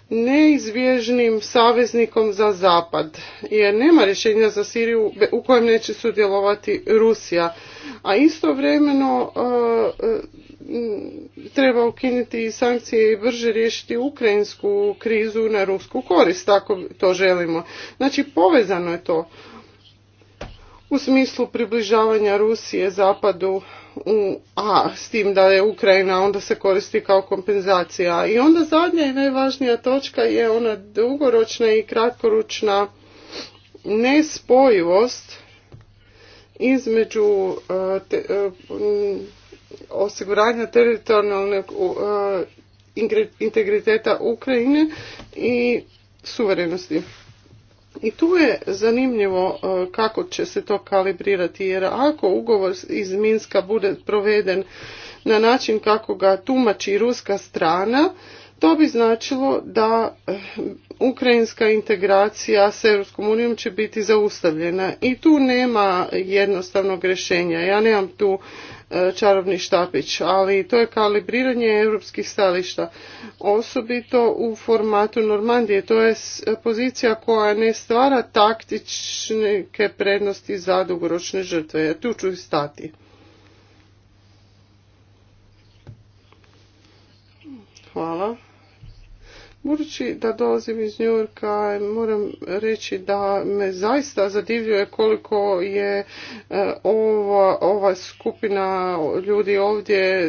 neizbježnim saveznikom za zapad jer nema rješenja za Siriju u kojem neće sudjelovati Rusija a istovremeno e, e, treba ukinuti sankcije i brže riješiti ukrajinsku krizu na rusku korist ako to želimo znači povezano je to u smislu približavanja Rusije zapadu u A, s tim da je Ukrajina onda se koristi kao kompenzacija. I onda zadnja i najvažnija točka je ona dugoročna i kratkoručna nespojivost između e, e, osiguranja teritorijalnog e, integriteta Ukrajine i suverenosti. I tu je zanimljivo e, kako će se to kalibrirati, jer ako ugovor iz Minska bude proveden na način kako ga tumači ruska strana, to bi značilo da e, ukrajinska integracija s Europskom unijom će biti zaustavljena i tu nema jednostavnog rješenja. Ja nemam tu čarobni štapić, ali to je kalibriranje europskih stališta, osobito u formatu Normandije. To je pozicija koja ne stvara taktičke prednosti za dugoročne žrtve. Ja tu ću stati. Hvala. Budući da dolazim iz Njurka, moram reći da me zaista zadivljuje koliko je e, ova, ova skupina ljudi ovdje e,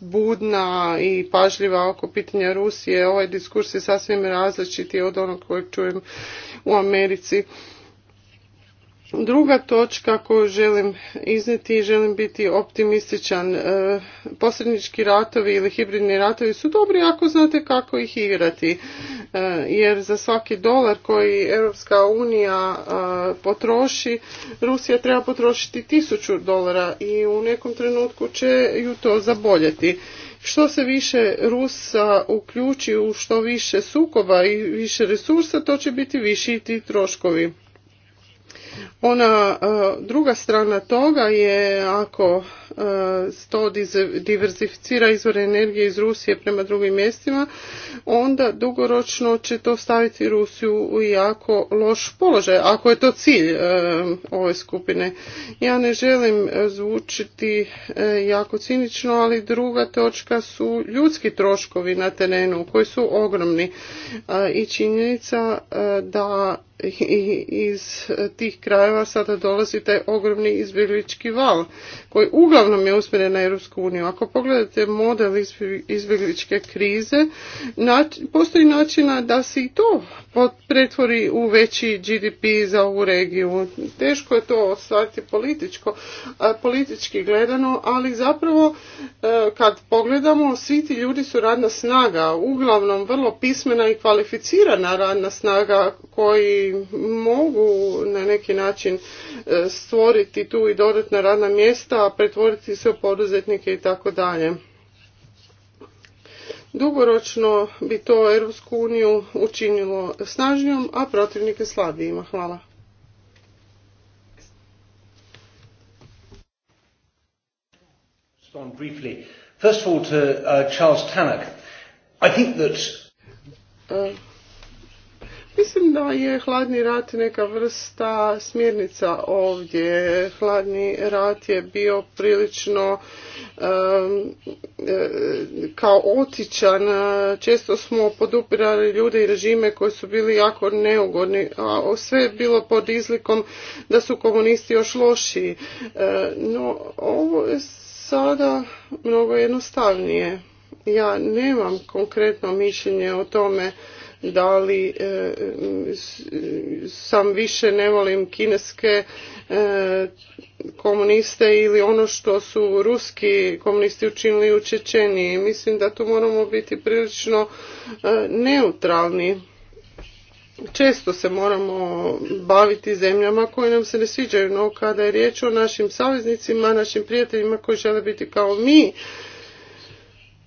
budna i pažljiva oko pitanja Rusije. Ovaj diskurs je sasvim različiti od onog kojeg čujem u Americi. Druga točka koju želim izniti i želim biti optimističan. E, posrednički ratovi ili hibridni ratovi su dobri ako znate kako ih igrati. E, jer za svaki dolar koji Europska unija e, potroši, Rusija treba potrošiti tisuću dolara i u nekom trenutku će ju to zaboljeti što se više Rusa uključi u što više sukoba i više resursa, to će biti viši ti troškovi. Ona e, druga strana toga je ako e, to diverzificira izvore energije iz Rusije prema drugim mjestima, onda dugoročno će to staviti Rusiju u jako loš položaj, ako je to cilj e, ove skupine. Ja ne želim zvučiti jako cinično, ali druga točka su ljudski troškovi na terenu koji su ogromni i činjenica da iz tih krajeva sada dolazi taj ogromni izbjeglički val koji uglavnom je usmjeren na Europsku uniju. Ako pogledate model izbjegličke krize, postoji načina da se i to pretvori u veći GDP za ovu regiju. Teško je to ostvariti političko, politički gledano, ali zapravo e, kad pogledamo, svi ti ljudi su radna snaga, uglavnom vrlo pismena i kvalificirana radna snaga koji mogu na neki način e, stvoriti tu i dodatna radna mjesta, a pretvoriti se u poduzetnike i tako dalje. Dugoročno bi to Europsku uniju učinilo snažnijom, a protivnike slabijima. Hvala. First uh, Mislim da je hladni rat neka vrsta smjernica ovdje. Hladni rat je bio prilično e, kao otičan. Često smo podupirali ljude i režime koji su bili jako neugodni. A sve je bilo pod izlikom da su komunisti još lošiji. E, no, ovo je sada mnogo jednostavnije. Ja nemam konkretno mišljenje o tome da li e, sam više ne volim kineske e, komuniste ili ono što su ruski komunisti učinili u Čečeniji. Mislim da tu moramo biti prilično e, neutralni. Često se moramo baviti zemljama koje nam se ne sviđaju, no kada je riječ o našim saveznicima, našim prijateljima koji žele biti kao mi,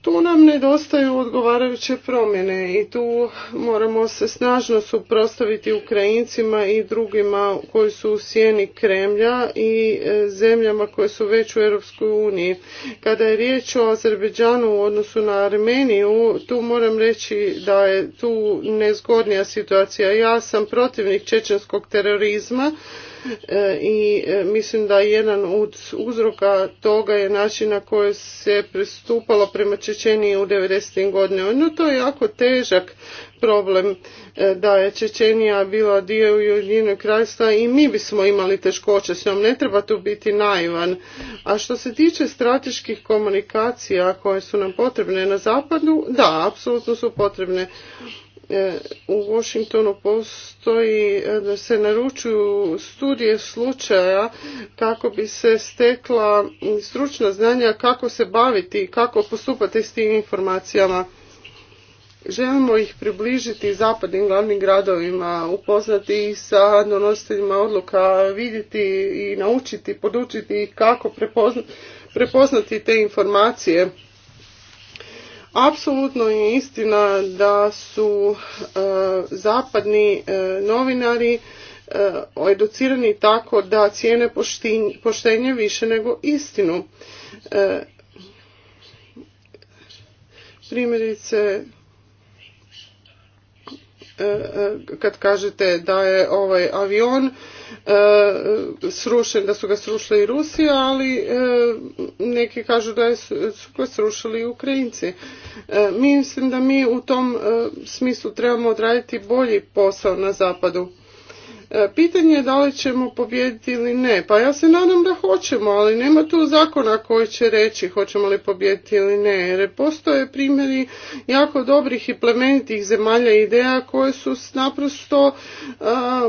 tu nam nedostaju odgovarajuće promjene i tu moramo se snažno suprotstaviti Ukrajincima i drugima koji su u sjeni Kremlja i e, zemljama koje su već u Europskoj uniji. Kada je riječ o Azerbeđanu u odnosu na Armeniju, tu moram reći da je tu nezgodnija situacija. Ja sam protivnik čečenskog terorizma, E, i e, mislim da jedan od uzroka toga je način na koji se pristupalo prema Čečeniji u 90. godine. No to je jako težak problem e, da je Čečenija bila dio Ujedinjenog krajstva i mi bismo imali teškoće s njom. Ne treba tu biti naivan. A što se tiče strateških komunikacija koje su nam potrebne na zapadu, da, apsolutno su potrebne u Washingtonu postoji e, da se naručuju studije slučaja kako bi se stekla stručna znanja kako se baviti i kako postupati s tim informacijama. Želimo ih približiti zapadnim glavnim gradovima, upoznati ih sa donositeljima odluka, vidjeti i naučiti, podučiti ih kako prepoznati te informacije Apsolutno je istina da su e, zapadni e, novinari e, educirani tako da cijene poštenje više nego istinu. E, primjerice, kad kažete da je ovaj avion E, srušen, da su ga srušili i Rusija, ali e, neki kažu da su ga srušili i Ukrajinci. E, mislim da mi u tom smislu trebamo odraditi bolji posao na zapadu. E, pitanje je da li ćemo pobijediti ili ne. Pa ja se nadam da hoćemo, ali nema tu zakona koji će reći hoćemo li pobijediti ili ne. Jer postoje primjeri jako dobrih i plemenitih zemalja i ideja koje su naprosto e,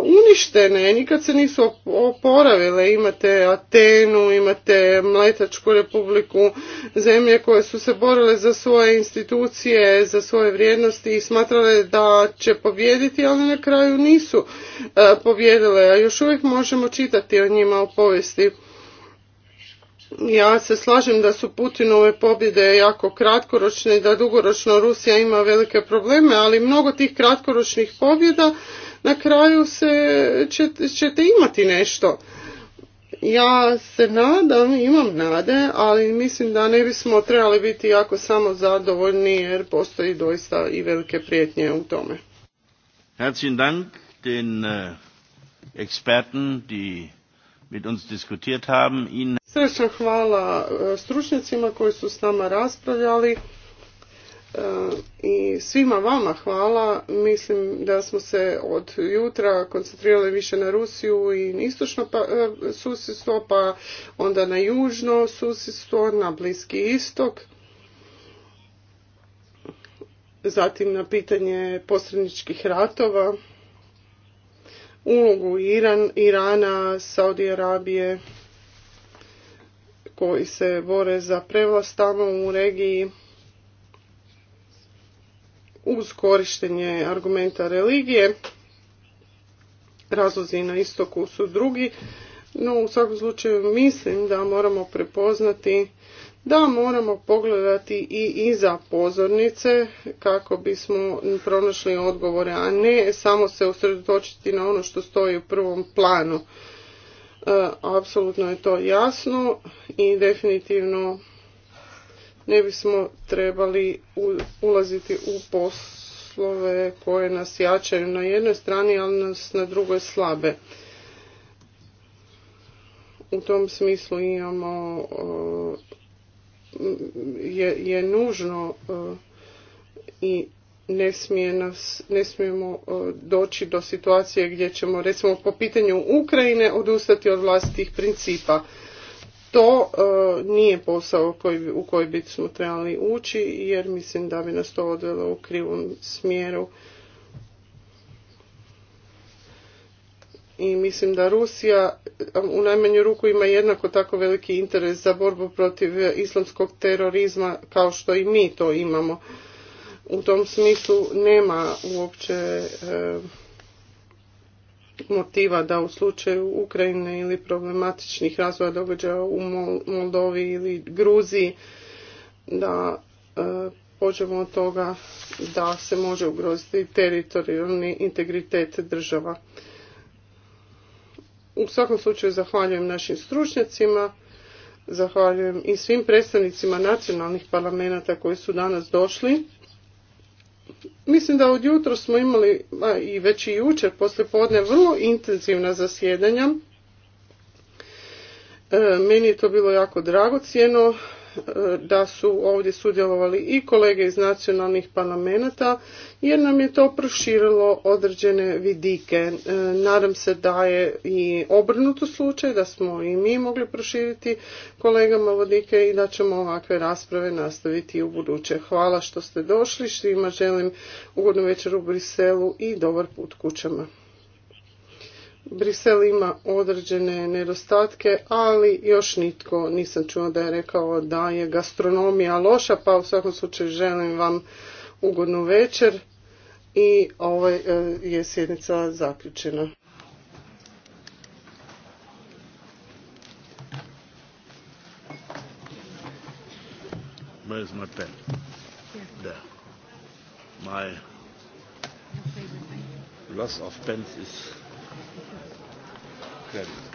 uništene. Nikad se nisu oporavile. Imate Atenu, imate Mletačku republiku, zemlje koje su se borile za svoje institucije, za svoje vrijednosti i smatrale da će pobijediti, ali na kraju nisu e, pobjedile, a još uvijek možemo čitati o njima u povijesti. Ja se slažem da su Putinove pobjede jako kratkoročne i da dugoročno Rusija ima velike probleme, ali mnogo tih kratkoročnih pobjeda na kraju se, ćete, ćete imati nešto. Ja se nadam, imam nade, ali mislim da ne bismo trebali biti jako samo zadovoljni jer postoji doista i velike prijetnje u tome. Herzlichen eh, eksperten, die mit uns diskutiert haben. Ihnen hvala e, stručnjacima koji su s nama raspravljali e, i svima vama hvala. Mislim da smo se od jutra koncentrirali više na Rusiju i istočno pa, e, susjedstvo, pa onda na južno susjedstvo, na Bliski istok. Zatim na pitanje posredničkih ratova ulogu Iran, Irana, Saudi Arabije koji se bore za prevlast u regiji uz korištenje argumenta religije. Razlozi na istoku su drugi, no u svakom slučaju mislim da moramo prepoznati da moramo pogledati i iza pozornice kako bismo pronašli odgovore, a ne samo se usredotočiti na ono što stoji u prvom planu. E, apsolutno je to jasno i definitivno ne bismo trebali ulaziti u poslove koje nas jačaju na jednoj strani, ali nas na drugoj slabe. U tom smislu imamo je, je nužno e, i ne, smije nas, ne smijemo e, doći do situacije gdje ćemo recimo po pitanju Ukrajine odustati od vlastitih principa. To e, nije posao koji, u koji bismo trebali ući jer mislim da bi nas to odvelo u krivom smjeru. i mislim da Rusija u najmanju ruku ima jednako tako veliki interes za borbu protiv e, islamskog terorizma kao što i mi to imamo. U tom smislu nema uopće e, motiva da u slučaju Ukrajine ili problematičnih razvoja događaja u Moldovi ili Gruziji da e, pođemo od toga da se može ugroziti teritorijalni integritet država. U svakom slučaju zahvaljujem našim stručnjacima, zahvaljujem i svim predstavnicima nacionalnih parlamenta koji su danas došli. Mislim da od jutra smo imali, i već i jučer poslije podne, vrlo intenzivna zasjedanja. E, meni je to bilo jako dragocjeno da su ovdje sudjelovali i kolege iz nacionalnih parlamenta jer nam je to proširilo određene vidike. E, nadam se da je i obrnuto slučaj, da smo i mi mogli proširiti kolegama vodike i da ćemo ovakve rasprave nastaviti u buduće. Hvala što ste došli, svima želim ugodnu večer u Briselu i dobar put kućama. Brisel ima određene nedostatke, ali još nitko nisam čuo da je rekao da je gastronomija loša, pa u svakom slučaju želim vam ugodnu večer i ovaj e, je sjednica zaključena. Where's my pen? There. My loss of pens kredit.